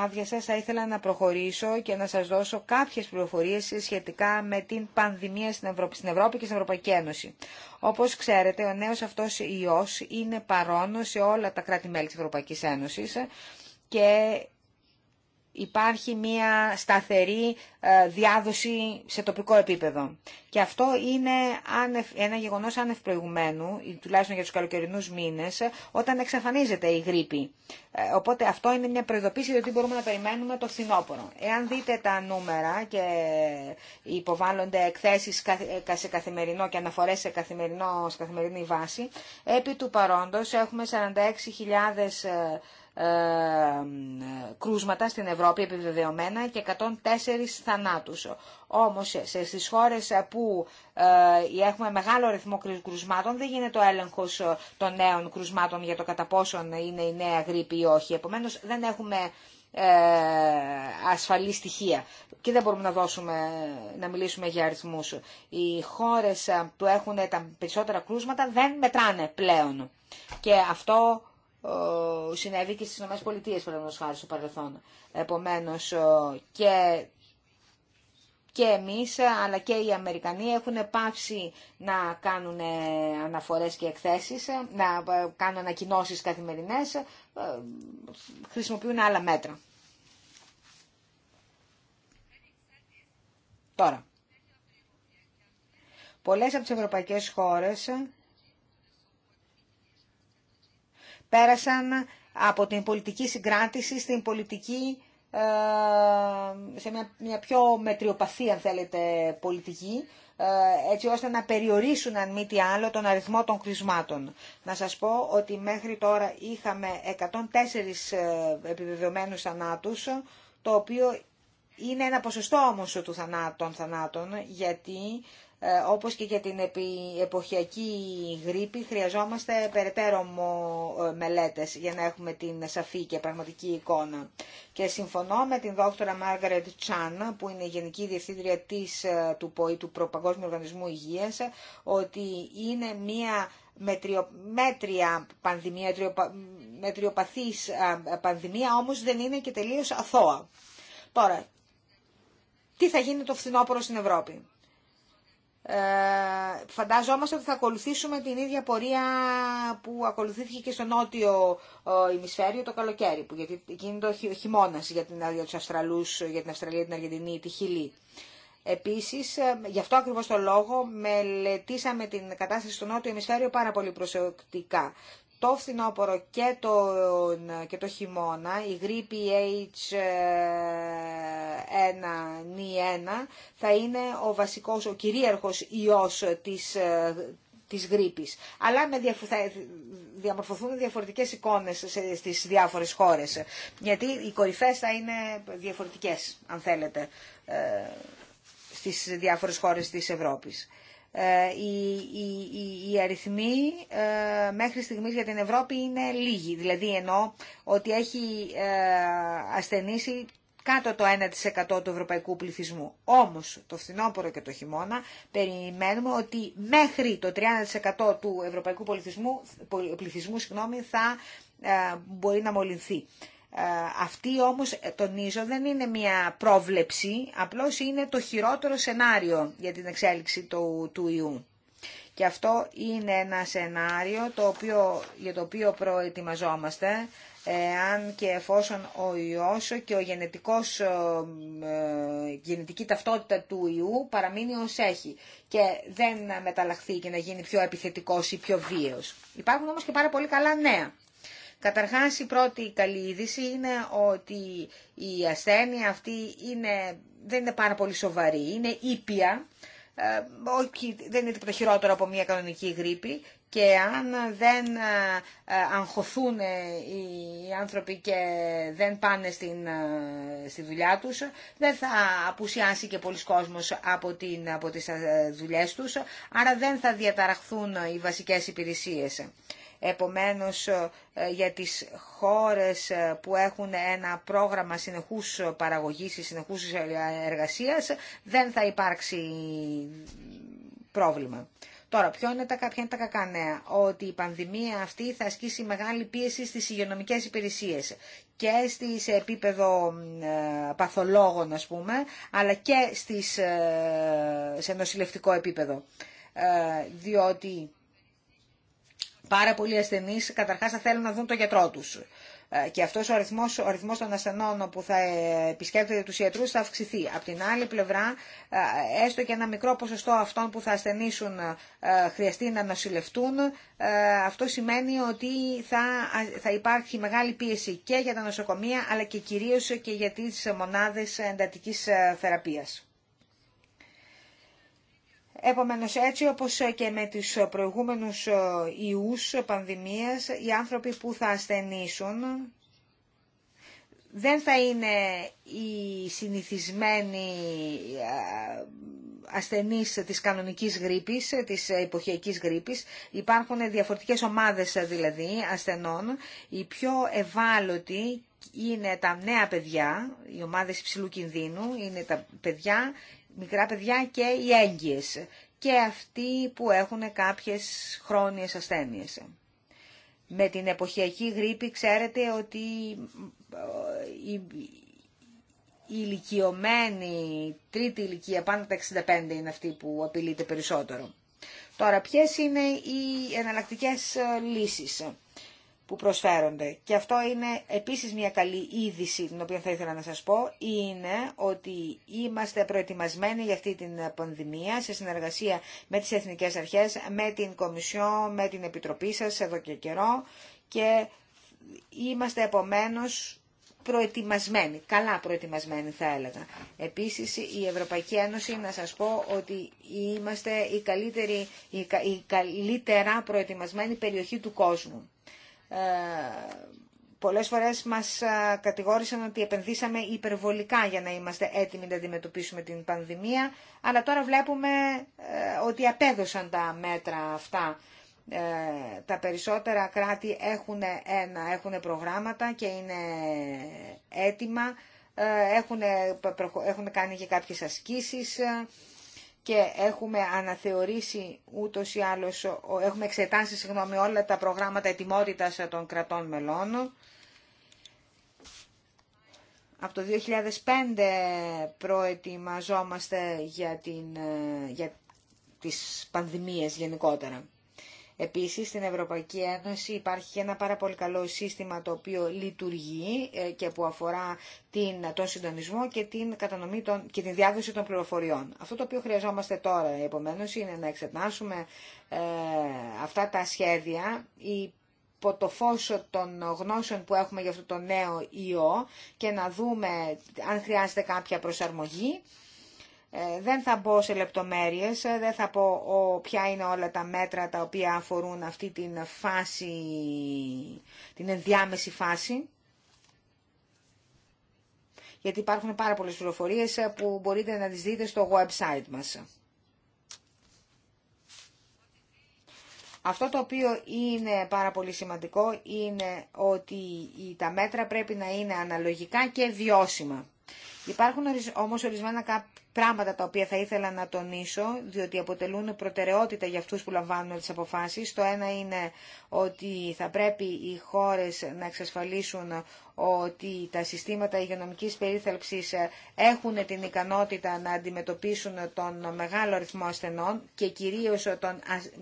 άδεια σας θα ήθελα να προχωρήσω και να σας δώσω κάποιες πληροφορίες σχετικά με την πανδημία στην Ευρώπη, στην και στην Ευρωπαϊκή Ένωση. Όπως ξέρετε, ο νέος αυτός ιός είναι παρόν σε όλα τα κράτη-μέλη της Ευρωπαϊκής Ένωσης και υπάρχει μια σταθερή ε, διάδοση σε τοπικό επίπεδο. Και αυτό είναι ένα γεγονός άνευ προηγουμένου, τουλάχιστον για τους καλοκαιρινούς μήνες, όταν εξαφανίζεται η γρήπη. Ε, οπότε αυτό είναι μια προειδοποίηση ότι μπορούμε να περιμένουμε το φθινόπωρο. Εάν δείτε τα νούμερα και υποβάλλονται εκθέσεις ε, σε καθημερινό και αναφορές σε, καθημερινή βάση, επί του παρόντος έχουμε 46.000 ε, κρούσματα στην Ευρώπη επιβεβαιωμένα και 104 θανάτους. Όμως ε, στις χώρες ε, που έχουμε μεγάλο ρυθμό κρουσμάτων δεν γίνεται ο έλεγχος των νέων κρουσμάτων για το κατά πόσον είναι η νέα γρήπη ή όχι. Επομένως δεν έχουμε ασφαλή στοιχεία και δεν μπορούμε να, δώσουμε, να μιλήσουμε για αριθμούς. Οι χώρες που έχουν τα περισσότερα κρούσματα δεν μετράνε πλέον και αυτό συνέβη και στις ΗΠΑ, παραδείγματος χάρη, στο παρελθόν. Επομένως, και και εμείς αλλά και οι Αμερικανοί έχουν πάψει να κάνουν ε, αναφορές και εκθέσεις, ε, να ε, κάνουν ανακοινώσεις καθημερινές, χρησιμοποιούν άλλα μέτρα. Τώρα, πολλές από τις ευρωπαϊκές χώρες πέρασαν από την πολιτική συγκράτηση στην πολιτική, ε, σε μια, πιο μετριοπαθή αν θέλετε πολιτική, ε, έτσι ώστε να περιορίσουν αν μη τι άλλο τον αριθμό των κρισμάτων. Να σας πω ότι μέχρι τώρα είχαμε 104 ε, επιβεβαιωμένους θανάτους, το οποίο είναι ένα ποσοστό όμως του των θανάτων, γιατί ε, όπως και για την εποχιακή γρήπη χρειαζόμαστε περαιτέρω ε, μελέτες για να έχουμε την σαφή και πραγματική εικόνα. Και συμφωνώ με την δόκτωρα Μάργαρετ Τσάν, που είναι η Γενική Διευθύντρια της, ε, του ΠΟΗ, του Παγκόσμιου Οργανισμού Υγείας, ότι είναι μια μετριο, μέτρια πανδημία, μετριοπαθής πανδημία, όμως δεν είναι και τελείως αθώα. Τώρα, τι θα γίνει το φθινόπωρο στην Ευρώπη. Ε, φαντάζομαστε ότι θα ακολουθήσουμε την ίδια πορεία που ακολουθήθηκε και στο νότιο ε, ημισφαίριο το καλοκαίρι, που γιατί εκείνη το χειμώνα για, την, για τους ε, για την Αυστραλία, την Αργεντινή, τη Χιλή. Επίσης, γι' αυτό ακριβώς το λόγο μελετήσαμε την κατάσταση στο νότιο ημισφαίριο πάρα πολύ προσεκτικά το φθινόπωρο και, το, και το χειμώνα, η γρήπη H1N1 θα είναι ο βασικός, ο κυρίαρχος ιός της, της γρήπης. Αλλά με θα διαμορφωθούν διαφορετικές εικόνες στις διάφορες χώρες. Γιατί οι κορυφές θα είναι διαφορετικές, αν θέλετε, ε, στις διάφορες χώρες της Ευρώπης. Ε, οι, οι, αριθμοί ε, μέχρι στιγμής για την Ευρώπη είναι λίγοι. Δηλαδή εννοώ ότι έχει ε, ασθενήσει κάτω το 1% του ευρωπαϊκού πληθυσμού. Όμως το φθινόπωρο και το χειμώνα περιμένουμε ότι μέχρι το 30% του ευρωπαϊκού πληθυσμού, πληθυσμού συγγνώμη, θα μπορεί να μολυνθεί. Ε, αυτή όμως, ε, τονίζω, δεν είναι μια πρόβλεψη, απλώς είναι το χειρότερο σενάριο για την εξέλιξη του, του ιού. Και αυτό είναι ένα σενάριο το οποίο, για το οποίο προετοιμαζόμαστε, ε, αν και εφόσον ο ιός και ο γενετικός, η γενετική ταυτότητα του ιού παραμείνει ως έχει και δεν μεταλλαχθεί και να γίνει πιο επιθετικός ή πιο βίαιος. Υπάρχουν όμως και πάρα πολύ καλά νέα. Καταρχάς η πρώτη καλή είδηση είναι ότι η ασθένεια αυτή είναι, δεν είναι πάρα πολύ σοβαρή, είναι ήπια, ε, όχι, δεν είναι τίποτα χειρότερο από μια κανονική γρήπη και αν δεν ε, αγχωθούν ε, οι άνθρωποι και δεν πάνε στην, στη δουλειά τους, δεν θα απουσιάσει και πολλοί κόσμος από, την, από τις δουλειές τους, άρα δεν θα διαταραχθούν οι βασικές υπηρεσίες. Επομένως, ε, για τις χώρες ε, που έχουν ένα πρόγραμμα συνεχούς παραγωγής ή συνεχούς εργασίας, δεν θα υπάρξει πρόβλημα. Τώρα, ποιο είναι τα, ποια είναι τα κακά νέα. Ότι η πανδημία αυτή θα ασκήσει μεγάλη πίεση στις υγειονομικές υπηρεσίες και στις, σε επίπεδο ε, παθολόγων, ας πούμε, αλλά και στις, ε, σε νοσηλευτικό επίπεδο. διότι Πάρα πολλοί ασθενεί, καταρχά θα θέλουν να δουν τον γιατρό του. Ε, και αυτός ο αριθμό ο των ασθενών που θα επισκέπτεται του ιατρού θα αυξηθεί. Από την άλλη πλευρά, ε, έστω και ένα μικρό ποσοστό αυτών που θα ασθενήσουν ε, χρειαστεί να νοσηλευτούν, αυτό σημαίνει ότι θα, θα υπάρχει μεγάλη πίεση και για τα νοσοκομεία, αλλά και κυρίω και για τι μονάδε εντατική θεραπείας. Επομένως, έτσι όπως και με τους προηγούμενους ε, ιούς πανδημίας, οι άνθρωποι που θα ασθενήσουν δεν θα είναι οι συνηθισμένοι ε, ασθενείς της κανονικής γρήπης, της εποχιακής γρήπης. Υπάρχουν διαφορετικές ομάδες δηλαδή ασθενών. Οι πιο ευάλωτοι είναι τα νέα παιδιά, οι ομάδες υψηλού κινδύνου, είναι τα παιδιά μικρά παιδιά και οι έγκυες και αυτοί που έχουν κάποιες χρόνιες ασθένειες. Με την εποχιακή γρήπη ξέρετε ότι η ε, ηλικιωμένη τρίτη ηλικία, πάνω από τα 65 είναι αυτή που απειλείται περισσότερο. Τώρα, ποιες είναι οι εναλλακτικές ε, λύσεις που προσφέρονται. Και αυτό είναι επίσης μια καλή είδηση την οποία θα ήθελα να σας πω, είναι ότι είμαστε προετοιμασμένοι για αυτή την πανδημία σε συνεργασία με τις Εθνικές Αρχές, με την Κομισιό, με την Επιτροπή σας εδώ και καιρό και είμαστε επομένως προετοιμασμένοι, καλά προετοιμασμένοι θα έλεγα. Επίσης η Ευρωπαϊκή Ένωση, να σας πω ότι είμαστε η, καλύτερη, η καλύτερα προετοιμασμένη περιοχή του κόσμου ε, πολλές φορές μας ε, κατηγόρησαν ότι επενδύσαμε υπερβολικά για να είμαστε έτοιμοι να αντιμετωπίσουμε την πανδημία, αλλά τώρα βλέπουμε ε, ότι απέδωσαν τα μέτρα αυτά. Τα περισσότερα κράτη έχουν, ένα, έχουν προγράμματα και είναι έτοιμα, έχουν, έχουν κάνει και κάποιες ασκήσεις, και έχουμε αναθεωρήσει ούτως ή άλλως, έχουμε εξετάσει συγγνώμη, όλα τα προγράμματα ετοιμότητας των κρατών μελών. Από το 2005 προετοιμαζόμαστε για, την, ε, για τις πανδημίες γενικότερα. Επίσης, στην Ευρωπαϊκή Ένωση υπάρχει ένα πάρα πολύ καλό σύστημα το οποίο λειτουργεί ε, και που αφορά την, τον συντονισμό και την κατανομή των, και την διάδοση των πληροφοριών. Αυτό το οποίο χρειαζόμαστε τώρα, επομένως, είναι να εξετάσουμε ε, αυτά τα σχέδια, η υπό το φως των γνώσεων που έχουμε για αυτό το νέο ιό και να δούμε αν χρειάζεται κάποια προσαρμογή ε, δεν θα μπω σε λεπτομέρειες, ε, δεν θα πω ποια είναι όλα τα μέτρα τα οποία αφορούν αυτή την φάση, την ενδιάμεση φάση. Γιατί υπάρχουν πάρα πολλές πληροφορίες ε, που μπορείτε να τις δείτε στο website μας. Αυτό το οποίο είναι πάρα πολύ σημαντικό είναι ότι τα μέτρα πρέπει να είναι αναλογικά και βιώσιμα. Υπάρχουν όμως ορισμένα πράγματα τα οποία θα ήθελα να τονίσω, διότι αποτελούν προτεραιότητα για αυτούς που λαμβάνουν τι αποφάσεις. Το ένα είναι ότι θα πρέπει οι χώρες να εξασφαλίσουν ότι τα συστήματα υγειονομική περίθαλψης ε, έχουν την ικανότητα να αντιμετωπίσουν τον μεγάλο αριθμό ασθενών και κυρίω τον,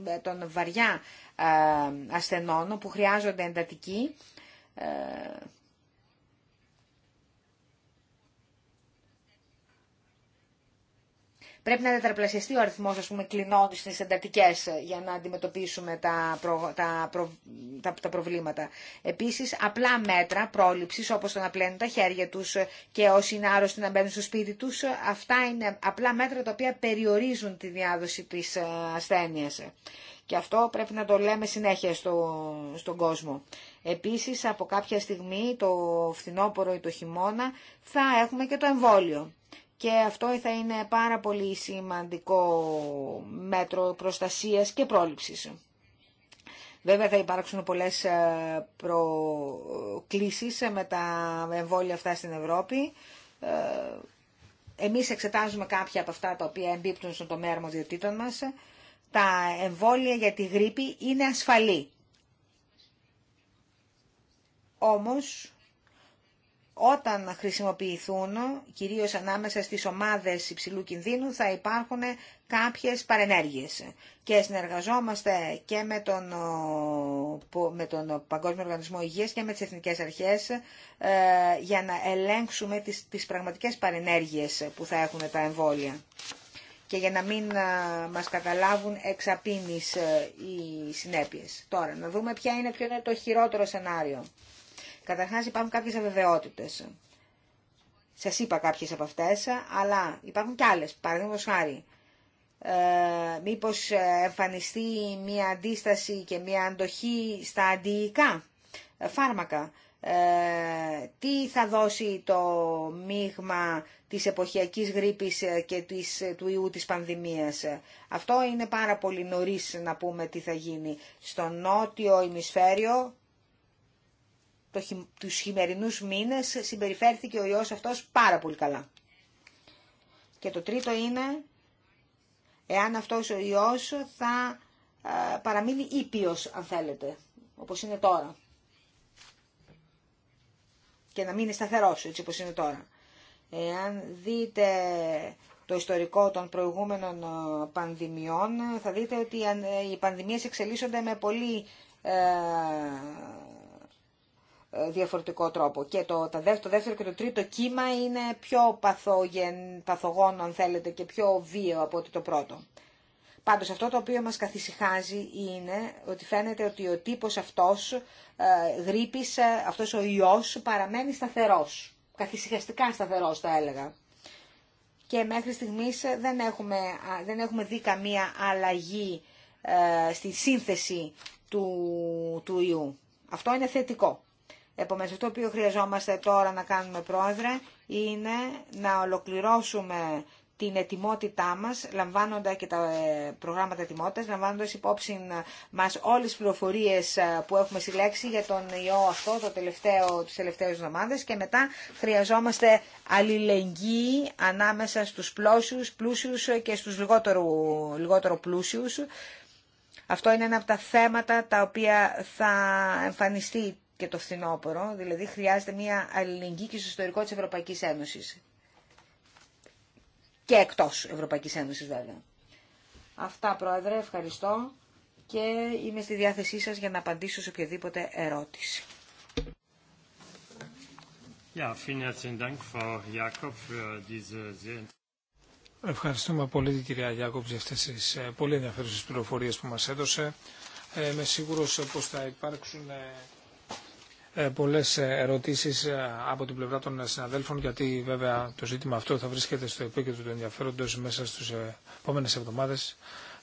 ε, τον βαριά ε, ασθενών που χρειάζονται εντατική Πρέπει να τετραπλασιαστεί ο αριθμό ας πούμε, κλινών στι εντατικέ ε, για να αντιμετωπίσουμε τα, τα, τα, τα, προβλήματα. Επίση, απλά μέτρα πρόληψη, όπω το να πλένουν τα χέρια του ε, και όσοι είναι άρρωστοι να μπαίνουν στο σπίτι του, ε, αυτά είναι απλά μέτρα τα οποία περιορίζουν τη διάδοση τη ασθένειας. Και αυτό πρέπει να το λέμε συνέχεια στο, στον κόσμο. Επίσης, από κάποια στιγμή, το φθινόπωρο ή το χειμώνα, θα έχουμε και το εμβόλιο και αυτό θα είναι πάρα πολύ σημαντικό μέτρο προστασίας και πρόληψης. Βέβαια θα υπάρξουν πολλές ε, προκλήσεις με τα εμβόλια αυτά στην Ευρώπη. Ε, εμείς εξετάζουμε κάποια από αυτά τα οποία εμπίπτουν στον τομέα αρμοδιοτήτων μας. Τα εμβόλια για τη γρήπη είναι ασφαλή. Όμως, όταν χρησιμοποιηθούν, κυρίως ανάμεσα στις ομάδες υψηλού κινδύνου, θα υπάρχουν κάποιες παρενέργειες. Και συνεργαζόμαστε και με τον, με τον Παγκόσμιο Οργανισμό Υγείας και με τις Εθνικές Αρχές ε, για να ελέγξουμε τις, τις πραγματικές παρενέργειες που θα έχουν τα εμβόλια και για να μην ε, μας καταλάβουν εξαπίνεις ε, οι συνέπειες. Τώρα, να δούμε ποια είναι, ποιο είναι το χειρότερο σενάριο. Καταρχά υπάρχουν κάποιες αβεβαιότητε. Σα είπα κάποιες από αυτές, αλλά υπάρχουν και άλλες. Παραδείγματο χάρη, ε, μήπως εμφανιστεί μια αντίσταση και μια αντοχή στα αντιϊκά φάρμακα. Ε, τι θα δώσει το μείγμα της εποχιακής γρήπης και της, του ιού της πανδημίας. Αυτό είναι πάρα πολύ νωρίς να πούμε τι θα γίνει. Στο νότιο ημισφαίριο το, τους χειμερινούς μήνες συμπεριφέρθηκε ο ιός αυτός πάρα πολύ καλά. Και το τρίτο είναι εάν αυτός ο ιός θα παραμείνει ήπιος αν θέλετε, όπως είναι τώρα. Και να μείνει σταθερός έτσι όπως είναι τώρα. Εάν δείτε το ιστορικό των προηγούμενων πανδημιών θα δείτε ότι ε, οι πανδημίες εξελίσσονται με πολύ ε, ε, διαφορετικό τρόπο. Και το, τα δεύτερο, το δεύτερο και το τρίτο κύμα είναι πιο παθογεν, παθογόνο, αν θέλετε, και πιο βίαιο από ότι το πρώτο. Πάντως αυτό το οποίο μας καθησυχάζει είναι ότι φαίνεται ότι ο τύπος αυτός ε, γρήπης, ε, αυτός ο ιός παραμένει σταθερός. Καθησυχαστικά σταθερός θα έλεγα. Και μέχρι στιγμής ε, δεν έχουμε, δεν έχουμε δει καμία αλλαγή στη σύνθεση του, του ιού. Αυτό είναι θετικό. Επομένως, αυτό που χρειαζόμαστε τώρα να κάνουμε, Πρόεδρε, είναι να ολοκληρώσουμε την ετοιμότητά μας, λαμβάνοντα και τα ε, προγράμματα ετοιμότητας, λαμβάνοντας υπόψη ε, μας όλες τις πληροφορίες ε, που έχουμε συλλέξει για τον ιό αυτό το τελευταίο, τις τελευταίες εβδομάδες και μετά χρειαζόμαστε αλληλεγγύη ανάμεσα στους πλώσιους, πλούσιους και στους λιγότερο, λιγότερο πλούσιους. Αυτό είναι ένα από τα θέματα τα οποία θα εμφανιστεί και το φθινόπωρο, δηλαδή χρειάζεται μια αλληλεγγύη και στο ιστορικό της Ευρωπαϊκής Ένωσης. Και εκτός Ευρωπαϊκής Ένωσης βέβαια. Αυτά Πρόεδρε, ευχαριστώ και είμαι στη διάθεσή σας για να απαντήσω σε οποιαδήποτε ερώτηση. Ευχαριστούμε πολύ την κυρία Γιάκοπ για αυτές τις ε, πολύ ενδιαφέρουσες πληροφορίες που μας έδωσε. Ε, είμαι σίγουρος ε, πως θα υπάρξουν ε, πολλές ε, ερωτήσεις ε, από την πλευρά των συναδέλφων γιατί βέβαια το ζήτημα αυτό θα βρίσκεται στο επίκεντρο του ενδιαφέροντος μέσα στις επόμενες εβδομάδες.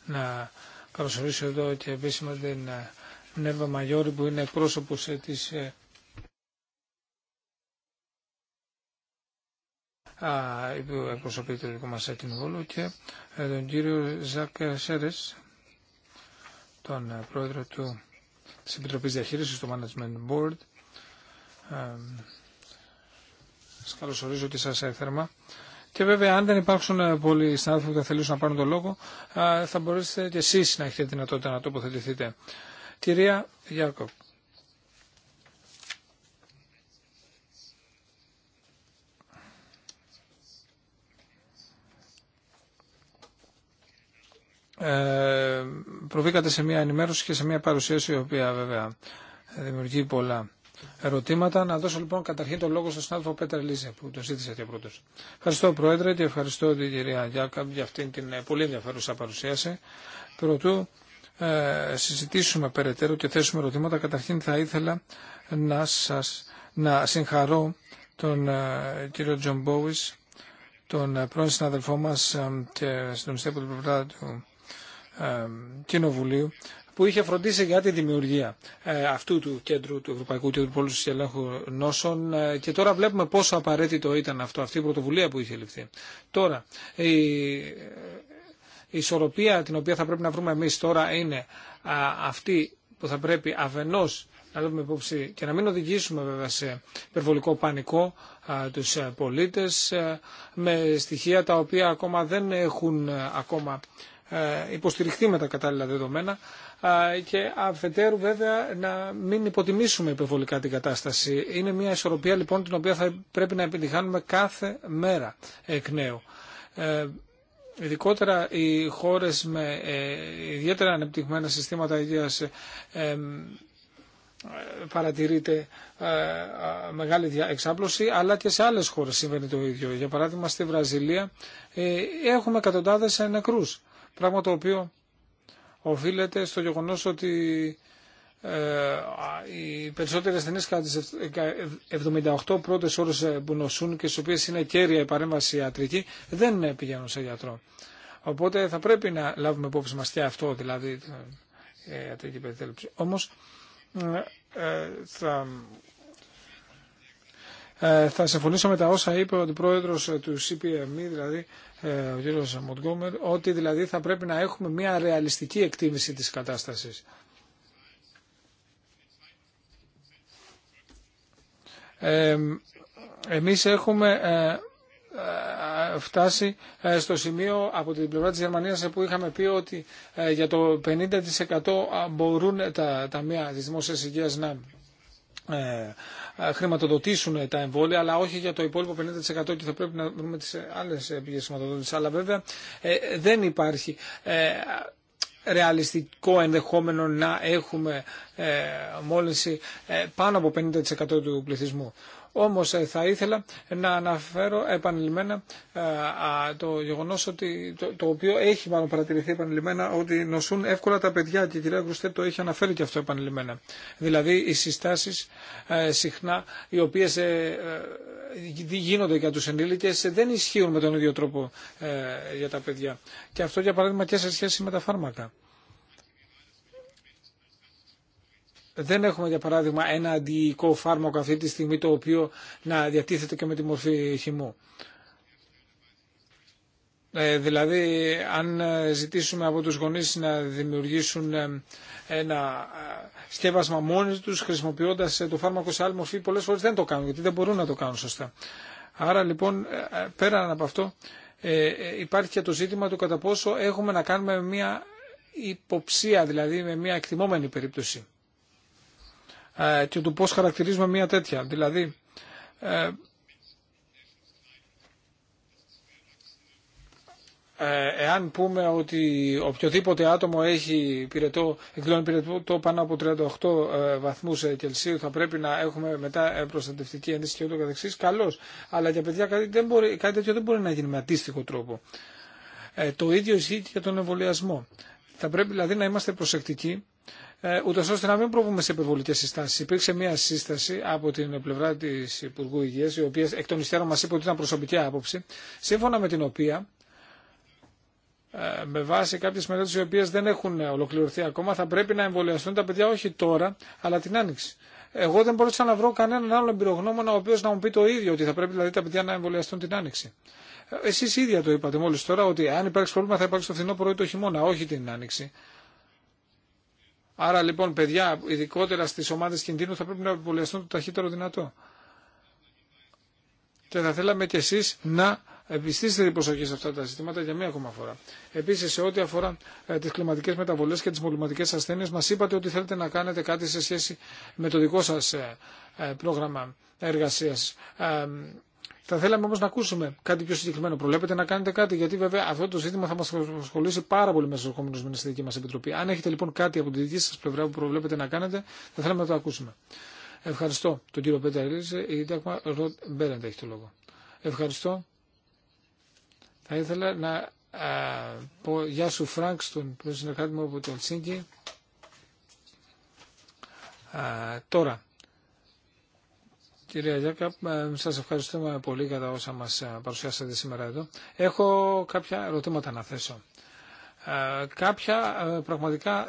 Να καλωσορίσω εδώ και επίσημα την Νέβα Μαγιόρη που είναι εκπρόσωπος της εκπροσωπεί το δικό μας και τον κύριο Ζακ Σέρες, τον πρόεδρο του της Επιτροπής Διαχείρισης του Management Board σας καλωσορίζω και σας θερμά. Και βέβαια, αν δεν υπάρξουν ε, πολλοί συνάδελφοι που θα θελήσουν να πάρουν τον λόγο, ε, θα μπορέσετε και εσείς να έχετε δυνατότητα να τοποθετηθείτε. Κυρία Γιάκοπ. Ε, προβήκατε σε μια ενημέρωση και σε μια παρουσίαση η οποία βέβαια δημιουργεί πολλά ερωτήματα. Να δώσω λοιπόν καταρχήν τον λόγο στον συνάδελφο Πέτερ Λίζε που το ζήτησε και πρώτο. Ευχαριστώ Πρόεδρε και ευχαριστώ την κυρία Γιάκαμπ για αυτήν την ε, πολύ ενδιαφέρουσα παρουσίαση. Πρωτού ε, συζητήσουμε περαιτέρω και θέσουμε ερωτήματα, καταρχήν θα ήθελα να σας να συγχαρώ τον ε, κύριο Τζον Μπόουις, τον ε, πρώην συναδελφό μα ε, και συντονιστή από την πλευρά του ε, Κοινοβουλίου που είχε φροντίσει για τη δημιουργία ε, αυτού του κέντρου, του Ευρωπαϊκού Κέντρου Πόλους και Ελέγχου Νόσων ε, και τώρα βλέπουμε πόσο απαραίτητο ήταν αυτό, αυτή η πρωτοβουλία που είχε ληφθεί. Τώρα, η ε, ισορροπία την οποία θα πρέπει να βρούμε εμείς τώρα είναι αυτή που θα πρέπει αφενός να λάβουμε υπόψη και να μην οδηγήσουμε βέβαια σε υπερβολικό πανικό α, τους πολίτες με στοιχεία τα οποία ακόμα δεν έχουν ακόμα ε, υποστηριχθεί με τα κατάλληλα δεδομένα και αφετέρου βέβαια να μην υποτιμήσουμε υπερβολικά την κατάσταση. Είναι μια ισορροπία λοιπόν την οποία θα πρέπει να επιτυχάνουμε κάθε μέρα εκ νέου. Ε, ειδικότερα οι χώρες με ε, ιδιαίτερα ανεπτυγμένα συστήματα υγείας παρατηρείται μεγάλη εξάπλωση, αλλά και σε άλλες χώρες συμβαίνει το ίδιο. Για παράδειγμα στη Βραζιλία έχουμε εκατοντάδες νεκρούς Πράγμα το οποίο οφείλεται στο γεγονός ότι ε, οι περισσότερες ασθενείς κατά τις 78 πρώτες ώρες ε, που νοσούν και στις οποίε είναι κέρια η παρέμβαση ιατρική δεν ε, πηγαίνουν σε γιατρό. Οπότε θα πρέπει να λάβουμε υπόψη μας και αυτό, δηλαδή η ιατρική ε, Όμως θα ε, θα συμφωνήσω με τα όσα είπε ο αντιπρόεδρος του CPM, e, δηλαδή ε, ο κ. Μοντγκόμερ, ότι δηλαδή θα πρέπει να έχουμε μια ρεαλιστική εκτίμηση της κατάστασης. Ε, εμείς έχουμε ε, φτάσει στο σημείο από την πλευρά της Γερμανίας που είχαμε πει ότι για το 50% μπορούν τα ταμεία της δημόσιας υγείας να ε, ε, χρηματοδοτήσουν τα εμβόλια, αλλά όχι για το υπόλοιπο 50% και θα πρέπει να δούμε τις άλλες πηγές χρηματοδότησης. Αλλά βέβαια ε, δεν υπάρχει ρεαλιστικό ενδεχόμενο να έχουμε μόλυνση πάνω από 50% του πληθυσμού. Όμως ε, θα ήθελα να αναφέρω επανειλημμένα ε, το γεγονός ότι το, οποίο έχει μάλλον παρατηρηθεί επανειλημμένα ότι νοσούν εύκολα τα παιδιά και η κυρία Γκρουστέ το έχει αναφέρει και αυτό επανειλημμένα. Δηλαδή οι συστάσεις ε, συχνά οι οποίες γίνονται για τους ενήλικες δεν ισχύουν με τον ίδιο τρόπο για τα παιδιά. Και αυτό για παράδειγμα και σε σχέση με τα φάρμακα. δεν έχουμε για παράδειγμα ένα αντιϊκό φάρμακο αυτή τη στιγμή το οποίο να διατίθεται και με τη μορφή χυμού. Ε, δηλαδή, αν ε, ζητήσουμε από τους γονείς να δημιουργήσουν ε, ένα σκεύασμα μόνοι τους χρησιμοποιώντας το φάρμακο σε άλλη μορφή, πολλές φορές δεν το κάνουν, γιατί δεν μπορούν να το κάνουν σωστά. Άρα λοιπόν, πέραν από αυτό, υπάρχει και το ζήτημα του κατά πόσο έχουμε να κάνουμε μια υποψία, δηλαδή με μια εκτιμόμενη περίπτωση. Ε, και του πώς χαρακτηρίζουμε μια τέτοια. Δηλαδή, ε, ε, εάν πούμε ότι οποιοδήποτε άτομο έχει πυρετό, εκδηλώνει πυρετό πάνω από 38 βαθμούς Κελσίου θα πρέπει να έχουμε μετά προστατευτική ένδυση και ούτω καθεξής, καλώς. Αλλά για παιδιά κάτι, δεν μπορεί, κάτι τέτοιο δεν μπορεί να γίνει με αντίστοιχο τρόπο. το ίδιο ισχύει και για τον εμβολιασμό. Θα πρέπει δηλαδή να είμαστε προσεκτικοί ε, ούτως ώστε να μην προβούμε σε υπερβολικές συστάσεις. Υπήρξε μια σύσταση από την πλευρά της Υπουργού Υγείας, η οποία εκ των υστέρων μας είπε ότι ήταν προσωπική άποψη, σύμφωνα με την οποία ε, με βάση κάποιες μελέτες οι οποίες δεν έχουν ολοκληρωθεί ακόμα θα πρέπει να εμβολιαστούν τα παιδιά όχι τώρα αλλά την άνοιξη. Εγώ δεν μπορούσα να βρω κανέναν άλλο εμπειρογνώμονα ο οποίο να μου πει το ίδιο, ότι θα πρέπει δηλαδή τα παιδιά να εμβολιαστούν την άνοιξη. Ε, Εσεί ίδια το είπατε μόλι τώρα, ότι αν υπάρξει πρόβλημα θα υπάρξει το φθινόπωρο ή το χειμώνα, όχι την άνοιξη. Άρα λοιπόν παιδιά, ειδικότερα στις ομάδες κινδύνου θα πρέπει να εμβολιαστούν το ταχύτερο δυνατό. Και θα θέλαμε κι εσείς να επιστήσετε την προσοχή σε αυτά τα ζητήματα για μία ακόμα φορά. Επίση, σε ό,τι αφορά ε, τι κλιματικέ μεταβολέ και τι μολυματικέ ασθένειε, μα είπατε ότι θέλετε να κάνετε κάτι σε σχέση με το δικό σα ε, ε, πρόγραμμα εργασία. Ε, θα θέλαμε όμω να ακούσουμε κάτι πιο συγκεκριμένο. Προλέπετε να κάνετε κάτι, γιατί βέβαια αυτό το ζήτημα θα μα ασχολήσει πάρα πολύ μέσα στου ερχόμενου μήνε στη δική μα επιτροπή. Αν έχετε λοιπόν κάτι από τη δική σα πλευρά που προβλέπετε να κάνετε, θα θέλαμε να το ακούσουμε. Ευχαριστώ τον κύριο Πέτερ Λίζε. Η ακόμα Ροτ Μπέρεντ έχει το λόγο. Ευχαριστώ. Θα ήθελα να πω γεια σου Φρανκ στον συνεργάτη μου από το Ελσίνκι. τώρα, Κυρία Γιάκα, ε, σας ευχαριστούμε πολύ για τα όσα μας ε, παρουσιάσατε σήμερα εδώ. Έχω κάποια ερωτήματα να θέσω. Ε, κάποια πραγματικά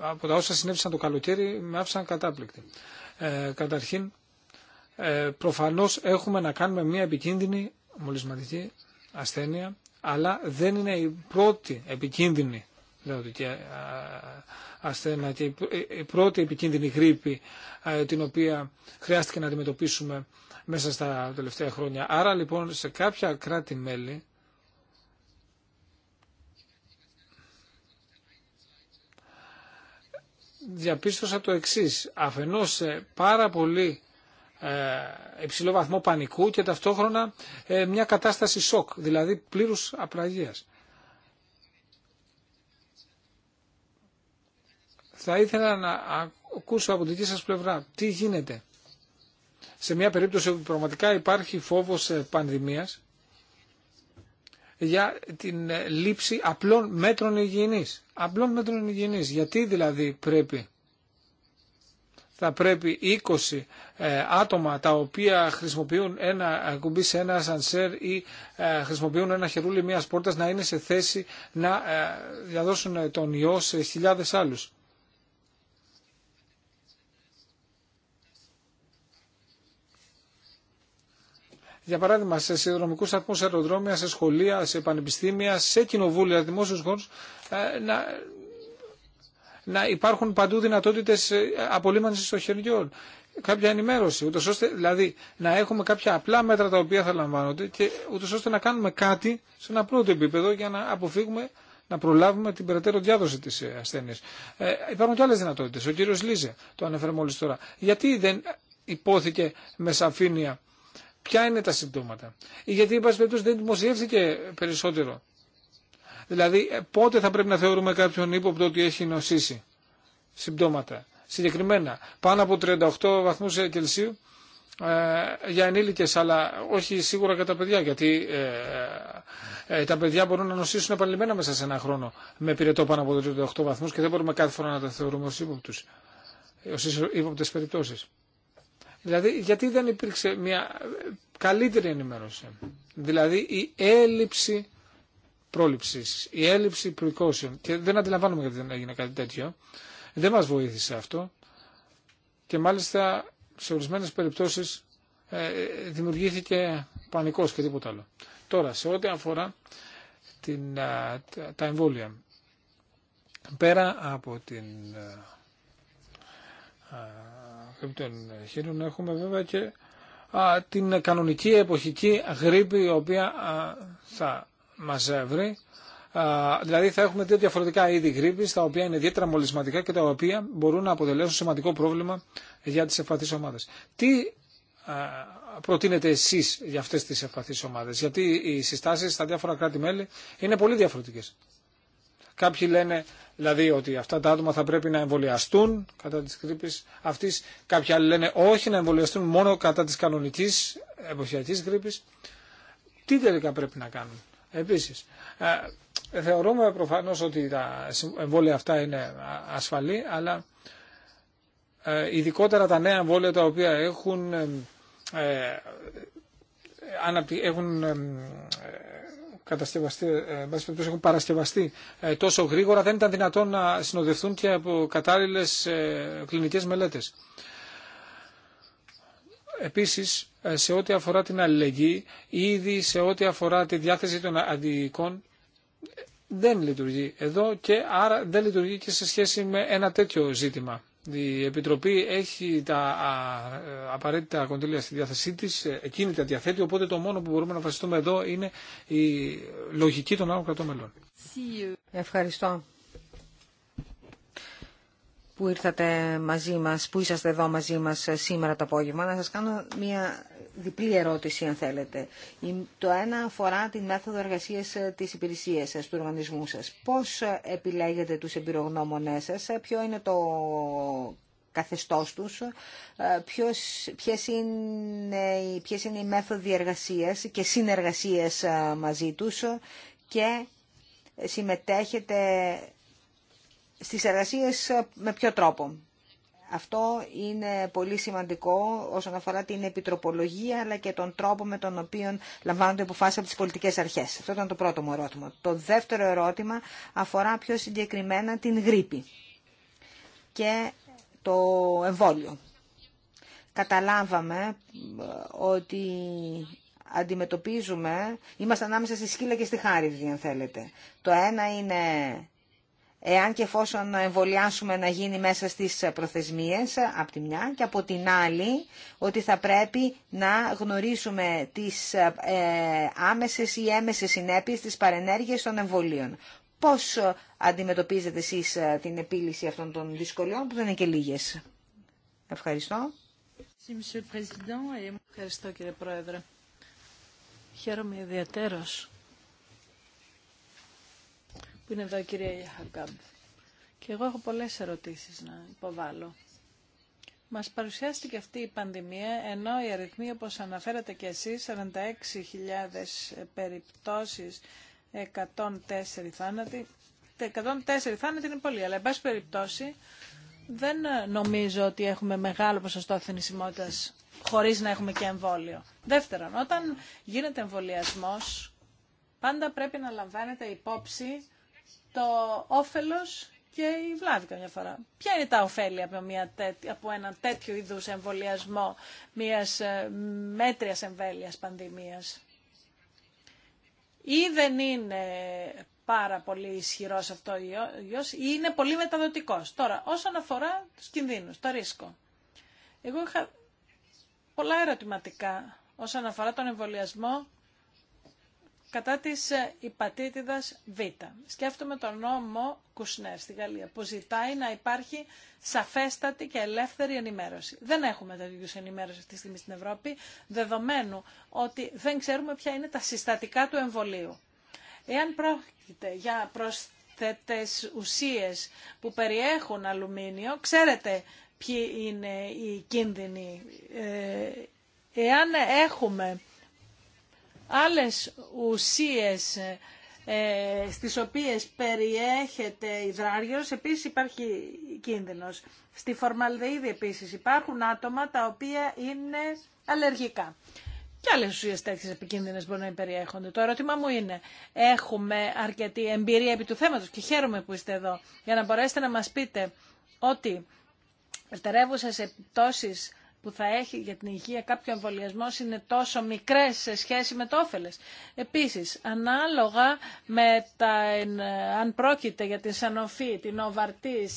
από τα όσα συνέβησαν το καλοκαίρι με άφησαν κατάπληκτη. Ε, καταρχήν, προφανώς έχουμε να κάνουμε μια επικίνδυνη μολυσματική ασθένεια, αλλά δεν είναι η πρώτη επικίνδυνη λεωδική ασθένεια και η πρώτη επικίνδυνη γρήπη την οποία χρειάστηκε να αντιμετωπίσουμε μέσα στα τελευταία χρόνια. Άρα λοιπόν σε κάποια κράτη-μέλη διαπίστωσα το εξής. Αφενός σε πάρα πολύ ε, υψηλό βαθμό πανικού και ταυτόχρονα ε, μια κατάσταση σοκ, δηλαδή πλήρους απραγίας. Θα ήθελα να ακούσω από τη δική σας πλευρά τι γίνεται. Σε μια περίπτωση όπου πραγματικά υπάρχει φόβος ε, πανδημίας για την ε, λήψη απλών μέτρων υγιεινής. Απλών μέτρων υγιεινής. Γιατί δηλαδή πρέπει θα πρέπει 20 ε, άτομα τα οποία χρησιμοποιούν ένα κουμπί σε ένα σανσέρ ή χρησιμοποιούν ένα χερούλι μιας πόρτας να είναι σε θέση να διαδώσουν τον ιό σε χιλιάδες άλλους. για παράδειγμα, σε συνδρομικού σταθμού, σε αεροδρόμια, σε σχολεία, σε πανεπιστήμια, σε κοινοβούλια, σε δημόσιου χώρου, ε, να, να υπάρχουν παντού δυνατότητε απολύμανση των χεριών. Κάποια ενημέρωση, ούτως ώστε δηλαδή να έχουμε κάποια απλά μέτρα τα οποία θα λαμβάνονται και ούτω ώστε να κάνουμε κάτι σε ένα πρώτο επίπεδο για να αποφύγουμε να προλάβουμε την περαιτέρω διάδοση τη ε, ασθένεια. Ε, υπάρχουν και άλλε δυνατότητε. Ο κύριο Λίζε το ανέφερε μόλι τώρα. Γιατί δεν υπόθηκε με σαφήνεια ποια είναι τα συμπτώματα. Γιατί, η πάση περιπτώσει, δεν δημοσιεύθηκε περισσότερο. Δηλαδή, πότε θα πρέπει να θεωρούμε κάποιον ύποπτο ότι έχει νοσήσει συμπτώματα. Συγκεκριμένα, πάνω από 38 βαθμούς Κελσίου ε, για ενήλικες, αλλά όχι σίγουρα για τα παιδιά, γιατί ε, ε, τα παιδιά μπορούν να νοσήσουν επανειλημμένα μέσα σε ένα χρόνο με πυρετό πάνω από 38 βαθμούς και δεν μπορούμε κάθε φορά να τα θεωρούμε ως ύποπτους, ως ύποπτες Δηλαδή, γιατί δεν υπήρξε μια καλύτερη ενημέρωση. Δηλαδή, η έλλειψη πρόληψης, η έλλειψη precaution. Και δεν αντιλαμβάνομαι γιατί δεν έγινε κάτι τέτοιο. Δεν μας βοήθησε αυτό. Και μάλιστα, σε ορισμένε περιπτώσεις, ε, δημιουργήθηκε πανικός και τίποτα άλλο. Τώρα, σε ό,τι αφορά την, ε, τα εμβόλια, πέρα από την ε, των χείρων έχουμε βέβαια και την κανονική εποχική γρήπη η οποία θα μας βρει. Α, δηλαδή θα έχουμε δύο διαφορετικά είδη γρήπης τα οποία είναι ιδιαίτερα μολυσματικά και τα οποία μπορούν να αποτελέσουν σημαντικό πρόβλημα για τις ευπαθείς ομάδες. Τι προτείνετε εσείς για αυτές τις ευπαθείς ομάδες, γιατί οι συστάσεις στα διάφορα κράτη-μέλη είναι πολύ διαφορετικές. Κάποιοι λένε δηλαδή ότι αυτά τα άτομα θα πρέπει να εμβολιαστούν κατά της γρήπη αυτής. Κάποιοι άλλοι λένε όχι να εμβολιαστούν μόνο κατά της κανονική εποχιακή γρήπη. Τι τελικά πρέπει να κάνουν. Επίσης, ε, θεωρούμε προφανώς ότι τα εμβόλια αυτά είναι ασφαλή, αλλά ε, ειδικότερα τα νέα εμβόλια τα οποία έχουν, ε, έχουν κατασκευαστεί, ε, έχουν παρασκευαστεί ε, τόσο γρήγορα, δεν ήταν δυνατόν να συνοδευτούν και από κατάλληλε ε, κλινικές μελέτες. Επίσης, ε, σε ό,τι αφορά την αλληλεγγύη, ήδη σε ό,τι αφορά τη διάθεση των αντιοικών, δεν λειτουργεί εδώ και άρα δεν λειτουργεί και σε σχέση με ένα τέτοιο ζήτημα η Επιτροπή έχει τα ε, απαραίτητα κονδύλια στη διάθεσή της, ε, εκείνη τα διαθέτει, οπότε το μόνο που μπορούμε να βασιστούμε εδώ είναι η λογική των άλλων κρατών μελών. Ευχαριστώ που ήρθατε μαζί μας, που είσαστε εδώ μαζί μας ε, σήμερα το απόγευμα. Να σας κάνω μια διπλή ερώτηση, αν θέλετε. Το ένα αφορά την μέθοδο εργασίας ε, της υπηρεσίας σας, του οργανισμού σας. Πώς ε, επιλέγετε τους εμπειρογνώμονές σας, ποιο είναι το καθεστώς τους, ποιος, ποιες, είναι, ποιες είναι οι μέθοδοι εργασίας και συνεργασίας μαζί τους και συμμετέχετε στις εργασίες ε, με ποιο τρόπο. Αυτό είναι πολύ σημαντικό όσον αφορά την επιτροπολογία αλλά και τον τρόπο με τον οποίο λαμβάνονται αποφάσει από τι πολιτικέ αρχέ. Αυτό ήταν το πρώτο μου ερώτημα. Το δεύτερο ερώτημα αφορά πιο συγκεκριμένα την γρήπη και το εμβόλιο. Καταλάβαμε ε, ότι αντιμετωπίζουμε, είμαστε ανάμεσα στη σκύλα και στη Χάριβη, αν θέλετε. Το ένα είναι εάν και εφόσον εμβολιάσουμε να γίνει μέσα στις προθεσμίες από τη μια και από την άλλη ότι θα πρέπει να γνωρίσουμε τις ε, άμεσες ή έμεσες συνέπειες της παρενέργειας των εμβολίων. Πώς αντιμετωπίζετε εσείς ε, την επίλυση αυτών των δυσκολιών που δεν είναι και λίγες. Ευχαριστώ. Ευχαριστώ κύριε Πρόεδρε. Χαίρομαι ιδιαίτερος που είναι εδώ η κυρία Και εγώ έχω πολλές ερωτήσεις να υποβάλω. Μας παρουσιάστηκε αυτή η πανδημία, ενώ οι αριθμοί, όπως αναφέρατε και εσείς, 46.000 περιπτώσεις, 104 θάνατοι. 104 θάνατοι είναι πολύ, αλλά εν πάση περιπτώσει δεν νομίζω ότι έχουμε μεγάλο ποσοστό θνησιμότητας χωρίς να έχουμε και εμβόλιο. Δεύτερον, όταν γίνεται εμβολιασμός, πάντα πρέπει να λαμβάνετε υπόψη το όφελος και η βλάβη καμιά φορά. Ποια είναι τα ωφέλη από, μια τέτοι, από ένα τέτοιο είδους εμβολιασμό μιας ε, μέτριας εμβέλειας πανδημίας. Ή δεν είναι πάρα πολύ ισχυρός αυτό ο ιός, ή είναι πολύ μεταδοτικός. Τώρα, όσον αφορά τους κινδύνους, το ρίσκο. Εγώ είχα πολλά ερωτηματικά όσον αφορά τον εμβολιασμό κατά της ε, υπατήτηδας Β. Σκέφτομαι τον νόμο Κουσνέρ στη Γαλλία που ζητάει να υπάρχει σαφέστατη και ελεύθερη ενημέρωση. Δεν έχουμε τέτοιου ενημέρωση αυτή τη στιγμή στην Ευρώπη, δεδομένου ότι δεν ξέρουμε ποια είναι τα συστατικά του εμβολίου. Εάν πρόκειται για προσθετές ουσίες που περιέχουν αλουμίνιο, ξέρετε ποιοι είναι οι κίνδυνοι. Ε, εάν έχουμε άλλες ουσίες ε, στις οποίες περιέχεται υδράριος, επίσης υπάρχει κίνδυνος. Στη φορμαλδεΐδη επίσης υπάρχουν άτομα τα οποία είναι αλλεργικά. Και άλλες ουσίες τέτοιες επικίνδυνες μπορεί να περιέχονται. Το ερώτημα μου είναι, έχουμε αρκετή εμπειρία επί του θέματος και χαίρομαι που είστε εδώ, για να μπορέσετε να μας πείτε ότι ελτερεύουσες επιπτώσεις που θα έχει για την υγεία κάποιο εμβολιασμό είναι τόσο μικρές σε σχέση με το όφελε. Επίσης, ανάλογα με τα, αν πρόκειται για την Σανοφή, την οβαρτή,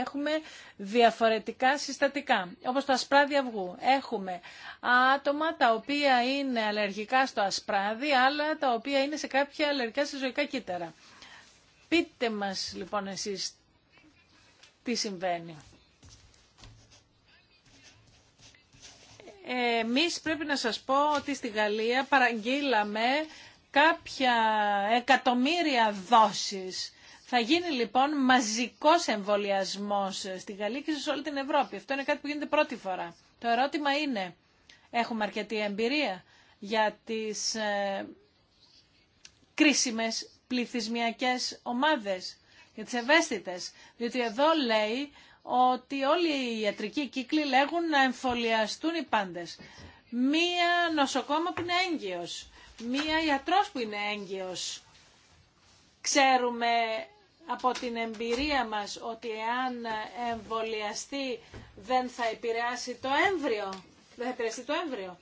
έχουμε διαφορετικά συστατικά. Όπω το ασπράδι αυγού. Έχουμε άτομα τα οποία είναι αλλεργικά στο ασπράδι, αλλά τα οποία είναι σε κάποια αλλεργικά σε ζωικά κύτταρα. Πείτε μας λοιπόν εσείς τι συμβαίνει. Εμεί πρέπει να σας πω ότι στη Γαλλία παραγγείλαμε κάποια εκατομμύρια δόσεις. Θα γίνει λοιπόν μαζικός εμβολιασμός στη Γαλλία και σε όλη την Ευρώπη. Αυτό είναι κάτι που γίνεται πρώτη φορά. Το ερώτημα είναι, έχουμε αρκετή εμπειρία για τις ε, κρίσιμες πληθυσμιακές ομάδες, για τις ευαίσθητες. Διότι εδώ λέει ότι όλοι οι ιατρικοί κύκλοι λέγουν να εμβολιαστούν οι πάντες. Μία νοσοκόμα που είναι έγκυος, μία ιατρός που είναι έγκυος. Ξέρουμε από την εμπειρία μας ότι εάν εμβολιαστεί δεν θα επηρεάσει το έμβριο. Δεν θα επηρεάσει το έμβριο.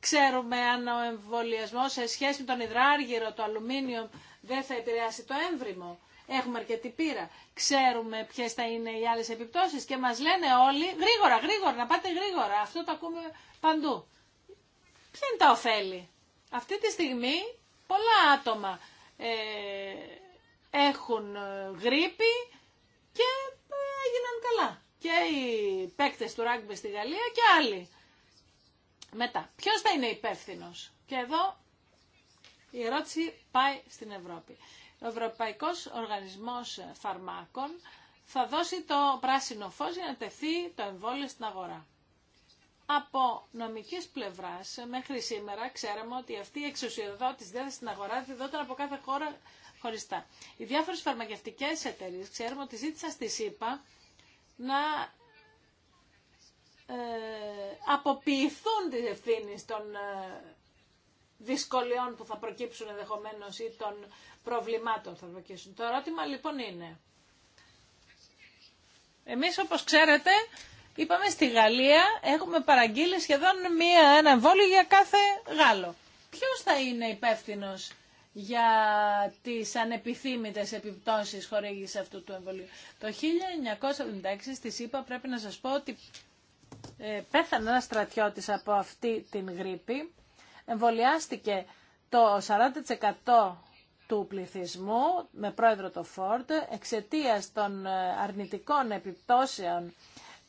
Ξέρουμε αν ο εμβολιασμός σε σχέση με τον υδράργυρο, το αλουμίνιο, δεν θα επηρεάσει το έμβριμο. Έχουμε αρκετή πείρα. Ξέρουμε ποιε θα είναι οι άλλε επιπτώσει και μα λένε όλοι γρήγορα, γρήγορα, να πάτε γρήγορα. Αυτό το ακούμε παντού. Ποια είναι τα ωφέλη. Αυτή τη στιγμή πολλά άτομα ε, έχουν ε, γρήπη και ε, έγιναν καλά. Και οι παίκτε του Ράγκμπι στη Γαλλία και άλλοι. Μετά, ποιος θα είναι υπεύθυνο. Και εδώ η ερώτηση πάει στην Ευρώπη ο Ευρωπαϊκός Οργανισμός Φαρμάκων θα δώσει το πράσινο φως για να τεθεί το εμβόλιο στην αγορά. Από νομικής πλευράς μέχρι σήμερα ξέραμε ότι αυτή η εξουσιοδότηση διάθεση στην αγορά διδόταν από κάθε χώρα χωριστά. Οι διάφορες φαρμακευτικές εταιρείες ξέρουμε ότι ζήτησαν στη ΣΥΠΑ να ε, αποποιηθούν τις ευθύνες των ε, δυσκολιών που θα προκύψουν ενδεχομένω ή των προβλημάτων θα προκύψουν. Το ερώτημα λοιπόν είναι, εμείς όπως ξέρετε είπαμε στη Γαλλία έχουμε παραγγείλει σχεδόν μία, ένα εμβόλιο για κάθε Γάλλο. Ποιος θα είναι υπεύθυνο για τις ανεπιθύμητες επιπτώσεις χορήγηση αυτού του εμβολίου. Το 1976 στη είπα πρέπει να σας πω ότι ε, πέθανε ένα στρατιώτης από αυτή την γρήπη εμβολιάστηκε το 40% του πληθυσμού με πρόεδρο το Φόρτ εξαιτίας των ε, αρνητικών επιπτώσεων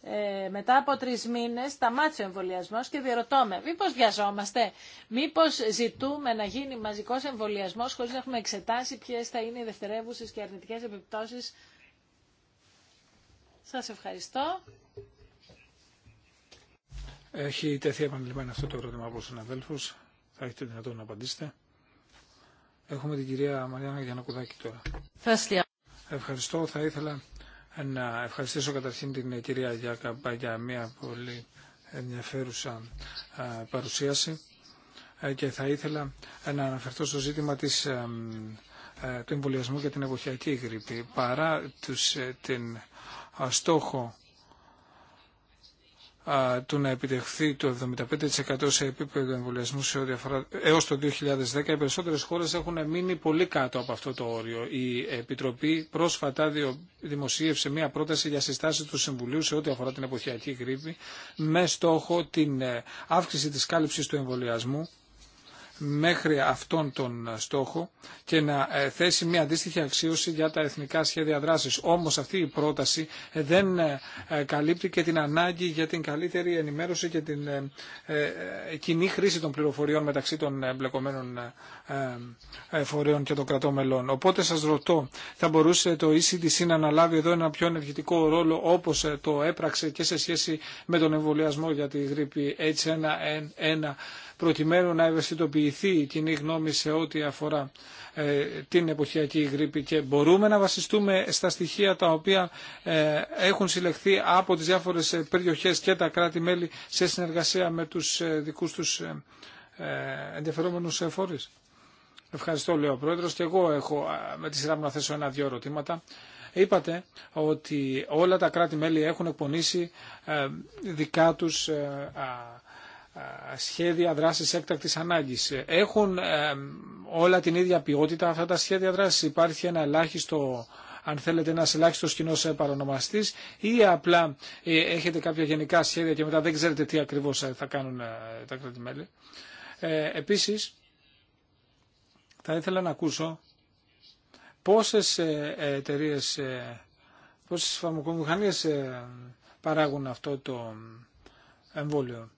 ε, μετά από τρει μήνε σταμάτησε ο εμβολιασμό και διερωτώμε. Μήπως μήπω βιαζόμαστε, μήπω ζητούμε να γίνει μαζικό εμβολιασμό χωρί να έχουμε εξετάσει ποιε θα είναι οι δευτερεύουσε και αρνητικέ επιπτώσει. Σα ευχαριστώ. Έχει τεθεί επανειλημμένα αυτό το ερώτημα από του συναδέλφου θα έχετε δυνατόν να απαντήσετε. Έχουμε την κυρία Μαριάννα Γιανακουδάκη τώρα. Ευχαριστώ. Θα ήθελα να ευχαριστήσω καταρχήν την κυρία Γιάκαμπα για μια πολύ ενδιαφέρουσα παρουσίαση ε, και θα ήθελα να αναφερθώ στο ζήτημα της, ε, του εμβολιασμού για την εποχιακή γρήπη. Παρά τους, ε, την στόχο του να επιτευχθεί το 75% σε επίπεδο εμβολιασμού σε ό,τι αφορά έως το 2010. Οι περισσότερες χώρες έχουν μείνει πολύ κάτω από αυτό το όριο. Η Επιτροπή πρόσφατα δημοσίευσε μια πρόταση για συστάσεις του Συμβουλίου σε ό,τι αφορά την εποχιακή γρήπη με στόχο την ε, αύξηση της κάλυψης του εμβολιασμού μέχρι αυτόν τον στόχο και να ε, θέσει μια αντίστοιχη αξίωση για τα εθνικά σχέδια δράσης. Όμως αυτή η πρόταση ε, δεν ε, καλύπτει και την ανάγκη για την καλύτερη ενημέρωση και την κοινή χρήση των πληροφοριών μεταξύ των εμπλεκομένων φορέων και των κρατών μελών. Οπότε σας ρωτώ, θα μπορούσε το ECDC να αναλάβει εδώ ένα πιο ενεργητικό ρόλο όπως το έπραξε και σε σχέση με τον εμβολιασμό για τη γρήπη H1N1 προκειμένου να ευαισθητοποιηθεί κοινή γνώμη σε ό,τι αφορά ε, την εποχιακή γρήπη και μπορούμε να βασιστούμε στα στοιχεία τα οποία ε, έχουν συλλεχθεί από τις διάφορες ε, περιοχές και τα κράτη-μέλη σε συνεργασία με τους δικούς τους ενδιαφερόμενους φορείς. Ευχαριστώ, λέει ο Πρόεδρος. Και εγώ έχω με τη σειρά μου να θέσω ένα-δύο ερωτήματα. Είπατε ότι όλα τα κράτη-μέλη έχουν εκπονήσει δικά τους σχέδια δράσης έκτακτης ανάγκης. Έχουν ε, όλα την ίδια ποιότητα αυτά τα σχέδια δράσης. Υπάρχει ένα ελάχιστο αν θέλετε ένα ελάχιστο κοινό ε, παρονομαστή, ή απλά ε, έχετε κάποια γενικά σχέδια και μετά δεν ξέρετε τι ακριβώς θα κάνουν τα κράτη-μέλη. Ε, Επίση, θα ήθελα να ακούσω πόσες εταιρείε, πόσες φαρμακομηχανίες παράγουν αυτό το εμβόλιο.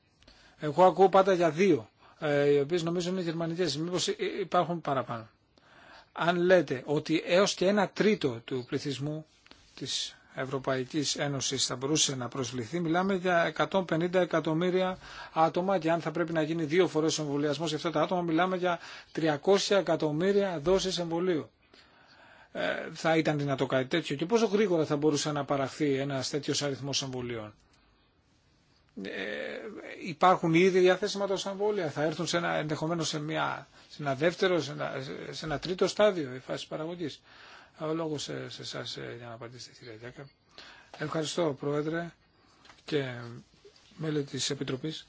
Εγώ ακούω πάντα για δύο, ε, οι οποίε νομίζω είναι γερμανικέ. Μήπω ε, υπάρχουν παραπάνω. Αν λέτε ότι έω και ένα τρίτο του πληθυσμού τη Ευρωπαϊκή Ένωση θα μπορούσε να προσβληθεί, μιλάμε για 150 εκατομμύρια άτομα και αν θα πρέπει να γίνει δύο φορέ ο εμβολιασμό για αυτά τα άτομα, μιλάμε για 300 εκατομμύρια δόσει εμβολίου ε, θα ήταν δυνατό κάτι τέτοιο και πόσο γρήγορα θα μπορούσε να παραχθεί ένα τέτοιο αριθμό εμβολίων. Ε, υπάρχουν ήδη διαθέσιμα τα εμβόλια. Θα έρθουν σε ένα, ενδεχομένως σε, μια, σε ένα δεύτερο, σε ένα, τρίτο στάδιο η φάση παραγωγής. Ο λόγος σε, σε εσάς ε, για να απαντήσετε κύριε Διάκα. Ευχαριστώ Πρόεδρε και μέλη της Επιτροπής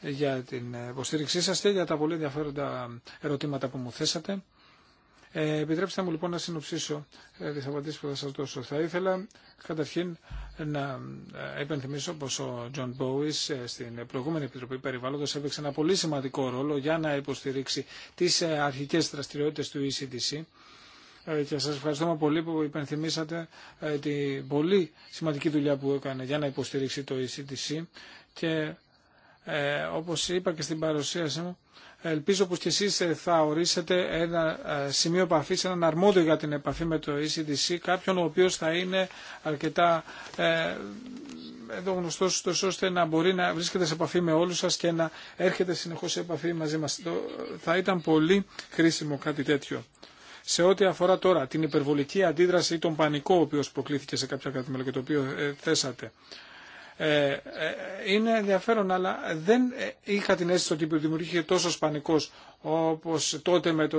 για την ε, υποστήριξή σας και για τα πολύ ενδιαφέροντα ερωτήματα που μου θέσατε. Ε, επιτρέψτε μου λοιπόν να συνοψίσω ε, τις απαντήσεις που θα σας δώσω. Θα ήθελα καταρχήν να ε, επενθυμίσω πως ο Τζον ε, στην προηγούμενη Επιτροπή Περιβάλλοντος έπαιξε ένα πολύ σημαντικό ρόλο για να υποστηρίξει τις αρχικές δραστηριότητες του ECDC και σας ευχαριστούμε πολύ που υπενθυμίσατε τη πολύ σημαντική δουλειά που έκανε για να υποστηρίξει το ECDC και ε, όπως είπα και στην παρουσίαση μου Ελπίζω πως και εσείς ε, θα ορίσετε ένα ε, σημείο επαφή, έναν αρμόδιο για την επαφή με το ECDC, κάποιον ο οποίος θα είναι αρκετά ε, εδώ γνωστός ώστε να μπορεί να βρίσκεται σε επαφή με όλους σας και να έρχεται συνεχώς σε επαφή μαζί μας. θα ήταν πολύ χρήσιμο κάτι τέτοιο. Σε ό,τι αφορά τώρα την υπερβολική αντίδραση ή τον πανικό ο οποίος προκλήθηκε σε κάποια κρατημέλη και το οποίο ε, θέσατε. Ε, ε, είναι ενδιαφέρον, αλλά δεν είχα την αίσθηση ότι δημιουργήθηκε τόσο πανικός όπως τότε με το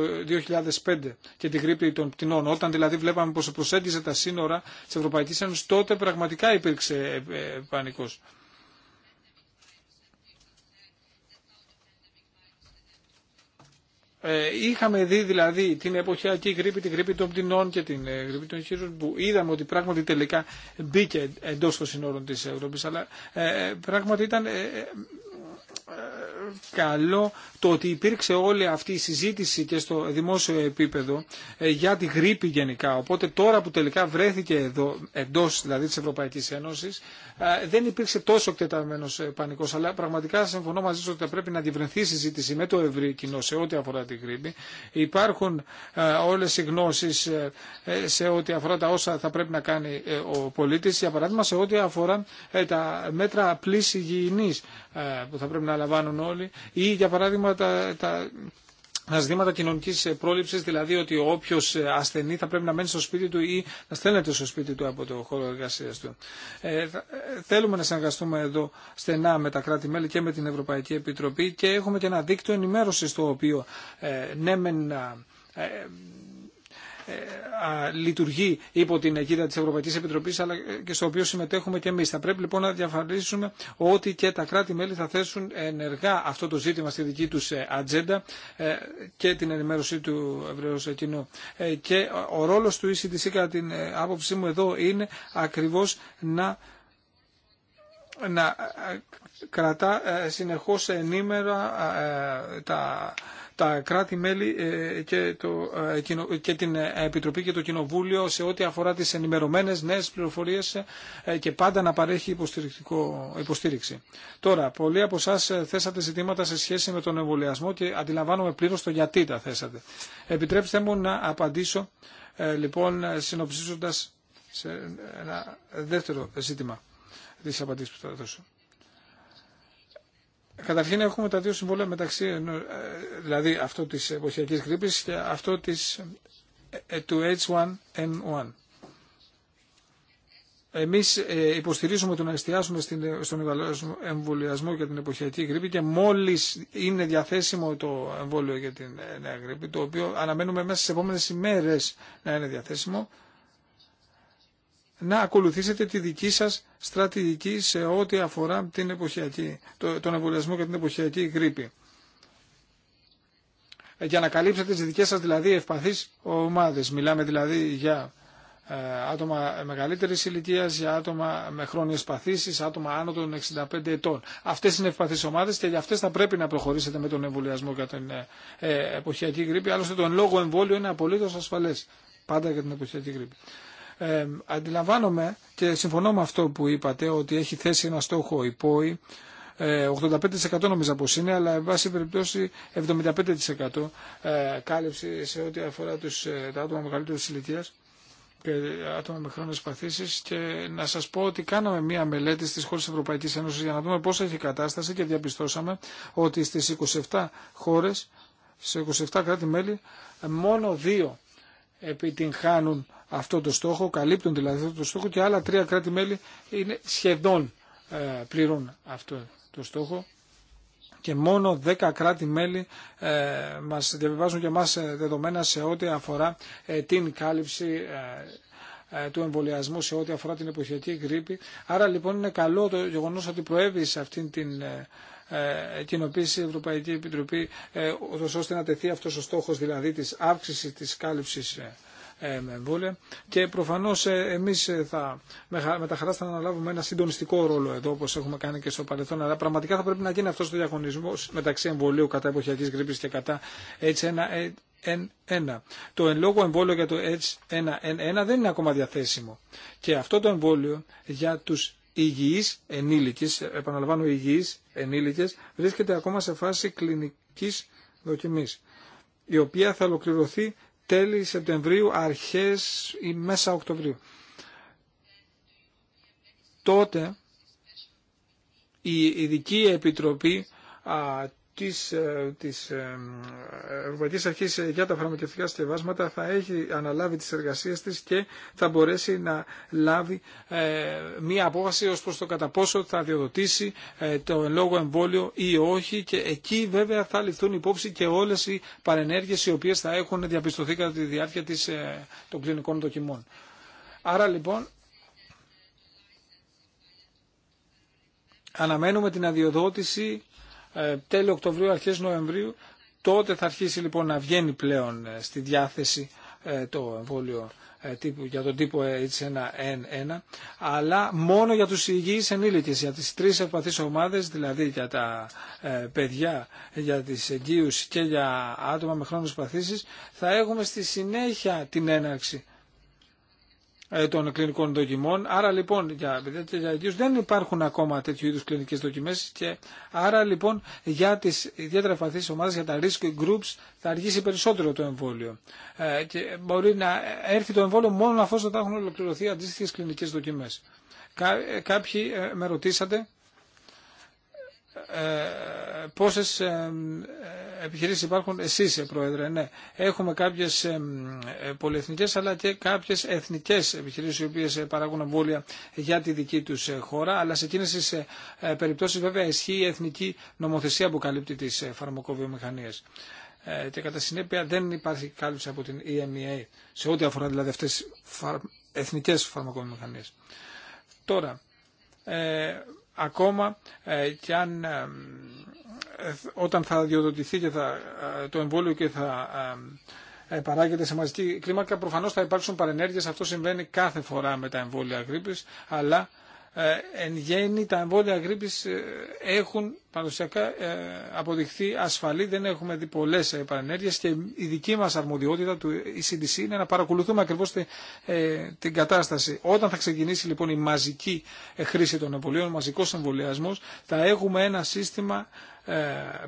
2005 και την γρήπη των πτηνών. Όταν δηλαδή βλέπαμε πως προσέγγιζε τα σύνορα τη Ευρωπαϊκή Ένωση, τότε πραγματικά υπήρξε ε, πανικό. Ε, είχαμε δει δηλαδή την εποχιακή γρήπη, την γρήπη των πτηνών και την ε, γρήπη των χείρων που είδαμε ότι πράγματι τελικά μπήκε εντός των συνόρων της Ευρώπης Αλλά ε, πράγματι ήταν καλό το ότι υπήρξε όλη αυτή η συζήτηση και στο δημόσιο επίπεδο ε, για τη γρήπη γενικά. Οπότε τώρα που τελικά βρέθηκε εδώ, εντός δηλαδή της Ευρωπαϊκής Ένωσης, ε, δεν υπήρξε τόσο εκτεταμένος ε, πανικός. Αλλά πραγματικά συμφωνώ μαζί σας ότι θα πρέπει να διευρυνθεί η συζήτηση με το ευρύ κοινό σε ό,τι αφορά τη γρήπη. Υπάρχουν όλες οι γνώσεις σε ό,τι αφορά τα όσα θα πρέπει να κάνει ο πολίτης. Για παράδειγμα σε ό,τι αφορά τα μέτρα πλήση υγιεινής που θα πρέπει πρέπει να λαμβάνουν όλοι ή για παράδειγμα τα, τα τα ζητήματα κοινωνική πρόληψη, δηλαδή ότι όποιο ασθενεί θα πρέπει να μένει στο σπίτι του ή να στέλνεται στο σπίτι του από το χώρο εργασία του. Ε, ε, θέλουμε να συνεργαστούμε εδώ στενά με τα κράτη-μέλη και με την Ευρωπαϊκή Επιτροπή και έχουμε και ένα δίκτυο ενημέρωση το οποίο ε, ναι, μεν. Ε, ε, λειτουργεί υπό την αιγύδα της Ευρωπαϊκής Επιτροπής αλλά ε, και στο οποίο συμμετέχουμε και εμείς. Θα πρέπει λοιπόν να διαφανίσουμε ότι και τα κράτη-μέλη θα θέσουν ενεργά αυτό το ζήτημα στη δική τους ε, ατζέντα και την ενημέρωσή του ευρέως Και ο ρόλος του ECDC κατά την άποψή μου εδώ είναι ακριβώς να να κρατά συνεχώς ενήμερα τα τα κράτη-μέλη ε, και, το, ε, και την ε, Επιτροπή και το Κοινοβούλιο σε ό,τι αφορά τις ενημερωμένες νέες πληροφορίες και πάντα να παρέχει υποστηρικτικό, υποστήριξη. Τώρα, πολλοί από εσά θέσατε ζητήματα σε σχέση με τον εμβολιασμό και αντιλαμβάνομαι πλήρω το γιατί τα θέσατε. Επιτρέψτε μου να απαντήσω λοιπόν συνοψίζοντας σε ένα δεύτερο ζήτημα της απαντήσης που θα δώσω. Καταρχήν έχουμε τα δύο συμβόλαια μεταξύ, ε, δηλαδή αυτό της εποχιακής γρήπης και αυτό της, ε, ε, του H1N1. Εμείς υποστηρίζουμε το να εστιάσουμε στον εμβολιασμό για την εποχιακή γρήπη και μόλις είναι διαθέσιμο το εμβόλιο για την νέα γρήπη, το οποίο αναμένουμε μέσα στις επόμενες ημέρες να είναι διαθέσιμο, να ακολουθήσετε τη δική σας στρατηγική σε ό,τι αφορά την εποχιακή, τον εμβολιασμό και την εποχιακή γρήπη. Για να καλύψετε τις δικές σας δηλαδή ευπαθείς ομάδες. Μιλάμε δηλαδή για ε, άτομα μεγαλύτερης ηλικίας, για άτομα με χρόνιες παθήσεις, άτομα άνω των 65 ετών. Αυτές είναι ευπαθείς ομάδες και για αυτές θα πρέπει να προχωρήσετε με τον εμβολιασμό για την ε, ε, εποχιακή γρήπη. Άλλωστε, τον λόγο εμβόλιο είναι απολύτω ασφαλέ. Πάντα για την εποχιακή γρήπη. Ε, αντιλαμβάνομαι και συμφωνώ με αυτό που είπατε ότι έχει θέσει ένα στόχο η 85% ε, νομίζω πως είναι, αλλά εν πάση περιπτώσει 75% ε, κάλυψη σε ό,τι αφορά τους, ε, τα άτομα μεγαλύτερης ηλικίας και άτομα με χρόνες παθήσεις και να σας πω ότι κάναμε μία μελέτη στις χώρες της Ευρωπαϊκής Ένωσης για να δούμε πώς έχει η κατάσταση και διαπιστώσαμε ότι στις 27 χώρες, σε 27 κράτη-μέλη, μόνο δύο επιτυγχάνουν αυτό το στόχο, καλύπτουν δηλαδή αυτό το στόχο και άλλα τρία κράτη-μέλη είναι σχεδόν ε, πληρούν αυτό το στόχο και μόνο 10 κράτη-μέλη ε, μας διαβιβάζουν και μας ε, δεδομένα σε ό,τι αφορά την κάλυψη του εμβολιασμού σε ό,τι αφορά την εποχιακή γρήπη. Άρα λοιπόν είναι καλό το γεγονός ότι προέβη σε αυτήν την κοινοποίηση η Ευρωπαϊκή Επιτροπή ώστε να τεθεί αυτός ο στόχος δηλαδή της αύξησης της κάλυψης εμβόλια Και προφανώ ε, εμεί ε, θα με τα χαρά θα αναλάβουμε ένα συντονιστικό ρόλο εδώ, όπω έχουμε κάνει και στο παρελθόν. Αλλά πραγματικά θα πρέπει να γίνει αυτό ο διαγωνισμό μεταξύ εμβολίου κατά εποχιακή γρήπη και κατά H1N1. Ε, το εν λόγω εμβόλιο για το H1N1 δεν είναι ακόμα διαθέσιμο. Και αυτό το εμβόλιο για του υγιεί ενήλικε, επαναλαμβάνω υγιεί ενήλικε, βρίσκεται ακόμα σε φάση κλινική δοκιμή, η οποία θα ολοκληρωθεί τέλη Σεπτεμβρίου, αρχές ή μέσα Οκτωβρίου. Τότε η Ειδική Επιτροπή της, ε, της ε, Ευρωπαϊκής Αρχής για τα φαρμακευτικά συσκευάσματα θα έχει αναλάβει τις εργασίες της και θα μπορέσει να λάβει ε, μία απόφαση ως προς το κατά πόσο θα διοδοτήσει το λόγο εμβόλιο ή όχι και εκεί βέβαια θα ληφθούν υπόψη και όλες οι παρενέργειες οι οποίες θα έχουν διαπιστωθεί κατά τη διάρκεια της, των κλινικών δοκιμών. Άρα λοιπόν αναμένουμε την αδειοδότηση ε, τέλη Οκτωβρίου, αρχές Νοεμβρίου, τότε θα αρχίσει λοιπόν να βγαίνει πλέον ε, στη διάθεση ε, το εμβόλιο τύπου, για τον τύπο H1N1, αλλά μόνο για τους υγιείς ενήλικες, για τις τρεις ευπαθείς ομάδες, δηλαδή για τα παιδιά, για τις εγγύους και για άτομα με χρόνους παθήσεις, θα έχουμε στη συνέχεια την έναρξη ε, των κλινικών δοκιμών. Άρα λοιπόν για παιδιά δεν υπάρχουν ακόμα τέτοιου είδους κλινικές δοκιμές και άρα λοιπόν για τις ιδιαίτερα φαθείς ομάδες, για τα risk groups θα αργήσει περισσότερο το εμβόλιο. Ε, και μπορεί να έρθει το εμβόλιο μόνο αφού θα έχουν ολοκληρωθεί αντίστοιχε κλινικές δοκιμές. Ε, κάποιοι με ρωτήσατε ε, επιχειρήσεις υπάρχουν εσείς ε, Πρόεδρε, ναι. Έχουμε κάποιες ε, πολυεθνικές αλλά και κάποιες εθνικές επιχειρήσεις οι οποίες ε, παράγουν εμβόλια για τη δική τους χώρα αλλά σε εκείνες τις περιπτώσεις βέβαια ισχύει η εθνική νομοθεσία που καλύπτει τις φαρμακοβιομηχανίες και κατά συνέπεια δεν υπάρχει κάλυψη από την EMEA σε ό,τι αφορά δηλαδή αυτές τις εθνικές φαρμακοβιομηχανίες. Τώρα, ακόμα ε, και αν ε, ε, όταν θα διοδοτηθεί και θα, το εμβόλιο και θα παράγεται σε μαζική κλίμακα, προφανώς θα υπάρξουν παρενέργειες. Αυτό συμβαίνει κάθε φορά με τα εμβόλια γρήπης. αλλά ε, εν γέννη τα εμβόλια γρήπης ε, έχουν παρουσιακά ε, αποδειχθεί ασφαλή, δεν έχουμε δει πολλές επανενέργειες και η δική μας αρμοδιότητα του ECDC είναι να παρακολουθούμε ακριβώς την κατάσταση. Όταν θα ξεκινήσει λοιπόν η μαζική χρήση των εμβολίων, ο μαζικός εμβολιασμός, θα έχουμε ένα σύστημα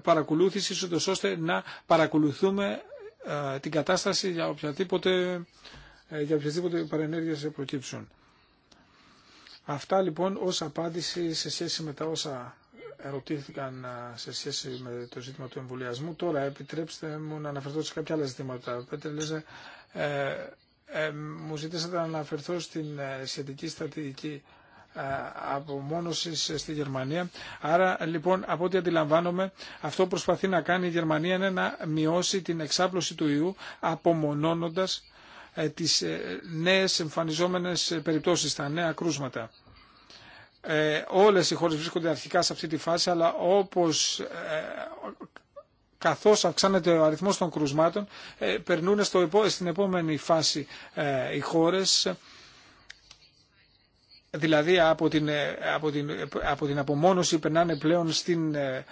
παρακολούθησης ώστε να παρακολουθούμε την κατάσταση για οποιαδήποτε, για οποιαδήποτε παρενέργειες προκύψουν. Αυτά λοιπόν ως απάντηση σε σχέση με τα όσα ερωτήθηκαν σε σχέση με το ζήτημα του εμβολιασμού. Τώρα επιτρέψτε μου να αναφερθώ σε κάποια άλλα ζητήματα. Πέτρε ε, ε, μου ζήτησατε να αναφερθώ στην ε, σχετική στρατηγική ε, απομόνωση στη Γερμανία. Άρα λοιπόν από ό,τι αντιλαμβάνομαι αυτό προσπαθεί να κάνει η Γερμανία είναι να μειώσει την εξάπλωση του ιού απομονώνοντας ε, τις ε, νέες εμφανιζόμενες ε, περιπτώσεις, τα νέα κρούσματα. Ε, όλες οι χώρες βρίσκονται αρχικά σε αυτή τη φάση, αλλά όπως ε, καθώς αυξάνεται ο αριθμός των κρουσμάτων, ε, περνούν στο, στην επόμενη φάση οι χώρες δηλαδή από την, ε, από την, ε, από την απομόνωση περνάνε πλέον στην, ε,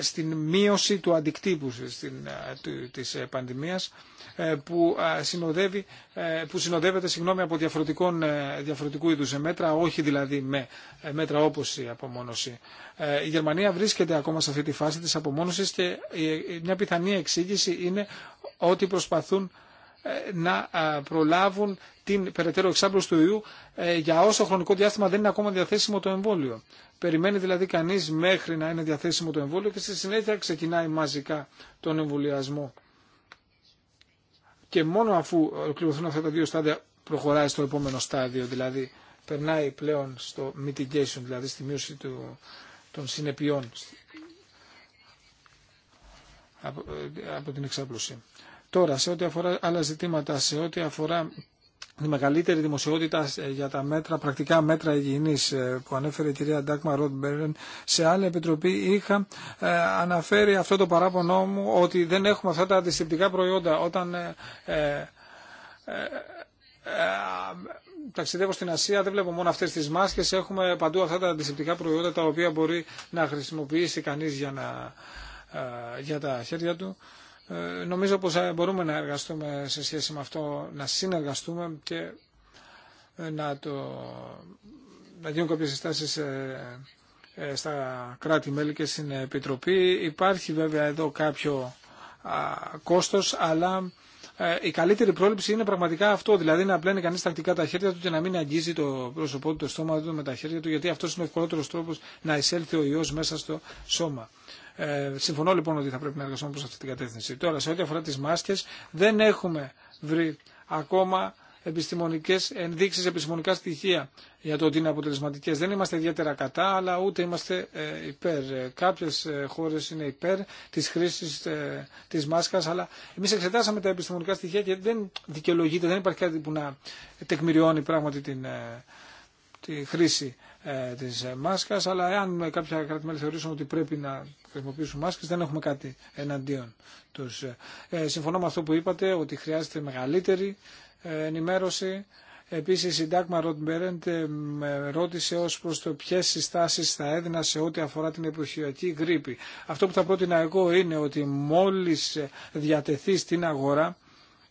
στην μείωση του αντικτύπου στην, της πανδημίας που, συνοδεύει, που συνοδεύεται συγγνώμη, από διαφορετικών, διαφορετικού είδους μέτρα, όχι δηλαδή με μέτρα όπως η απομόνωση. Η Γερμανία βρίσκεται ακόμα σε αυτή τη φάση της απομόνωσης και μια πιθανή εξήγηση είναι ότι προσπαθούν ε, να προλάβουν την περαιτέρω εξάπλωση του ιού ε, για όσο χρονικό διάστημα δεν είναι ακόμα διαθέσιμο το εμβόλιο. Περιμένει δηλαδή κανείς μέχρι να είναι διαθέσιμο το εμβόλιο και στη συνέχεια ξεκινάει μαζικά τον εμβολιασμό. Και μόνο αφού ολοκληρωθούν αυτά τα δύο στάδια προχωράει στο επόμενο στάδιο, δηλαδή περνάει πλέον στο mitigation, δηλαδή στη μείωση του, των συνεπειών από, ε, από την εξάπλωση. Τώρα, σε ό,τι αφορά άλλα ζητήματα, σε ό,τι αφορά τη μεγαλύτερη δημοσιότητα ε, για τα μέτρα, πρακτικά μέτρα υγιεινής ε, που ανέφερε η κυρία Ντάκμα Μπέρεν σε άλλη επιτροπή είχα ε, αναφέρει αυτό το παράπονό μου ότι δεν έχουμε αυτά τα αντισηπτικά προϊόντα όταν ε, ε, ταξιδεύω στην Ασία, δεν βλέπω μόνο αυτές τις μάσκες, έχουμε παντού αυτά τα αντισηπτικά προϊόντα τα οποία μπορεί να χρησιμοποιήσει κανείς για, για τα χέρια του. Ε, νομίζω πως ε, μπορούμε να εργαστούμε σε σχέση με αυτό, να συνεργαστούμε και ε, να, το, να γίνουν κάποιες συστάσεις στα κράτη-μέλη και στην Επιτροπή. Υπάρχει βέβαια εδώ κάποιο κόστος, αλλά η καλύτερη πρόληψη είναι πραγματικά αυτό, δηλαδή να πλένει κανείς τακτικά τα χέρια του και να μην αγγίζει το πρόσωπό του, το στόμα του με τα χέρια του, γιατί αυτός είναι ο ευκολότερος τρόπος να εισέλθει ο ιός μέσα στο σώμα. Ε, συμφωνώ λοιπόν ότι θα πρέπει να εργαστούμε προ αυτή την κατεύθυνση. Τώρα, σε ό,τι αφορά τι μάσκες, δεν έχουμε βρει ακόμα επιστημονικέ ενδείξει επιστημονικά στοιχεία για το ότι είναι αποτελεσματικέ. Δεν είμαστε ιδιαίτερα κατά, αλλά ούτε είμαστε ε, υπέρ. Ε, κάποιες ε, χώρε είναι υπέρ της χρήσης τη μάσκα, αλλά εμεί εξετάσαμε τα επιστημονικά στοιχεία και δεν δικαιολογείται, δεν υπάρχει κάτι που να τεκμηριώνει πράγματι την, τη χρήση της μάσκας, αλλά εάν κάποια θεωρήσουν ότι πρέπει να χρησιμοποιήσουν μάσκες, δεν έχουμε κάτι εναντίον τους. Ε, συμφωνώ με αυτό που είπατε, ότι χρειάζεται μεγαλύτερη ε, ενημέρωση. Επίσης η Ντάκμα Ροντμπέρεντ με ρώτησε ως προς το ποιες συστάσεις θα έδινα σε ό,τι αφορά την εποχιακή γρήπη. Αυτό που θα πρότεινα εγώ είναι ότι μόλις διατεθεί στην αγορά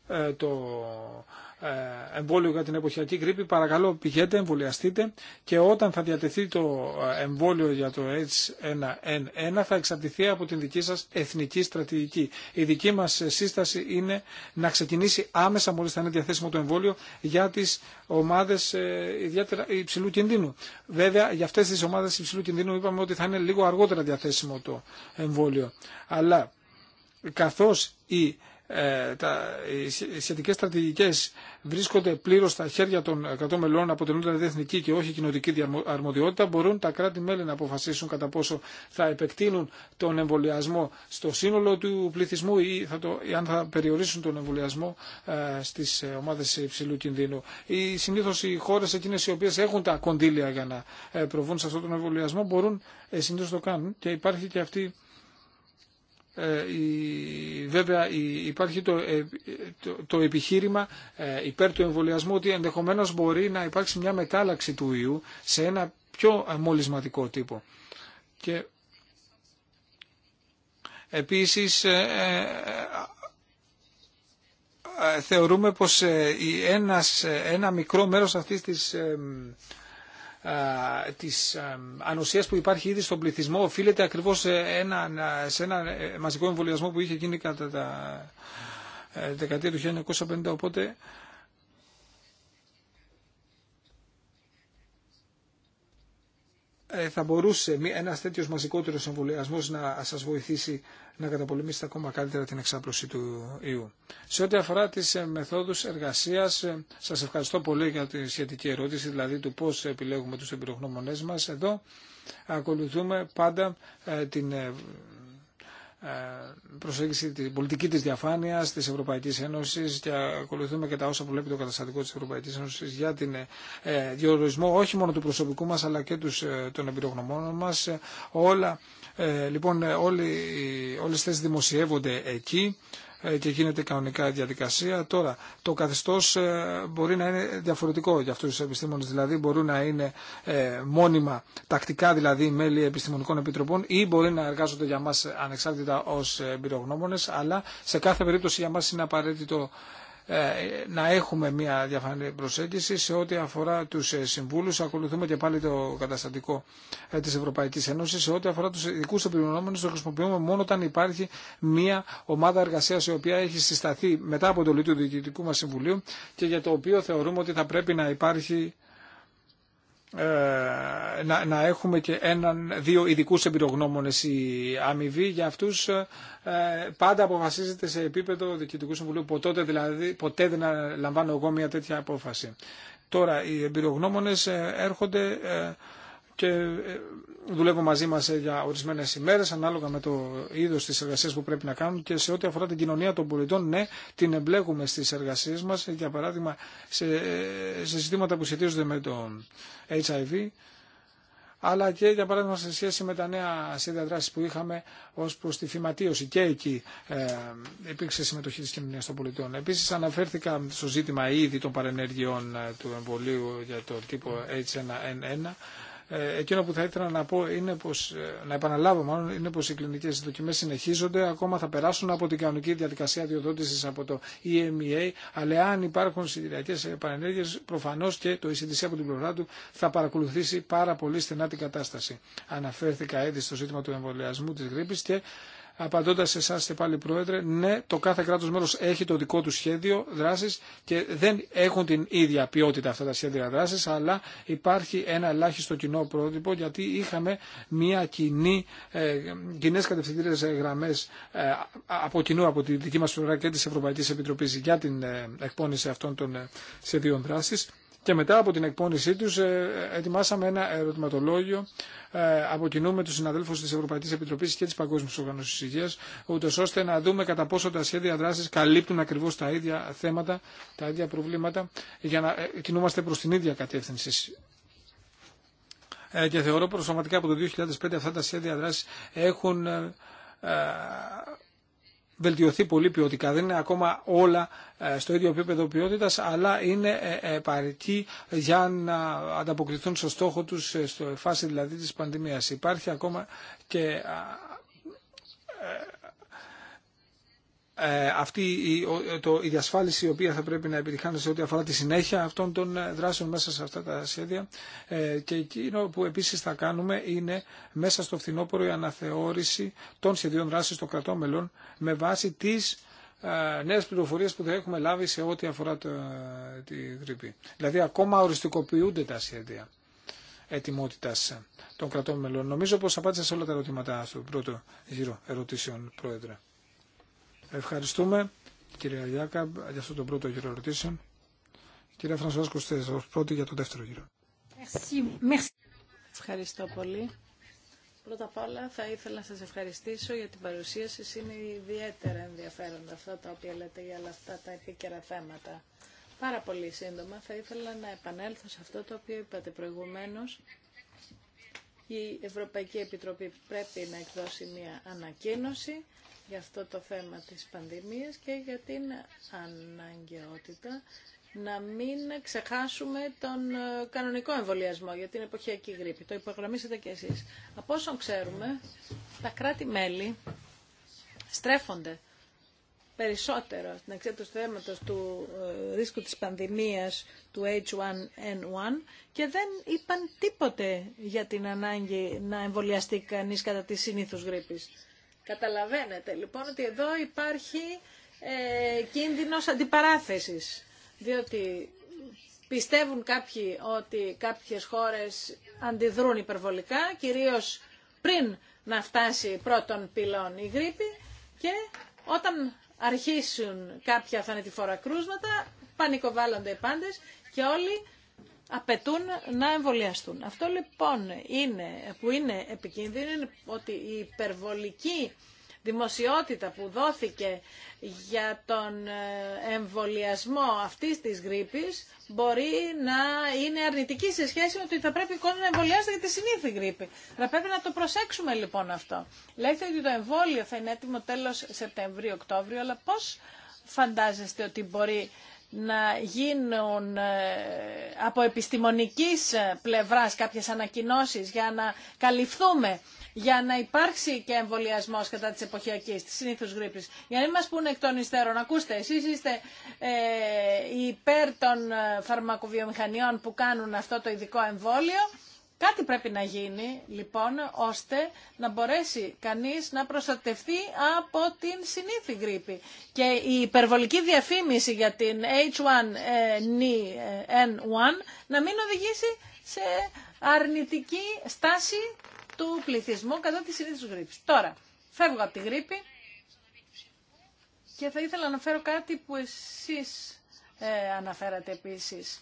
ε, το ε, εμβόλιο για την εποχιακή γρήπη, παρακαλώ πηγαίνετε, εμβολιαστείτε και όταν θα διατεθεί το ε, εμβόλιο για το H1N1 θα εξαρτηθεί από την δική σας εθνική στρατηγική. Η δική μας ε, σύσταση είναι να ξεκινήσει άμεσα μόλις θα είναι διαθέσιμο το εμβόλιο για τις ομάδες ιδιαίτερα υψηλού κινδύνου. Βέβαια για αυτές τις ομάδες υψηλού κινδύνου είπαμε ότι θα είναι λίγο αργότερα διαθέσιμο το εμβόλιο. Αλλά καθώς η ε, τα, οι σχετικέ στρατηγικέ βρίσκονται πλήρω στα χέρια των 100 μελών, αποτελούνται δηλαδή εθνική και όχι κοινοτική αρμοδιότητα, μπορούν τα κράτη-μέλη να αποφασίσουν κατά πόσο θα επεκτείνουν τον εμβολιασμό στο σύνολο του πληθυσμού ή, αν θα περιορίσουν τον εμβολιασμό ε, στι ε, ομάδε υψηλού κινδύνου. συνήθω οι χώρε εκείνε οι οποίε έχουν τα κονδύλια για να ε, προβούν σε αυτόν τον εμβολιασμό μπορούν συνήθω το κάνουν και υπάρχει και αυτή ε, βέβαια υπάρχει ε, το, το, επιχείρημα ε, υπέρ του εμβολιασμού ότι ενδεχομένως μπορεί να υπάρξει μια μετάλλαξη του ιού σε ένα πιο μολυσματικό τύπο. Και επίσης θεωρούμε πως ένας, ένα μικρό μέρος αυτής της της ανοσίας που υπάρχει ήδη στον πληθυσμό οφείλεται ακριβώς σε ένα, σε ένα ε, μαζικό εμβολιασμό που είχε γίνει κατά τα ε, δεκαετία του 1950. Οπότε Ε, θα μπορούσε ένα τέτοιο μαζικότερο εμβολιασμό να σα βοηθήσει να καταπολεμήσετε ακόμα καλύτερα την εξάπλωση του ιού. Σε ό,τι αφορά τι ε, μεθόδου εργασία, ε, σα ευχαριστώ πολύ για τη σχετική ερώτηση, δηλαδή του πώ επιλέγουμε του εμπειρογνώμονέ μα. Εδώ ακολουθούμε πάντα την ε, προσέγγιση, την πολιτική της διαφάνειας της Ευρωπαϊκής Ένωσης και ακολουθούμε και τα όσα βλέπει το καταστατικό της Ευρωπαϊκής Ένωσης για την ε, διορισμό όχι μόνο του προσωπικού μας αλλά και τους, ε, των εμπειρογνωμών μας. Όλα, λοιπόν, όλοι, όλες τις δημοσιεύονται εκεί. Ε, και γίνεται κανονικά διαδικασία. Τώρα, το καθεστώ ε, μπορεί να είναι διαφορετικό για αυτού του επιστήμονε, δηλαδή μπορούν να είναι ε, μόνιμα, τακτικά δηλαδή μέλη επιστημονικών επιτροπών ή μπορεί να εργάζονται για μα ανεξάρτητα ω εμπειρογνώμονε, αλλά σε κάθε περίπτωση για μα είναι απαραίτητο ε, να έχουμε μια διαφανή προσέγγιση σε ό,τι αφορά τους ε, συμβούλους. Ακολουθούμε και πάλι το καταστατικό ε, της Ευρωπαϊκής Ένωσης. Σε ό,τι αφορά τους ειδικού επιμονόμενου, το χρησιμοποιούμε μόνο όταν υπάρχει μια ομάδα εργασίας η οποία έχει συσταθεί μετά από το λίτο του Διοικητικού μα Συμβουλίου και για το οποίο θεωρούμε ότι θα πρέπει να υπάρχει ε, να, έχουμε και έναν, δύο ειδικού εμπειρογνώμονε η αμοιβή για αυτού ε, πάντα αποφασίζεται σε επίπεδο Διοικητικού Συμβουλίου. Ποτέ, δηλαδή, ποτέ δεν λαμβάνω εγώ μια τέτοια απόφαση. Τώρα, οι εμπειρογνώμονε ε, έρχονται και ε, δουλεύω μαζί μα ε, για ορισμένε ημέρε ανάλογα με το είδο τη εργασία που πρέπει να κάνουν και σε ό,τι αφορά την κοινωνία των πολιτών, ναι, την εμπλέκουμε στι εργασίε μα, ε, για παράδειγμα σε, σε ζητήματα που σχετίζονται με το HIV, αλλά και για παράδειγμα σε σχέση με τα νέα σχέδια δράση που είχαμε ω προ τη φυματίωση. Και εκεί ε, υπήρξε συμμετοχή τη κοινωνία των πολιτών. Επίση, αναφέρθηκα στο ζήτημα ήδη των παρενέργειών του εμβολίου για το τύπο H1N1 ε, εκείνο που θα ήθελα να πω είναι πως, ε, να επαναλάβω μάλλον, είναι πως οι κλινικές δοκιμές συνεχίζονται, ακόμα θα περάσουν από την κανονική διαδικασία διοδότησης από το EMEA, αλλά αν υπάρχουν συντηριακές παρενέργειες, προφανώς και το ECDC από την πλευρά του θα παρακολουθήσει πάρα πολύ στενά την κατάσταση. Αναφέρθηκα ήδη στο ζήτημα του εμβολιασμού της γρήπης και απαντώντα σε εσά και πάλι Πρόεδρε, ναι, το κάθε κράτο μέλο έχει το δικό του σχέδιο δράση και δεν έχουν την ίδια ποιότητα αυτά τα σχέδια δράση, αλλά υπάρχει ένα ελάχιστο κοινό πρότυπο γιατί είχαμε μια κοινή, ε, κοινέ κατευθυντήρε γραμμέ ε, από κοινού από τη δική μα πλευρά και τη Ευρωπαϊκή Επιτροπή για την ε, εκπόνηση αυτών των σχεδίων δράση και μετά από την εκπόνησή τους ε, ετοιμάσαμε ένα ερωτηματολόγιο ε, από κοινού με τους συναδέλφους της Ευρωπαϊκής Επιτροπής και της Παγκόσμιας Οργανώσης Υγείας, ούτως ώστε να δούμε κατά πόσο τα σχέδια δράσης καλύπτουν ακριβώς τα ίδια θέματα, τα ίδια προβλήματα, για να ε, κινούμαστε προς την ίδια κατεύθυνση και θεωρώ προσωματικά από το 2005 αυτά τα σχέδια δράση έχουν βελτιωθεί πολύ ποιοτικά. Δεν είναι ακόμα όλα ε, στο ίδιο επίπεδο ποιότητας, αλλά είναι ε, ε, παρικοί για να ανταποκριθούν στο στόχο τους, στο φάση δηλαδή της πανδημίας. Υπάρχει ακόμα και ε, αυτή ε, το, η διασφάλιση η οποία θα πρέπει να επιτυχάνεται σε ό,τι αφορά τη συνέχεια αυτών των ε, δράσεων μέσα σε αυτά τα σχέδια και εκείνο που επίσης θα κάνουμε είναι μέσα στο φθινόπωρο η αναθεώρηση των σχεδίων δράσης των κρατών μελών με βάση τις νέες πληροφορίες που θα έχουμε λάβει σε ό,τι αφορά το, τη γρήπη. Δηλαδή ακόμα οριστικοποιούνται τα σχέδια ετοιμότητας των κρατών μελών. Νομίζω πως απάντησα σε όλα τα ερωτήματα στο πρώτο γύρο ερωτήσεων, Πρόεδρε. Ευχαριστούμε κυρία Ιάκαμ, για αυτό το πρώτο γύρο ερωτήσεων. Κυρία Φρανσουάς Κουστές, ως πρώτη για το δεύτερο γύρο. Ευχαριστώ πολύ. Πρώτα απ' όλα θα ήθελα να σας ευχαριστήσω για την παρουσία σας. Είναι ιδιαίτερα ενδιαφέροντα αυτά τα οποία λέτε για όλα αυτά τα επίκαιρα θέματα. Πάρα πολύ σύντομα θα ήθελα να επανέλθω σε αυτό το οποίο είπατε προηγουμένως. Η Ευρωπαϊκή Επιτροπή πρέπει να εκδώσει μια ανακοίνωση για αυτό το θέμα της πανδημίας και για την αναγκαιότητα να μην ξεχάσουμε τον ε, κανονικό εμβολιασμό για την εποχιακή γρήπη. Το υπογραμμίσατε και εσείς. Από όσο ξέρουμε, τα κράτη-μέλη στρέφονται περισσότερο στην αξία του θέματος του ε, ρίσκου της πανδημίας του H1N1 και δεν είπαν τίποτε για την ανάγκη να εμβολιαστεί κανείς κατά τη συνήθους γρήπης. Καταλαβαίνετε λοιπόν ότι εδώ υπάρχει ε, κίνδυνος αντιπαράθεσης, διότι πιστεύουν κάποιοι ότι κάποιες χώρες αντιδρούν υπερβολικά, κυρίως πριν να φτάσει πρώτον πυλών η γρήπη και όταν αρχίσουν κάποια θανετηφόρα κρούσματα, πανικοβάλλονται οι πάντες και όλοι απαιτούν να εμβολιαστούν. Αυτό λοιπόν είναι, που είναι επικίνδυνο είναι ότι η υπερβολική δημοσιότητα που δόθηκε για τον ε, εμβολιασμό αυτής της γρήπης μπορεί να είναι αρνητική σε σχέση με ότι θα πρέπει ο να εμβολιάζεται για τη συνήθη γρήπη. Θα πρέπει να το προσέξουμε λοιπόν αυτό. Λέτε ότι το εμβόλιο θα είναι έτοιμο τέλος Σεπτεμβρίου-Οκτώβριου, αλλά πώς φαντάζεστε ότι μπορεί να γίνουν ε, από επιστημονικής ε, πλευράς κάποιες ανακοινώσεις για να καλυφθούμε για να υπάρξει και εμβολιασμό κατά τη εποχιακή, τη συνήθου γρήπης. Για να μην μα πούνε εκ των υστέρων, ακούστε, εσείς είστε ε, υπέρ των ε, φαρμακοβιομηχανιών που κάνουν αυτό το ειδικό εμβόλιο Κάτι πρέπει να γίνει, λοιπόν, ώστε να μπορέσει κανείς να προστατευτεί από την συνήθη γρήπη. Και η υπερβολική διαφήμιση για την H1N1 να μην οδηγήσει σε αρνητική στάση του πληθυσμού κατά τη συνήθους γρήπη. Τώρα, φεύγω από τη γρήπη και θα ήθελα να φέρω κάτι που εσείς ε, αναφέρατε επίσης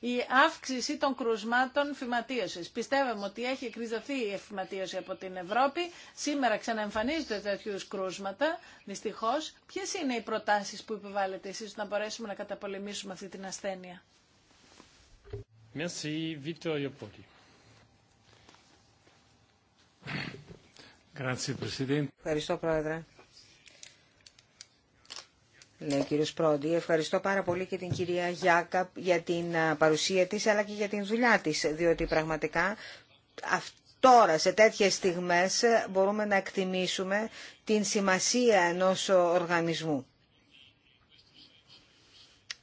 η αύξηση των κρουσμάτων φυματίωσης. Πιστεύουμε ότι έχει εκκριζωθεί η φυματίωση από την Ευρώπη. Σήμερα ξαναεμφανίζονται τέτοιου κρούσματα, δυστυχώ, ποιε είναι οι προτάσει που επιβάλλετε εσείς να μπορέσουμε να καταπολεμήσουμε αυτή την ασθένεια. Ευχαριστώ, Πρόεδρε λέει ο κύριος Πρόντι. Ευχαριστώ πάρα πολύ και την κυρία Γιάκα για την παρουσία της αλλά και για την δουλειά της, διότι πραγματικά τώρα σε τέτοιες στιγμές μπορούμε να εκτιμήσουμε την σημασία ενός οργανισμού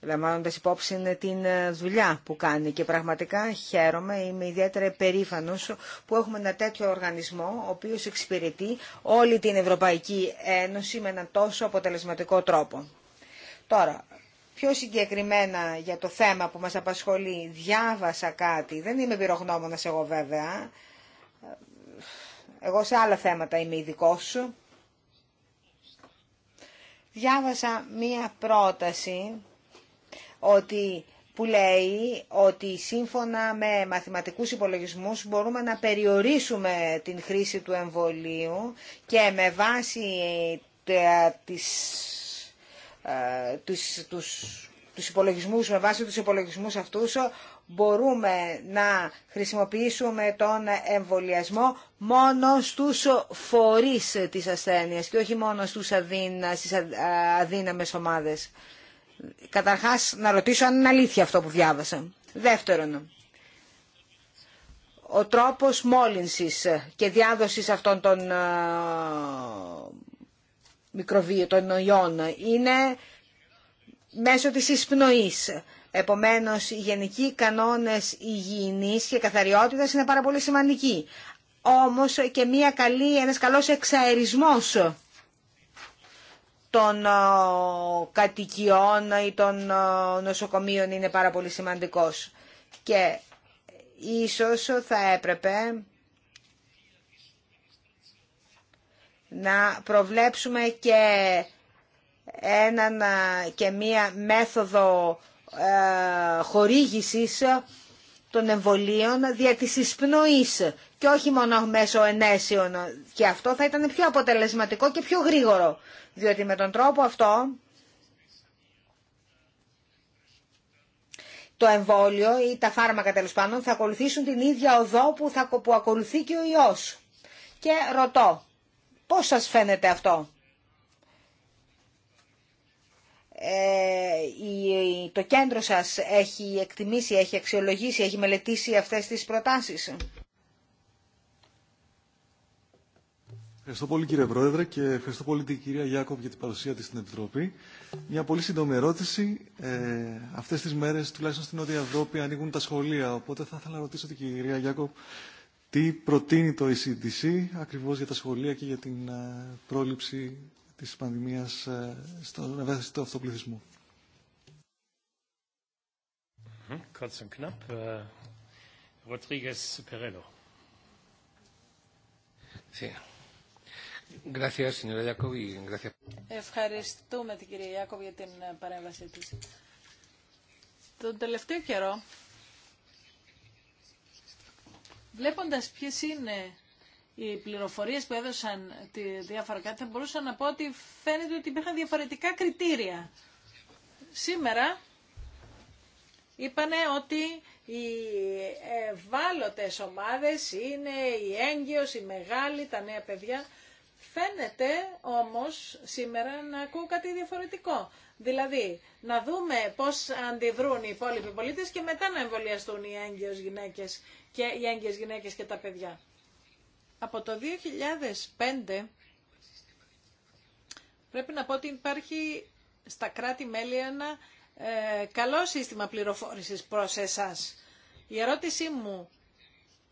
λαμβάνοντα υπόψη την δουλειά που κάνει. Και πραγματικά χαίρομαι, είμαι ιδιαίτερα περήφανο που έχουμε ένα τέτοιο οργανισμό, ο οποίο εξυπηρετεί όλη την Ευρωπαϊκή Ένωση με έναν τόσο αποτελεσματικό τρόπο. Τώρα, πιο συγκεκριμένα για το θέμα που μας απασχολεί, διάβασα κάτι, δεν είμαι πυρογνώμονας εγώ βέβαια, εγώ σε άλλα θέματα είμαι ειδικό Διάβασα μία πρόταση ότι, που λέει ότι σύμφωνα με μαθηματικούς υπολογισμούς μπορούμε να περιορίσουμε την χρήση του εμβολίου και με βάση τις ε, τους, τους, τους υπολογισμούς, με βάση τους υπολογισμούς αυτούς, μπορούμε να χρησιμοποιήσουμε τον εμβολιασμό μόνο στους φορείς της ασθένειας και όχι μόνο στους αδύνα, στις ε, αδύναμες ομάδες. Καταρχάς, να ρωτήσω αν είναι αλήθεια αυτό που διάβασα. Δεύτερον, ο τρόπος μόλυνσης και διάδοσης αυτών των ε, μικροβίου των νοιών. Είναι μέσω της εισπνοής. Επομένως, οι γενικοί κανόνες υγιεινής και καθαριότητας είναι πάρα πολύ σημαντικοί. Όμως και μια καλή, ένας καλός εξαερισμός των ε, κατοικιών ή των ε, νοσοκομείων είναι πάρα πολύ σημαντικός. Και ίσως θα έπρεπε να προβλέψουμε και έναν και μία μέθοδο ε, χορήγησης των εμβολίων δια της εισπνοής και όχι μόνο μέσω ενέσεων. Και αυτό θα ήταν πιο αποτελεσματικό και πιο γρήγορο, διότι με τον τρόπο αυτό το εμβόλιο ή τα φάρμακα τέλο πάντων θα ακολουθήσουν την ίδια οδό που, θα, που ακολουθεί και ο ιός. Και ρωτώ, Πώς σας φαίνεται αυτό. Ε, το κέντρο σας έχει εκτιμήσει, έχει αξιολογήσει, έχει μελετήσει αυτές τις προτάσεις. Ευχαριστώ πολύ κύριε Πρόεδρε και ευχαριστώ πολύ την κυρία Γιάκοβ για την παρουσία της στην Επιτροπή. Μια πολύ σύντομη ερώτηση. Ε, αυτές τις μέρες, τουλάχιστον στην Νότια Ευρώπη, ανοίγουν τα σχολεία. Οπότε θα ήθελα να ρωτήσω την κυρία Γιάκοβ τι προτείνει το ECDC ακριβώς για τα σχολεία και για την ε, πρόληψη της πανδημίας ε, στον ευαίσθητο αυτοπληθυσμό. Ευχαριστούμε την κυρία Ιάκοβ για την παρέμβασή της. Τον τελευταίο καιρό Βλέποντας ποιες είναι οι πληροφορίες που έδωσαν τη διάφορα κάτι, θα μπορούσα να πω ότι φαίνεται ότι υπήρχαν διαφορετικά κριτήρια. Σήμερα είπανε ότι οι ευάλωτες ομάδες είναι οι έγκυος, οι μεγάλοι, τα νέα παιδιά. Φαίνεται όμως σήμερα να ακούω κάτι διαφορετικό. Δηλαδή να δούμε πώς αντιδρούν οι υπόλοιποι πολίτες και μετά να εμβολιαστούν οι έγκυες γυναίκες και, οι έγκυες γυναίκες και τα παιδιά. Από το 2005 πρέπει να πω ότι υπάρχει στα κράτη-μέλη ένα ε, καλό σύστημα πληροφόρησης προς εσάς. Η ερώτησή μου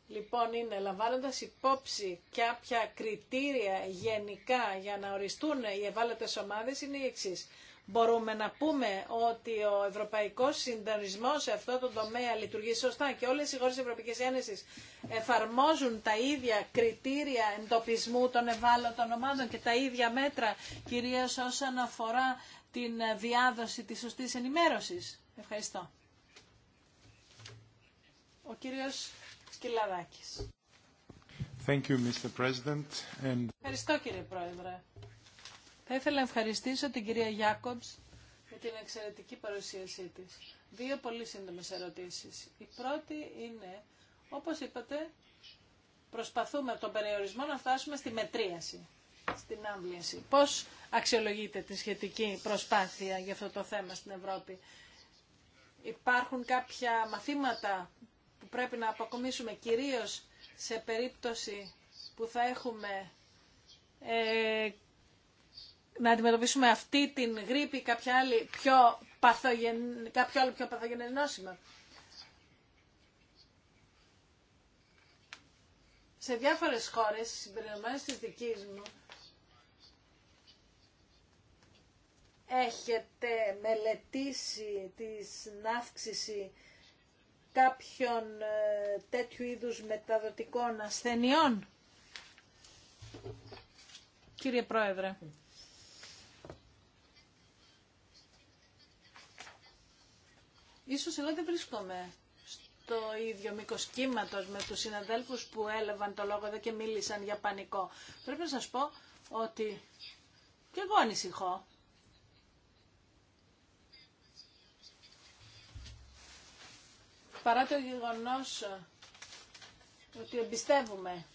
λοιπόν είναι λαμβάνοντα υπόψη κάποια κριτήρια γενικά για να οριστούν οι ευάλωτε ομάδες είναι η εξή. Μπορούμε να πούμε ότι ο ευρωπαϊκός συντονισμό σε αυτό το τομέα λειτουργεί σωστά και όλες οι χώρε της Ευρωπαϊκής Ένωσης εφαρμόζουν τα ίδια κριτήρια εντοπισμού των ευάλωτων ομάδων και τα ίδια μέτρα, κυρίω όσον αφορά την διάδοση τη σωστή ενημέρωση. Ευχαριστώ. Ο Thank you, Mr. President. And... Ευχαριστώ κύριε Πρόεδρε. Θα ήθελα να ευχαριστήσω την κυρία Γιάκομπς για την εξαιρετική παρουσίασή της. Δύο πολύ σύντομες ερωτήσεις. Η πρώτη είναι, όπως είπατε, προσπαθούμε από τον περιορισμό να φτάσουμε στη μετρίαση, στην άμβλιαση. Πώς αξιολογείτε τη σχετική προσπάθεια για αυτό το θέμα στην Ευρώπη. Υπάρχουν κάποια μαθήματα πρέπει να αποκομίσουμε κυρίως σε περίπτωση που θα έχουμε ε, να αντιμετωπίσουμε αυτή την γρήπη ή κάποια άλλη πιο παθογεν, κάποιο άλλο πιο παθογενές νόσημα. Σε διάφορες χώρες, συμπεριλαμβάνεις της δικής μου, έχετε μελετήσει τη αύξηση κάποιων ε, τέτοιου είδους μεταδοτικών ασθενειών. Κύριε Πρόεδρε. Ίσως εγώ δεν βρίσκομαι στο ίδιο μήκο κύματο με τους συναδέλφους που έλαβαν το λόγο εδώ και μίλησαν για πανικό. Πρέπει να σας πω ότι και εγώ ανησυχώ παρά το γεγονός ότι εμπιστεύουμε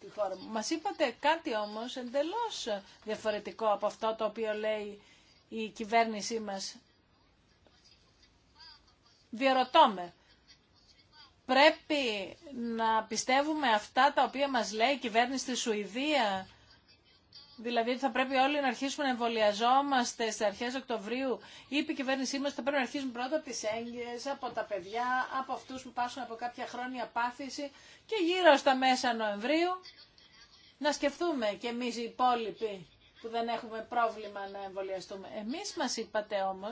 τη χώρα μου. Μας είπατε κάτι όμως εντελώς διαφορετικό από αυτό το οποίο λέει η κυβέρνησή μας. Διερωτώμε. Πρέπει να πιστεύουμε αυτά τα οποία μας λέει η κυβέρνηση στη Σουηδία Δηλαδή ότι θα πρέπει όλοι να αρχίσουμε να εμβολιαζόμαστε στι αρχέ Οκτωβρίου. Είπε η κυβέρνησή μα ότι θα πρέπει να αρχίσουμε πρώτα από τι έγκυε, από τα παιδιά, από αυτού που πάσουν από κάποια χρόνια πάθηση και γύρω στα μέσα Νοεμβρίου να σκεφτούμε κι εμεί οι υπόλοιποι που δεν έχουμε πρόβλημα να εμβολιαστούμε. Εμεί μα είπατε όμω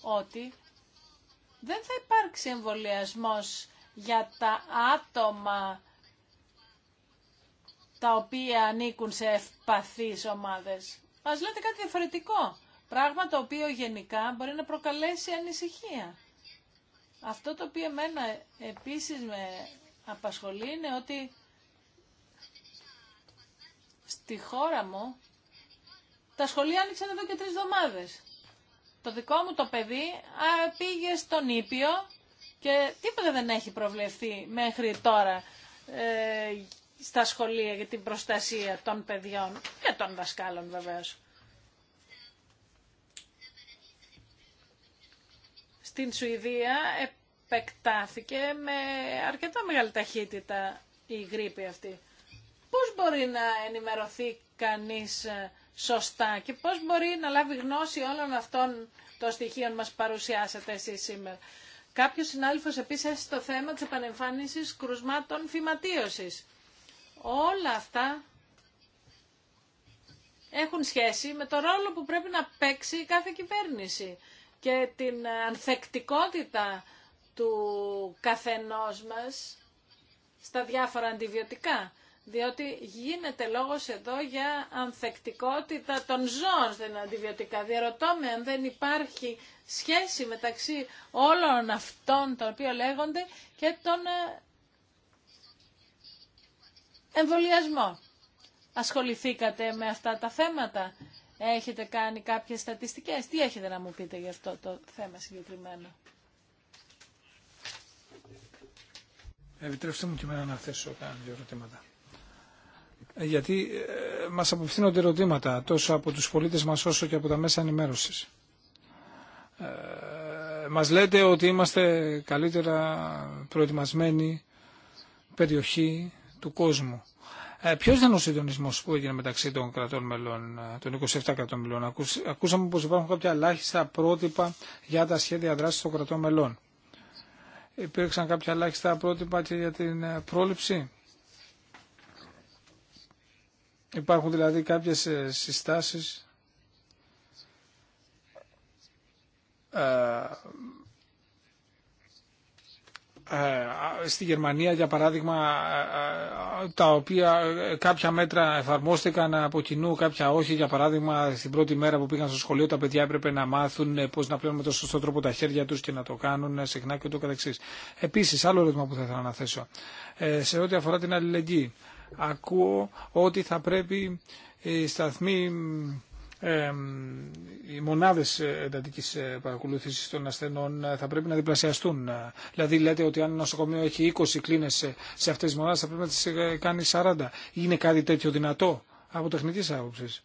ότι δεν θα υπάρξει εμβολιασμό για τα άτομα τα οποία ανήκουν σε ευπαθείς ομάδες. Μας λέτε κάτι διαφορετικό, πράγμα το οποίο γενικά μπορεί να προκαλέσει ανησυχία. Αυτό το οποίο εμένα επίσης με απασχολεί είναι ότι στη χώρα μου τα σχολεία άνοιξαν εδώ και τρεις εβδομάδες. Το δικό μου το παιδί α, πήγε στον Ήπιο και τίποτα δεν έχει προβλεφθεί μέχρι τώρα ε, στα σχολεία για την προστασία των παιδιών και των δασκάλων βεβαίως. Στην Σουηδία επεκτάθηκε με αρκετά μεγάλη ταχύτητα η γρήπη αυτή. Πώς μπορεί να ενημερωθεί κανείς ε, σωστά και πώς μπορεί να λάβει γνώση όλων αυτών των στοιχείων μας παρουσιάσατε εσείς σήμερα. Κάποιος συνάδελφος επίσης το θέμα της επανεμφάνισης κρουσμάτων φυματίωσης. Όλα αυτά έχουν σχέση με το ρόλο που πρέπει να παίξει κάθε κυβέρνηση και την ανθεκτικότητα του καθενός μας στα διάφορα αντιβιωτικά. Διότι γίνεται λόγος εδώ για ανθεκτικότητα των ζώων στην αντιβιωτικά. Διαρωτώ αν δεν υπάρχει σχέση μεταξύ όλων αυτών των οποίων λέγονται και των ε, εμβολιασμό. Ασχοληθήκατε με αυτά τα θέματα. Έχετε κάνει κάποιες στατιστικές. Τι έχετε να μου πείτε για αυτό το θέμα συγκεκριμένο. Επιτρέψτε μου και εμένα να θέσω κάνα δύο ερωτήματα. Ε, γιατί ε, μας απευθύνονται ερωτήματα τόσο από τους πολίτες μας όσο και από τα μέσα ενημέρωσης. Ε, μας λέτε ότι είμαστε καλύτερα προετοιμασμένοι περιοχή του κόσμου. Ε, Ποιο ήταν ο συντονισμό που έγινε μεταξύ των κρατών μελών, ε, των 27 κρατών μελών. Ακούσαμε πω υπάρχουν κάποια ελάχιστα πρότυπα για τα σχέδια δράση των κρατών μελών. Υπήρξαν κάποια ελάχιστα πρότυπα και για την ε, πρόληψη. Υπάρχουν δηλαδή κάποιες ε, συστάσεις ε, στη Γερμανία για παράδειγμα ε, ε, τα οποία κάποια μέτρα εφαρμόστηκαν από κοινού, κάποια όχι. Για παράδειγμα στην πρώτη μέρα που πήγαν στο σχολείο τα παιδιά έπρεπε να μάθουν πώς να πλένουν με το σωστό τρόπο τα χέρια τους και να το κάνουν συχνά και ούτω καθεξής. Επίσης άλλο ερώτημα που θα ήθελα να θέσω σε ό,τι αφορά την αλληλεγγύη. Ακούω ότι θα πρέπει οι σταθμοί οι μονάδες ε, εντατική ε, παρακολούθησης των ασθενών ε, θα πρέπει να διπλασιαστούν. Δηλαδή λέτε ότι αν ένα νοσοκομείο έχει 20 κλίνες σε αυτές τις μονάδες θα πρέπει να τις κάνει 40. Είναι κάτι τέτοιο δυνατό από τεχνική άποψης.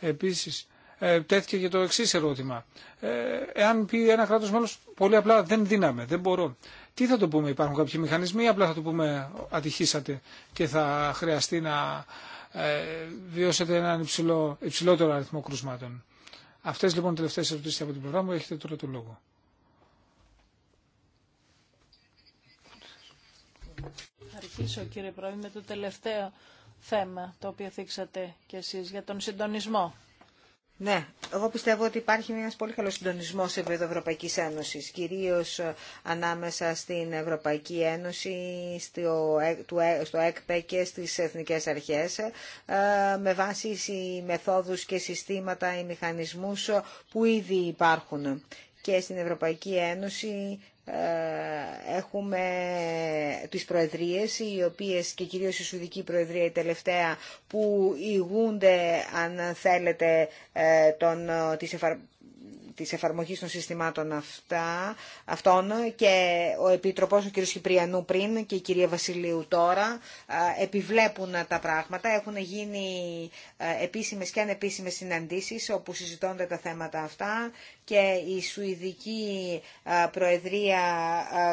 Επίσης, τέθηκε και το εξή ερώτημα. εάν πει ένα κράτος μέλος πολύ απλά δεν δύναμε, δεν μπορώ. Τι θα το πούμε, υπάρχουν κάποιοι μηχανισμοί, απλά θα το πούμε ατυχήσατε και θα χρειαστεί να ε, βιώσετε έναν υψηλό, υψηλότερο αριθμό κρούσματων. Αυτές λοιπόν οι τελευταίες ερωτήσεις από την προγράμμα μου έχετε τώρα το λόγο. Θα αρχίσω κύριε Πρόεδρε με το τελευταίο θέμα το οποίο θίξατε κι εσείς για τον συντονισμό. Ναι, εγώ πιστεύω ότι υπάρχει ένας πολύ καλός συντονισμός επίπεδο Ευρωπαϊκής Ένωσης, κυρίως ε, ανάμεσα στην Ευρωπαϊκή Ένωση, στο ε, ε, ΕΚΠΕ και στις Εθνικές Αρχές, με βάση οι μεθόδους και συστήματα οι μηχανισμούς που ήδη υπάρχουν. Και στην Ευρωπαϊκή Ένωση ε, έχουμε τις προεδρίες οι οποίες και κυρίως η Σουδική Προεδρία η τελευταία που ηγούνται αν θέλετε ε, των, της, εφαρμογής των συστημάτων αυτά, αυτών και ο Επιτροπός ο κ. Χιπριανού πριν και η κυρία Βασιλείου τώρα ε, επιβλέπουν τα πράγματα. Έχουν γίνει επίσημες και ανεπίσημες συναντήσεις όπου συζητώνται τα θέματα αυτά και η Σουηδική Προεδρία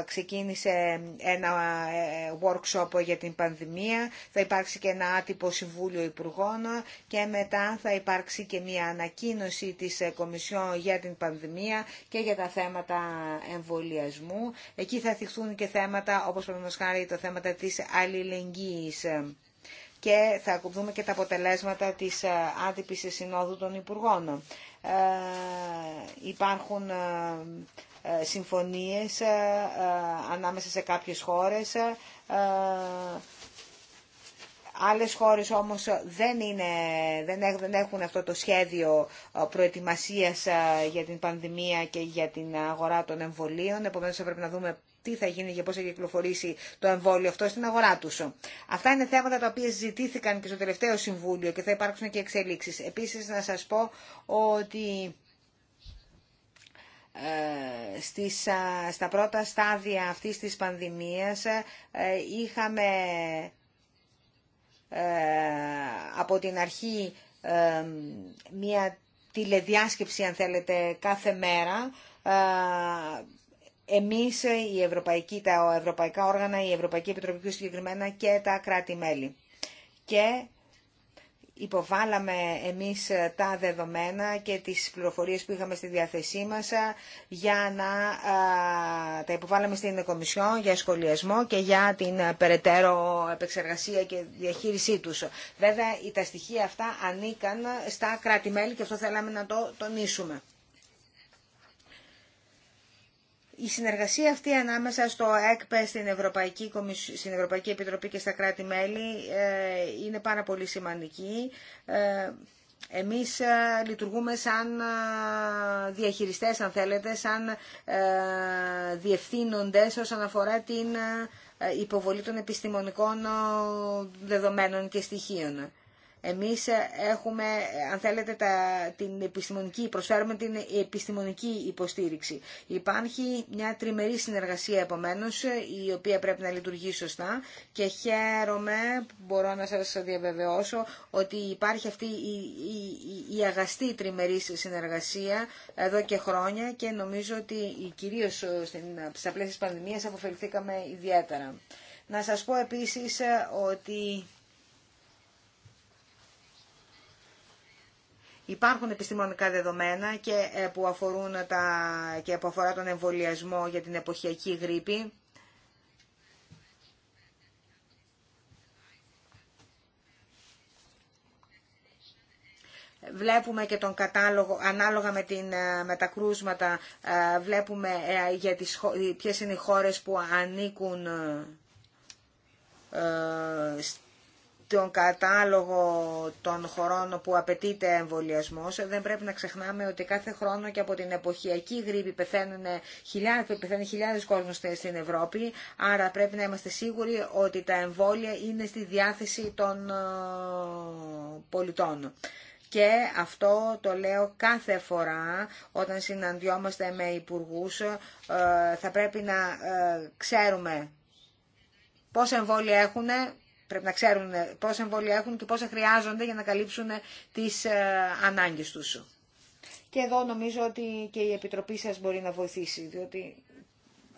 ξεκίνησε ένα ε, workshop για την πανδημία, θα υπάρξει και ένα άτυπο Συμβούλιο Υπουργών και μετά θα υπάρξει και μια ανακοίνωση της ε, Κομισιόν για την πανδημία και για τα θέματα εμβολιασμού. Εκεί θα θυχθούν και θέματα όπως πρέπει να το θέματα της αλληλεγγύης και θα δούμε και τα αποτελέσματα της ε, άτυπης συνόδου των Υπουργών. Ε, υπάρχουν ε, ε συμφωνίες ανάμεσα σε κάποιες χώρες. Άλλες χώρες όμως δεν, είναι, δεν έχουν αυτό το σχέδιο προετοιμασίας για την πανδημία και για την αγορά των εμβολίων. Επομένως θα πρέπει να δούμε τι θα γίνει και πώς θα κυκλοφορήσει το εμβόλιο αυτό στην αγορά τους. Αυτά είναι θέματα τα οποία ζητήθηκαν και στο τελευταίο Συμβούλιο και θα υπάρξουν και εξελίξεις. Επίσης να σας πω ότι ε, στις, ε, στα πρώτα στάδια αυτής της πανδημίας ε, είχαμε από την αρχή μια τηλεδιάσκεψη αν θέλετε κάθε μέρα εμείς, ε, η Ευρωπαϊκή, τα ευρωπαϊκά όργανα, η Ευρωπαϊκή Επιτροπή και συγκεκριμένα και τα κράτη-μέλη. Και υποβάλαμε εμείς ε, τα δεδομένα και τις πληροφορίες που είχαμε στη διάθεσή μας ε, για να τα υποβάλαμε στην Κομισιόν για σχολιασμό και για την περαιτέρω επεξεργασία και διαχείρισή τους. Βέβαια, τα στοιχεία αυτά ανήκαν στα κράτη-μέλη και αυτό θέλαμε να το τονίσουμε η συνεργασία αυτή ανάμεσα στο ΕΚΠΕ στην Ευρωπαϊκή, στην Ευρωπαϊκή Επιτροπή και στα κράτη-μέλη ε, είναι πάρα πολύ σημαντική. Ε, εμείς ε, λειτουργούμε σαν διαχειριστές, αν θέλετε, σαν διευθύνοντες όσον αφορά την υποβολή των επιστημονικών δεδομένων και στοιχείων. Εμείς ε, έχουμε, ε, αν τα, την επιστημονική, προσφέρουμε την επιστημονική υποστήριξη. Υπάρχει μια τριμερή συνεργασία, επομένως, ε, η οποία πρέπει να λειτουργεί σωστά και χαίρομαι, μπορώ να σας διαβεβαιώσω, ότι υπάρχει αυτή η, η, η αγαστή τριμερή συνεργασία εδώ και χρόνια και νομίζω ότι κυρίως στην, στα πλαίσια της πανδημίας αποφελήθηκαμε ιδιαίτερα. Να σας πω επίσης ότι Υπάρχουν επιστημονικά δεδομένα και ε, που, αφορούν τα, και που αφορά τον εμβολιασμό για την εποχιακή γρήπη. Βλέπουμε και τον κατάλογο, ανάλογα με, την, ε, με τα κρούσματα, ε, βλέπουμε για τις, ποιες είναι οι χώρες που ανήκουν τον κατάλογο των χωρών που απαιτείται εμβολιασμό. Δεν πρέπει να ξεχνάμε ότι κάθε χρόνο και από την εποχιακή γρήπη πεθαίνουν χιλιάδες, πεθαίνουν χιλιάδες στην Ευρώπη, άρα πρέπει να είμαστε σίγουροι ότι τα εμβόλια είναι στη διάθεση των ε, πολιτών. Και αυτό το λέω κάθε φορά όταν συναντιόμαστε με υπουργούς, ε, θα πρέπει να ε, ξέρουμε πόσα εμβόλια έχουν, πρέπει να ξέρουν ε, πόσα εμβόλια έχουν και πόσα χρειάζονται για να καλύψουν ε, τις ε, ανάγκες τους. Και εδώ νομίζω ότι και η Επιτροπή σας μπορεί να βοηθήσει, διότι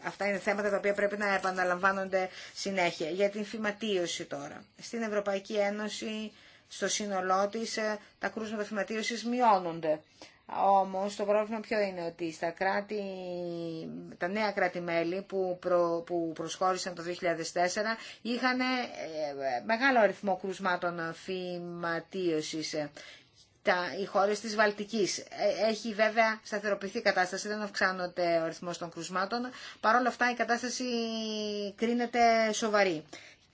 αυτά είναι θέματα τα οποία πρέπει να επαναλαμβάνονται συνέχεια. Για την φυματίωση τώρα. Στην Ευρωπαϊκή Ένωση, στο σύνολό τη, τα κρούσματα φυματίωσης μειώνονται. Όμως το πρόβλημα ποιο είναι ότι στα κράτη, τα νέα κράτη-μέλη που, προ, που προσχώρησαν το 2004 είχαν ε, μεγάλο αριθμό κρουσμάτων φυματίωσης. Τα, οι χώρες της Βαλτικής. Ε, έχει βέβαια σταθεροποιηθεί η κατάσταση, δεν αυξάνονται ο αριθμός των κρουσμάτων. παρόλα αυτά η κατάσταση κρίνεται σοβαρή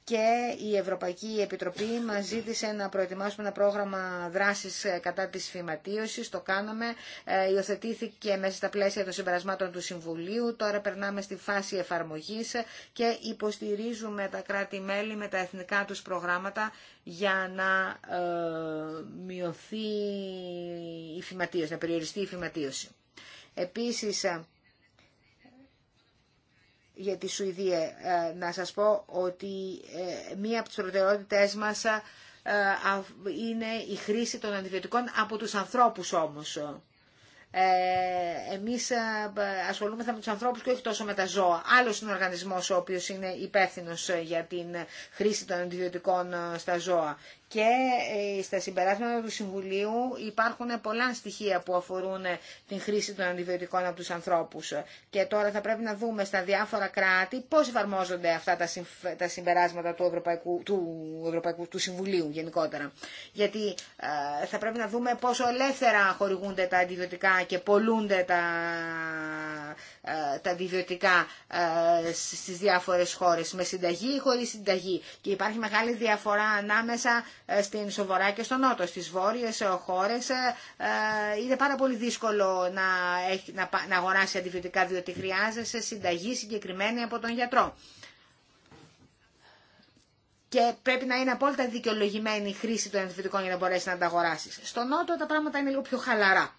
και η Ευρωπαϊκή Επιτροπή μας ζήτησε να προετοιμάσουμε ένα πρόγραμμα δράσης ε, κατά της φυματίωσης. Το κάναμε, ε, υιοθετήθηκε μέσα στα πλαίσια των συμπερασμάτων του Συμβουλίου. Τώρα περνάμε στη φάση εφαρμογής και υποστηρίζουμε τα κράτη-μέλη με τα εθνικά τους προγράμματα για να ε, μειωθεί η φυματίωση, να περιοριστεί η φυματίωση. Επίσης, για τη Σουηδία. Ε, να σας πω ότι ε, μία από τις προτεραιότητές μας ε, είναι η χρήση των αντιβιωτικών από τους ανθρώπους όμως. Ε, εμείς ασχολούμεθα με τους ανθρώπους και όχι τόσο με τα ζώα. Άλλος είναι ο οργανισμός ο οποίος είναι υπεύθυνο για την χρήση των αντιβιωτικών στα ζώα και ε, στα συμπεράσματα του Συμβουλίου υπάρχουν πολλά στοιχεία που αφορούν ε, την χρήση των αντιβιωτικών από τους ανθρώπους. Και τώρα θα πρέπει να δούμε στα διάφορα κράτη πώς εφαρμόζονται αυτά τα συμπεράσματα του Ευρωπαϊκού, του, Ευρωπαϊκού, του Συμβουλίου γενικότερα. Γιατί ε, θα πρέπει να δούμε πόσο ελεύθερα χορηγούνται τα αντιβιωτικά και πολλούνται τα τα βιβλιοτικά ε, στις διάφορες χώρες, με συνταγή ή χωρίς συνταγή. Και υπάρχει μεγάλη διαφορά ανάμεσα ε, στην Σοβορά και στο Νότο. Στις βόρειες ε, χώρες είναι πάρα πολύ δύσκολο να, έχει, να, να αγοράσει αντιβιωτικά, διότι χρειάζεσαι συνταγή συγκεκριμένη από τον γιατρό. Και πρέπει να είναι απόλυτα δικαιολογημένη η χρήση των αντιβιωτικών για να μπορέσει να τα αγοράσει. στο Νότο τα πράγματα είναι λίγο πιο χαλαρά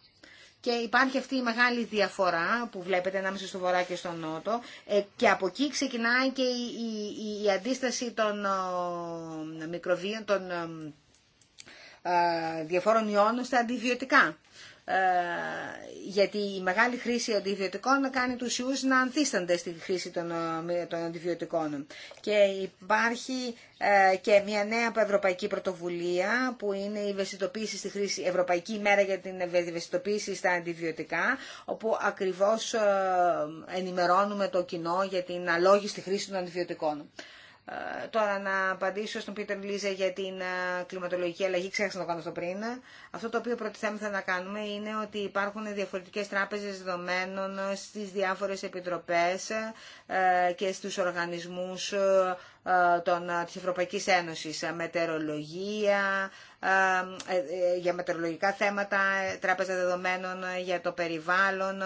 και υπάρχει αυτή η μεγάλη διαφορά που βλέπετε ανάμεσα στο βορρά και στο νότο ε, και από εκεί ξεκινάει και η, αντίσταση των ε, μικροβίων, των ε, διαφόρων ιών στα αντιβιωτικά. Ε, γιατί η μεγάλη χρήση αντιβιωτικών κάνει τους ιούς να ανθίστανται στη χρήση των, ε, των αντιβιωτικών. Και υπάρχει ε, και μια νέα ευρωπαϊκή πρωτοβουλία που είναι η στη χρήση, Ευρωπαϊκή Μέρα για την ευαισθητοποίηση στα αντιβιωτικά, όπου ακριβώς ενημερώνουμε το κοινό για την αλόγιστη χρήση των αντιβιωτικών. Ε, τώρα να απαντήσω στον Πίτερ Λίζε για την ε, κλιματολογική αλλαγή, ξέχασα να το κάνω αυτό πριν. Αυτό το οποίο προτιθέμεθα να κάνουμε είναι ότι υπάρχουν διαφορετικές τράπεζες δεδομένων στις διάφορες επιτροπές ε, και στους οργανισμούς των, της Ευρωπαϊκής Ένωσης, μετερολογία, ε, ε, ε, για μετεωρολογικά θέματα, τράπεζα δεδομένων για το περιβάλλον,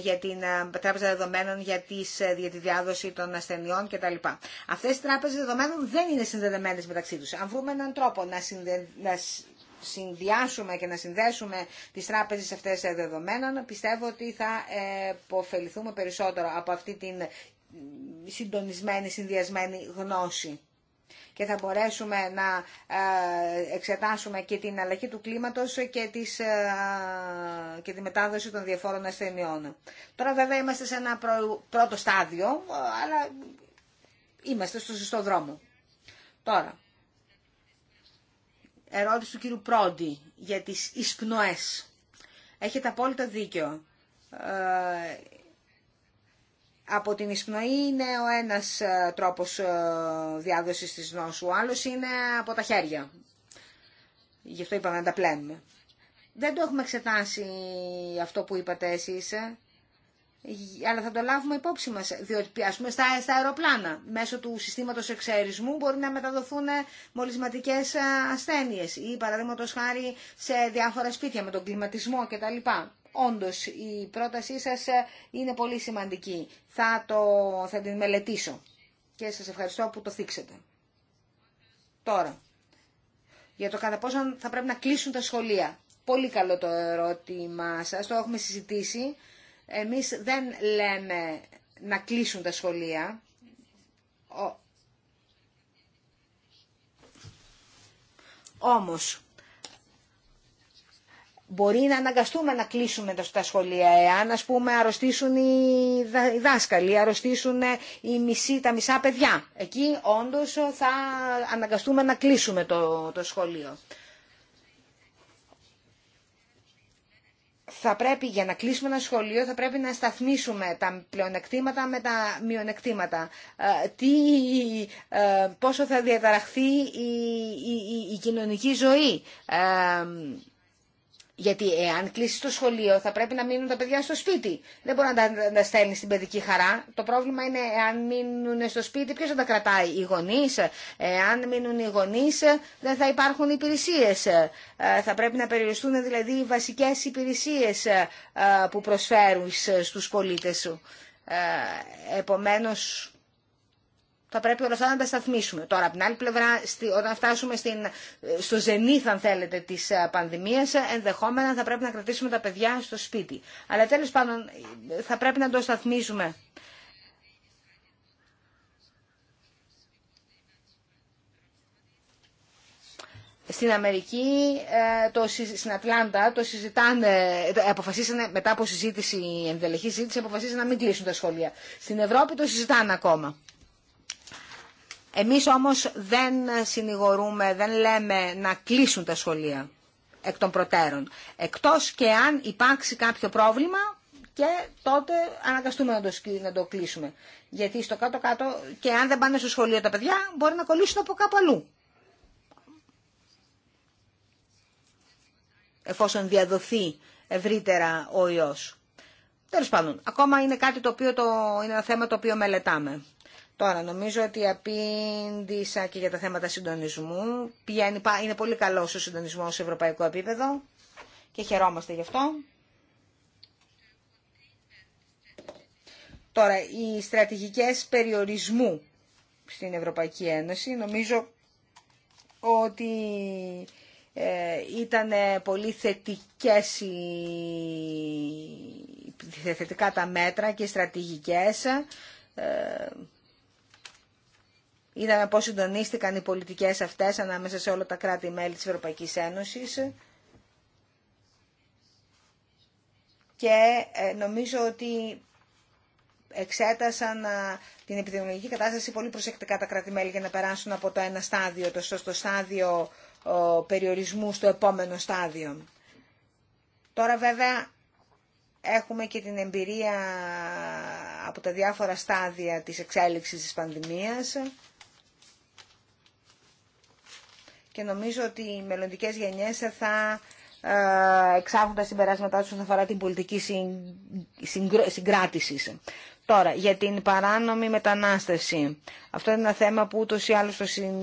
για την τράπεζα δεδομένων για, τις, για τη διάδοση των ασθενειών κτλ. Αυτές οι τράπεζες δεδομένων δεν είναι συνδεδεμένε μεταξύ τους. Αν βρούμε έναν τρόπο να, συνδυάσουμε και να συνδέσουμε τις τράπεζες αυτές δεδομένων, πιστεύω ότι θα υποφεληθούμε περισσότερο από αυτή την συντονισμένη, συνδυασμένη γνώση και θα μπορέσουμε να ε, εξετάσουμε και την αλλαγή του κλίματος και, τις, ε, και τη μετάδοση των διαφόρων ασθενειών. Τώρα βέβαια είμαστε σε ένα πρώτο στάδιο, αλλά είμαστε στο σωστό δρόμο. Τώρα, ερώτηση του κύριου Πρόντι για τις εισπνοές. Έχετε απόλυτο δίκιο. Ε, από την εισπνοή είναι ο ένας ε, τρόπος ε, διάδοσης της νόσου, ο άλλος είναι από τα χέρια. Γι' αυτό είπαμε να τα πλένουμε. Δεν το έχουμε εξετάσει αυτό που είπατε εσείς, ε. αλλά θα το λάβουμε υπόψη μας, διότι ας στα, αεροπλάνα, μέσω του συστήματος εξαιρισμού μπορεί να μεταδοθούν μολυσματικές ασθένειες ή παραδείγματος χάρη σε διάφορα σπίτια με τον κλιματισμό κτλ. Όντως, η πρότασή σας ε, είναι πολύ σημαντική. Θα, το, θα την μελετήσω και σας ευχαριστώ που το θίξετε. Τώρα, για το κατά πόσο θα πρέπει να κλείσουν τα σχολεία. Πολύ καλό το ερώτημα σας, το έχουμε συζητήσει. Εμείς δεν λέμε να κλείσουν τα σχολεία. Όμως, Μπορεί να αναγκαστούμε να κλείσουμε τα σχολεία εάν ας πούμε αρρωστήσουν οι δάσκαλοι, αρρωστήσουν οι μισή, τα μισά παιδιά. Εκεί όντως θα αναγκαστούμε να κλείσουμε το, το σχολείο. θα πρέπει για να κλείσουμε ένα σχολείο θα πρέπει να σταθμίσουμε τα πλεονεκτήματα με τα μειονεκτήματα. Ε, τι, ε, πόσο θα διαταραχθεί η, η, η κοινωνική ζωή. Ε, γιατί εάν κλείσει το σχολείο θα πρέπει να μείνουν τα παιδιά στο σπίτι. Δεν μπορεί να τα, τα στέλνει στην παιδική χαρά. Το πρόβλημα είναι εάν μείνουν στο σπίτι ποιο θα τα κρατάει. Οι γονεί. Εάν μείνουν οι γονεί δεν θα υπάρχουν υπηρεσίε. Ε, θα πρέπει να περιοριστούν δηλαδή οι βασικέ υπηρεσίε ε, που προσφέρουν στου πολίτε σου. Ε, επομένως θα πρέπει όλα αυτά να τα σταθμίσουμε. Τώρα, από την άλλη πλευρά, όταν φτάσουμε στην, στο ζενήθ, αν θέλετε, τη ε, πανδημία, ενδεχόμενα θα πρέπει να κρατήσουμε τα παιδιά στο σπίτι. Αλλά τέλο πάντων, θα πρέπει να το σταθμίσουμε. Στην Αμερική, ε, το, στην Ατλάντα, το συζητάνε, αποφασίσανε, μετά από συζήτηση, ενδελεχή συζήτηση, αποφασίσανε να μην κλείσουν τα σχολεία. Στην Ευρώπη το συζητάνε ακόμα. Εμείς όμως δεν συνηγορούμε, δεν λέμε να κλείσουν τα σχολεία εκ των προτέρων. Εκτός και αν υπάρξει κάποιο πρόβλημα και τότε αναγκαστούμε να το, να το κλείσουμε. Γιατί στο κάτω-κάτω και αν δεν πάνε στο σχολείο τα παιδιά μπορεί να κολλήσουν από κάπου αλλού. Εφόσον διαδοθεί ευρύτερα ο ιός. Τέλος πάντων, ακόμα είναι κάτι το το, είναι ένα θέμα το οποίο μελετάμε. Τώρα, νομίζω ότι απήντησα και για τα θέματα συντονισμού. Πηγαίνει, είναι πολύ καλό ο συντονισμό σε ευρωπαϊκό επίπεδο και χαιρόμαστε γι' αυτό. Τώρα, οι στρατηγικές περιορισμού στην Ευρωπαϊκή Ένωση, νομίζω ότι ε, ήταν πολύ θετικές θετικά τα μέτρα και οι στρατηγικές ε, Είδαμε πώς συντονίστηκαν οι πολιτικές αυτές ανάμεσα σε όλα τα κράτη-μέλη της Ευρωπαϊκής Ένωσης. Και ε, νομίζω ότι εξέτασαν την επιδημιολογική κατάσταση πολύ προσεκτικά τα κράτη-μέλη για να περάσουν από το ένα στάδιο, το στο στάδιο περιορισμού, στο επόμενο στάδιο. Τώρα βέβαια έχουμε και την εμπειρία από τα διάφορα στάδια της εξέλιξης της πανδημίας και νομίζω ότι οι μελλοντικέ γενιές θα ε, εξάγουν τα συμπεράσματά του όσον αφορά την πολιτική συγκράτηση. Τώρα, για την παράνομη μετανάστευση. Αυτό είναι ένα θέμα που ούτως ή άλλως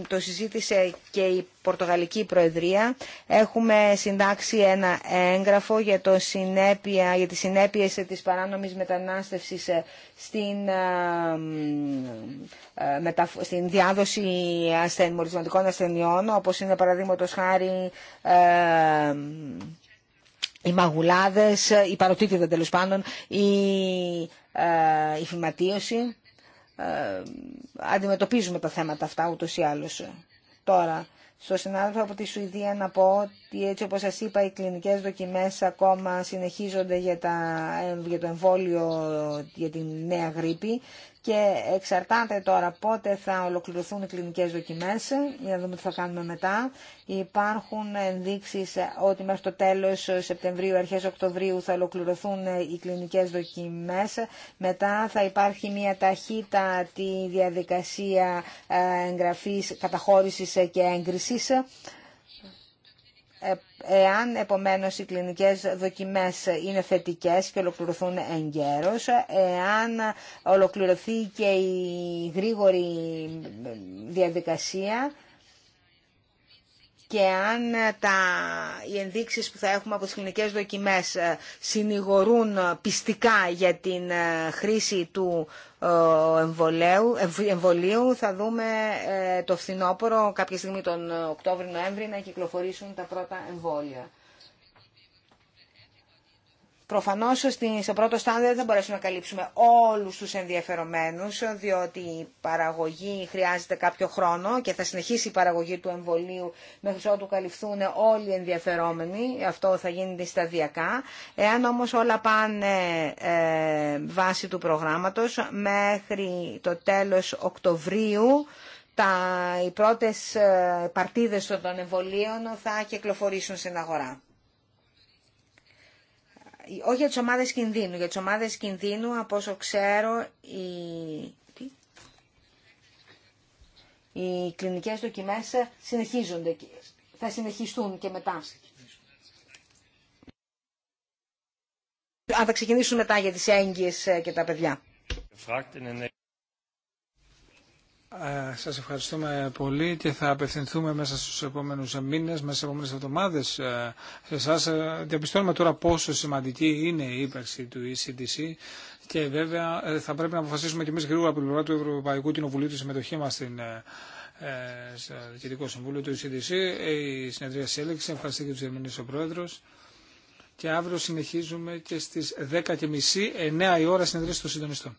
το συζήτησε και η Πορτογαλική Προεδρία. Έχουμε συντάξει ένα έγγραφο για, το συνέπεια, για τις συνέπειες της παράνομης μετανάστευσης ε, στην, ε, ε, στην διάδοση ασθεν, ασθενειών, όπως είναι παραδείγματο χάρη οι μαγουλάδες, οι παροτίτιδα τέλο πάντων, οι ε, η φυματίωση. Ε, αντιμετωπίζουμε τα θέματα αυτά ούτως ή άλλως. Τώρα, στο συνάδελφο από τη Σουηδία να πω ότι έτσι όπως σας είπα οι κλινικές δοκιμές ακόμα συνεχίζονται για, για το εμβόλιο για την νέα γρήπη και εξαρτάται τώρα πότε θα ολοκληρωθούν οι κλινικές δοκιμές, για να δούμε τι θα κάνουμε μετά. Υπάρχουν ενδείξεις ότι μέχρι το τέλος Σεπτεμβρίου, αρχές Οκτωβρίου θα ολοκληρωθούν οι κλινικές δοκιμές. Μετά θα υπάρχει μια ταχύτατη διαδικασία ε, εγγραφής, καταχώρησης και έγκρισης. Εάν επομένως οι κλινικές δοκιμές είναι θετικές και ολοκληρωθούν εγκαίρως, εάν ολοκληρωθεί και η γρήγορη διαδικασία, και αν ε, τα, οι ενδείξεις που θα έχουμε από τις κλινικές δοκιμές ε, συνηγορούν ε, πιστικά για την χρήση του εμβολίου, εμβολίου θα δούμε το φθινόπωρο κάποια στιγμή τον Οκτώβριο-Νοέμβρη να κυκλοφορήσουν τα πρώτα εμβόλια. Προφανώς στο πρώτο στάδιο δεν θα μπορέσουμε να καλύψουμε όλους τους ενδιαφερομένους, διότι η παραγωγή χρειάζεται κάποιο χρόνο και θα συνεχίσει η παραγωγή του εμβολίου μέχρι ότου καλυφθούν όλοι οι ενδιαφερόμενοι. Αυτό θα γίνεται σταδιακά. Εάν όμως όλα πάνε ε, βάση του προγράμματος, μέχρι το τέλο Οκτωβρίου, τα, οι πρώτες ε, παρτίδε των εμβολίων θα κυκλοφορήσουν στην αγορά όχι για τις ομάδες κινδύνου. Για τις ομάδες κινδύνου, από όσο ξέρω, οι, οι κλινικές δοκιμές συνεχίζονται. Θα συνεχιστούν και μετά. Αν θα ξεκινήσουν μετά για τις έγκυες και τα παιδιά. Ε, σας ευχαριστούμε πολύ και θα απευθυνθούμε μέσα στους επόμενους μήνες, μέσα στις επόμενες εβδομάδες ε, σε εσάς. Ε, διαπιστώνουμε τώρα πόσο σημαντική είναι η ύπαρξη του ECDC και βέβαια θα πρέπει να αποφασίσουμε και εμείς γρήγορα από την πλευρά του Ευρωπαϊκού Κοινοβουλίου τη συμμετοχή μας στην στο Διοικητικό Συμβούλιο του ECDC. Η συνεδρία Σύλληξη, Ευχαριστώ και του Ερμηνείς ο Πρόεδρος. Και αύριο συνεχίζουμε και στι 10.30, 9 η ώρα συνεδρία των συντονιστών.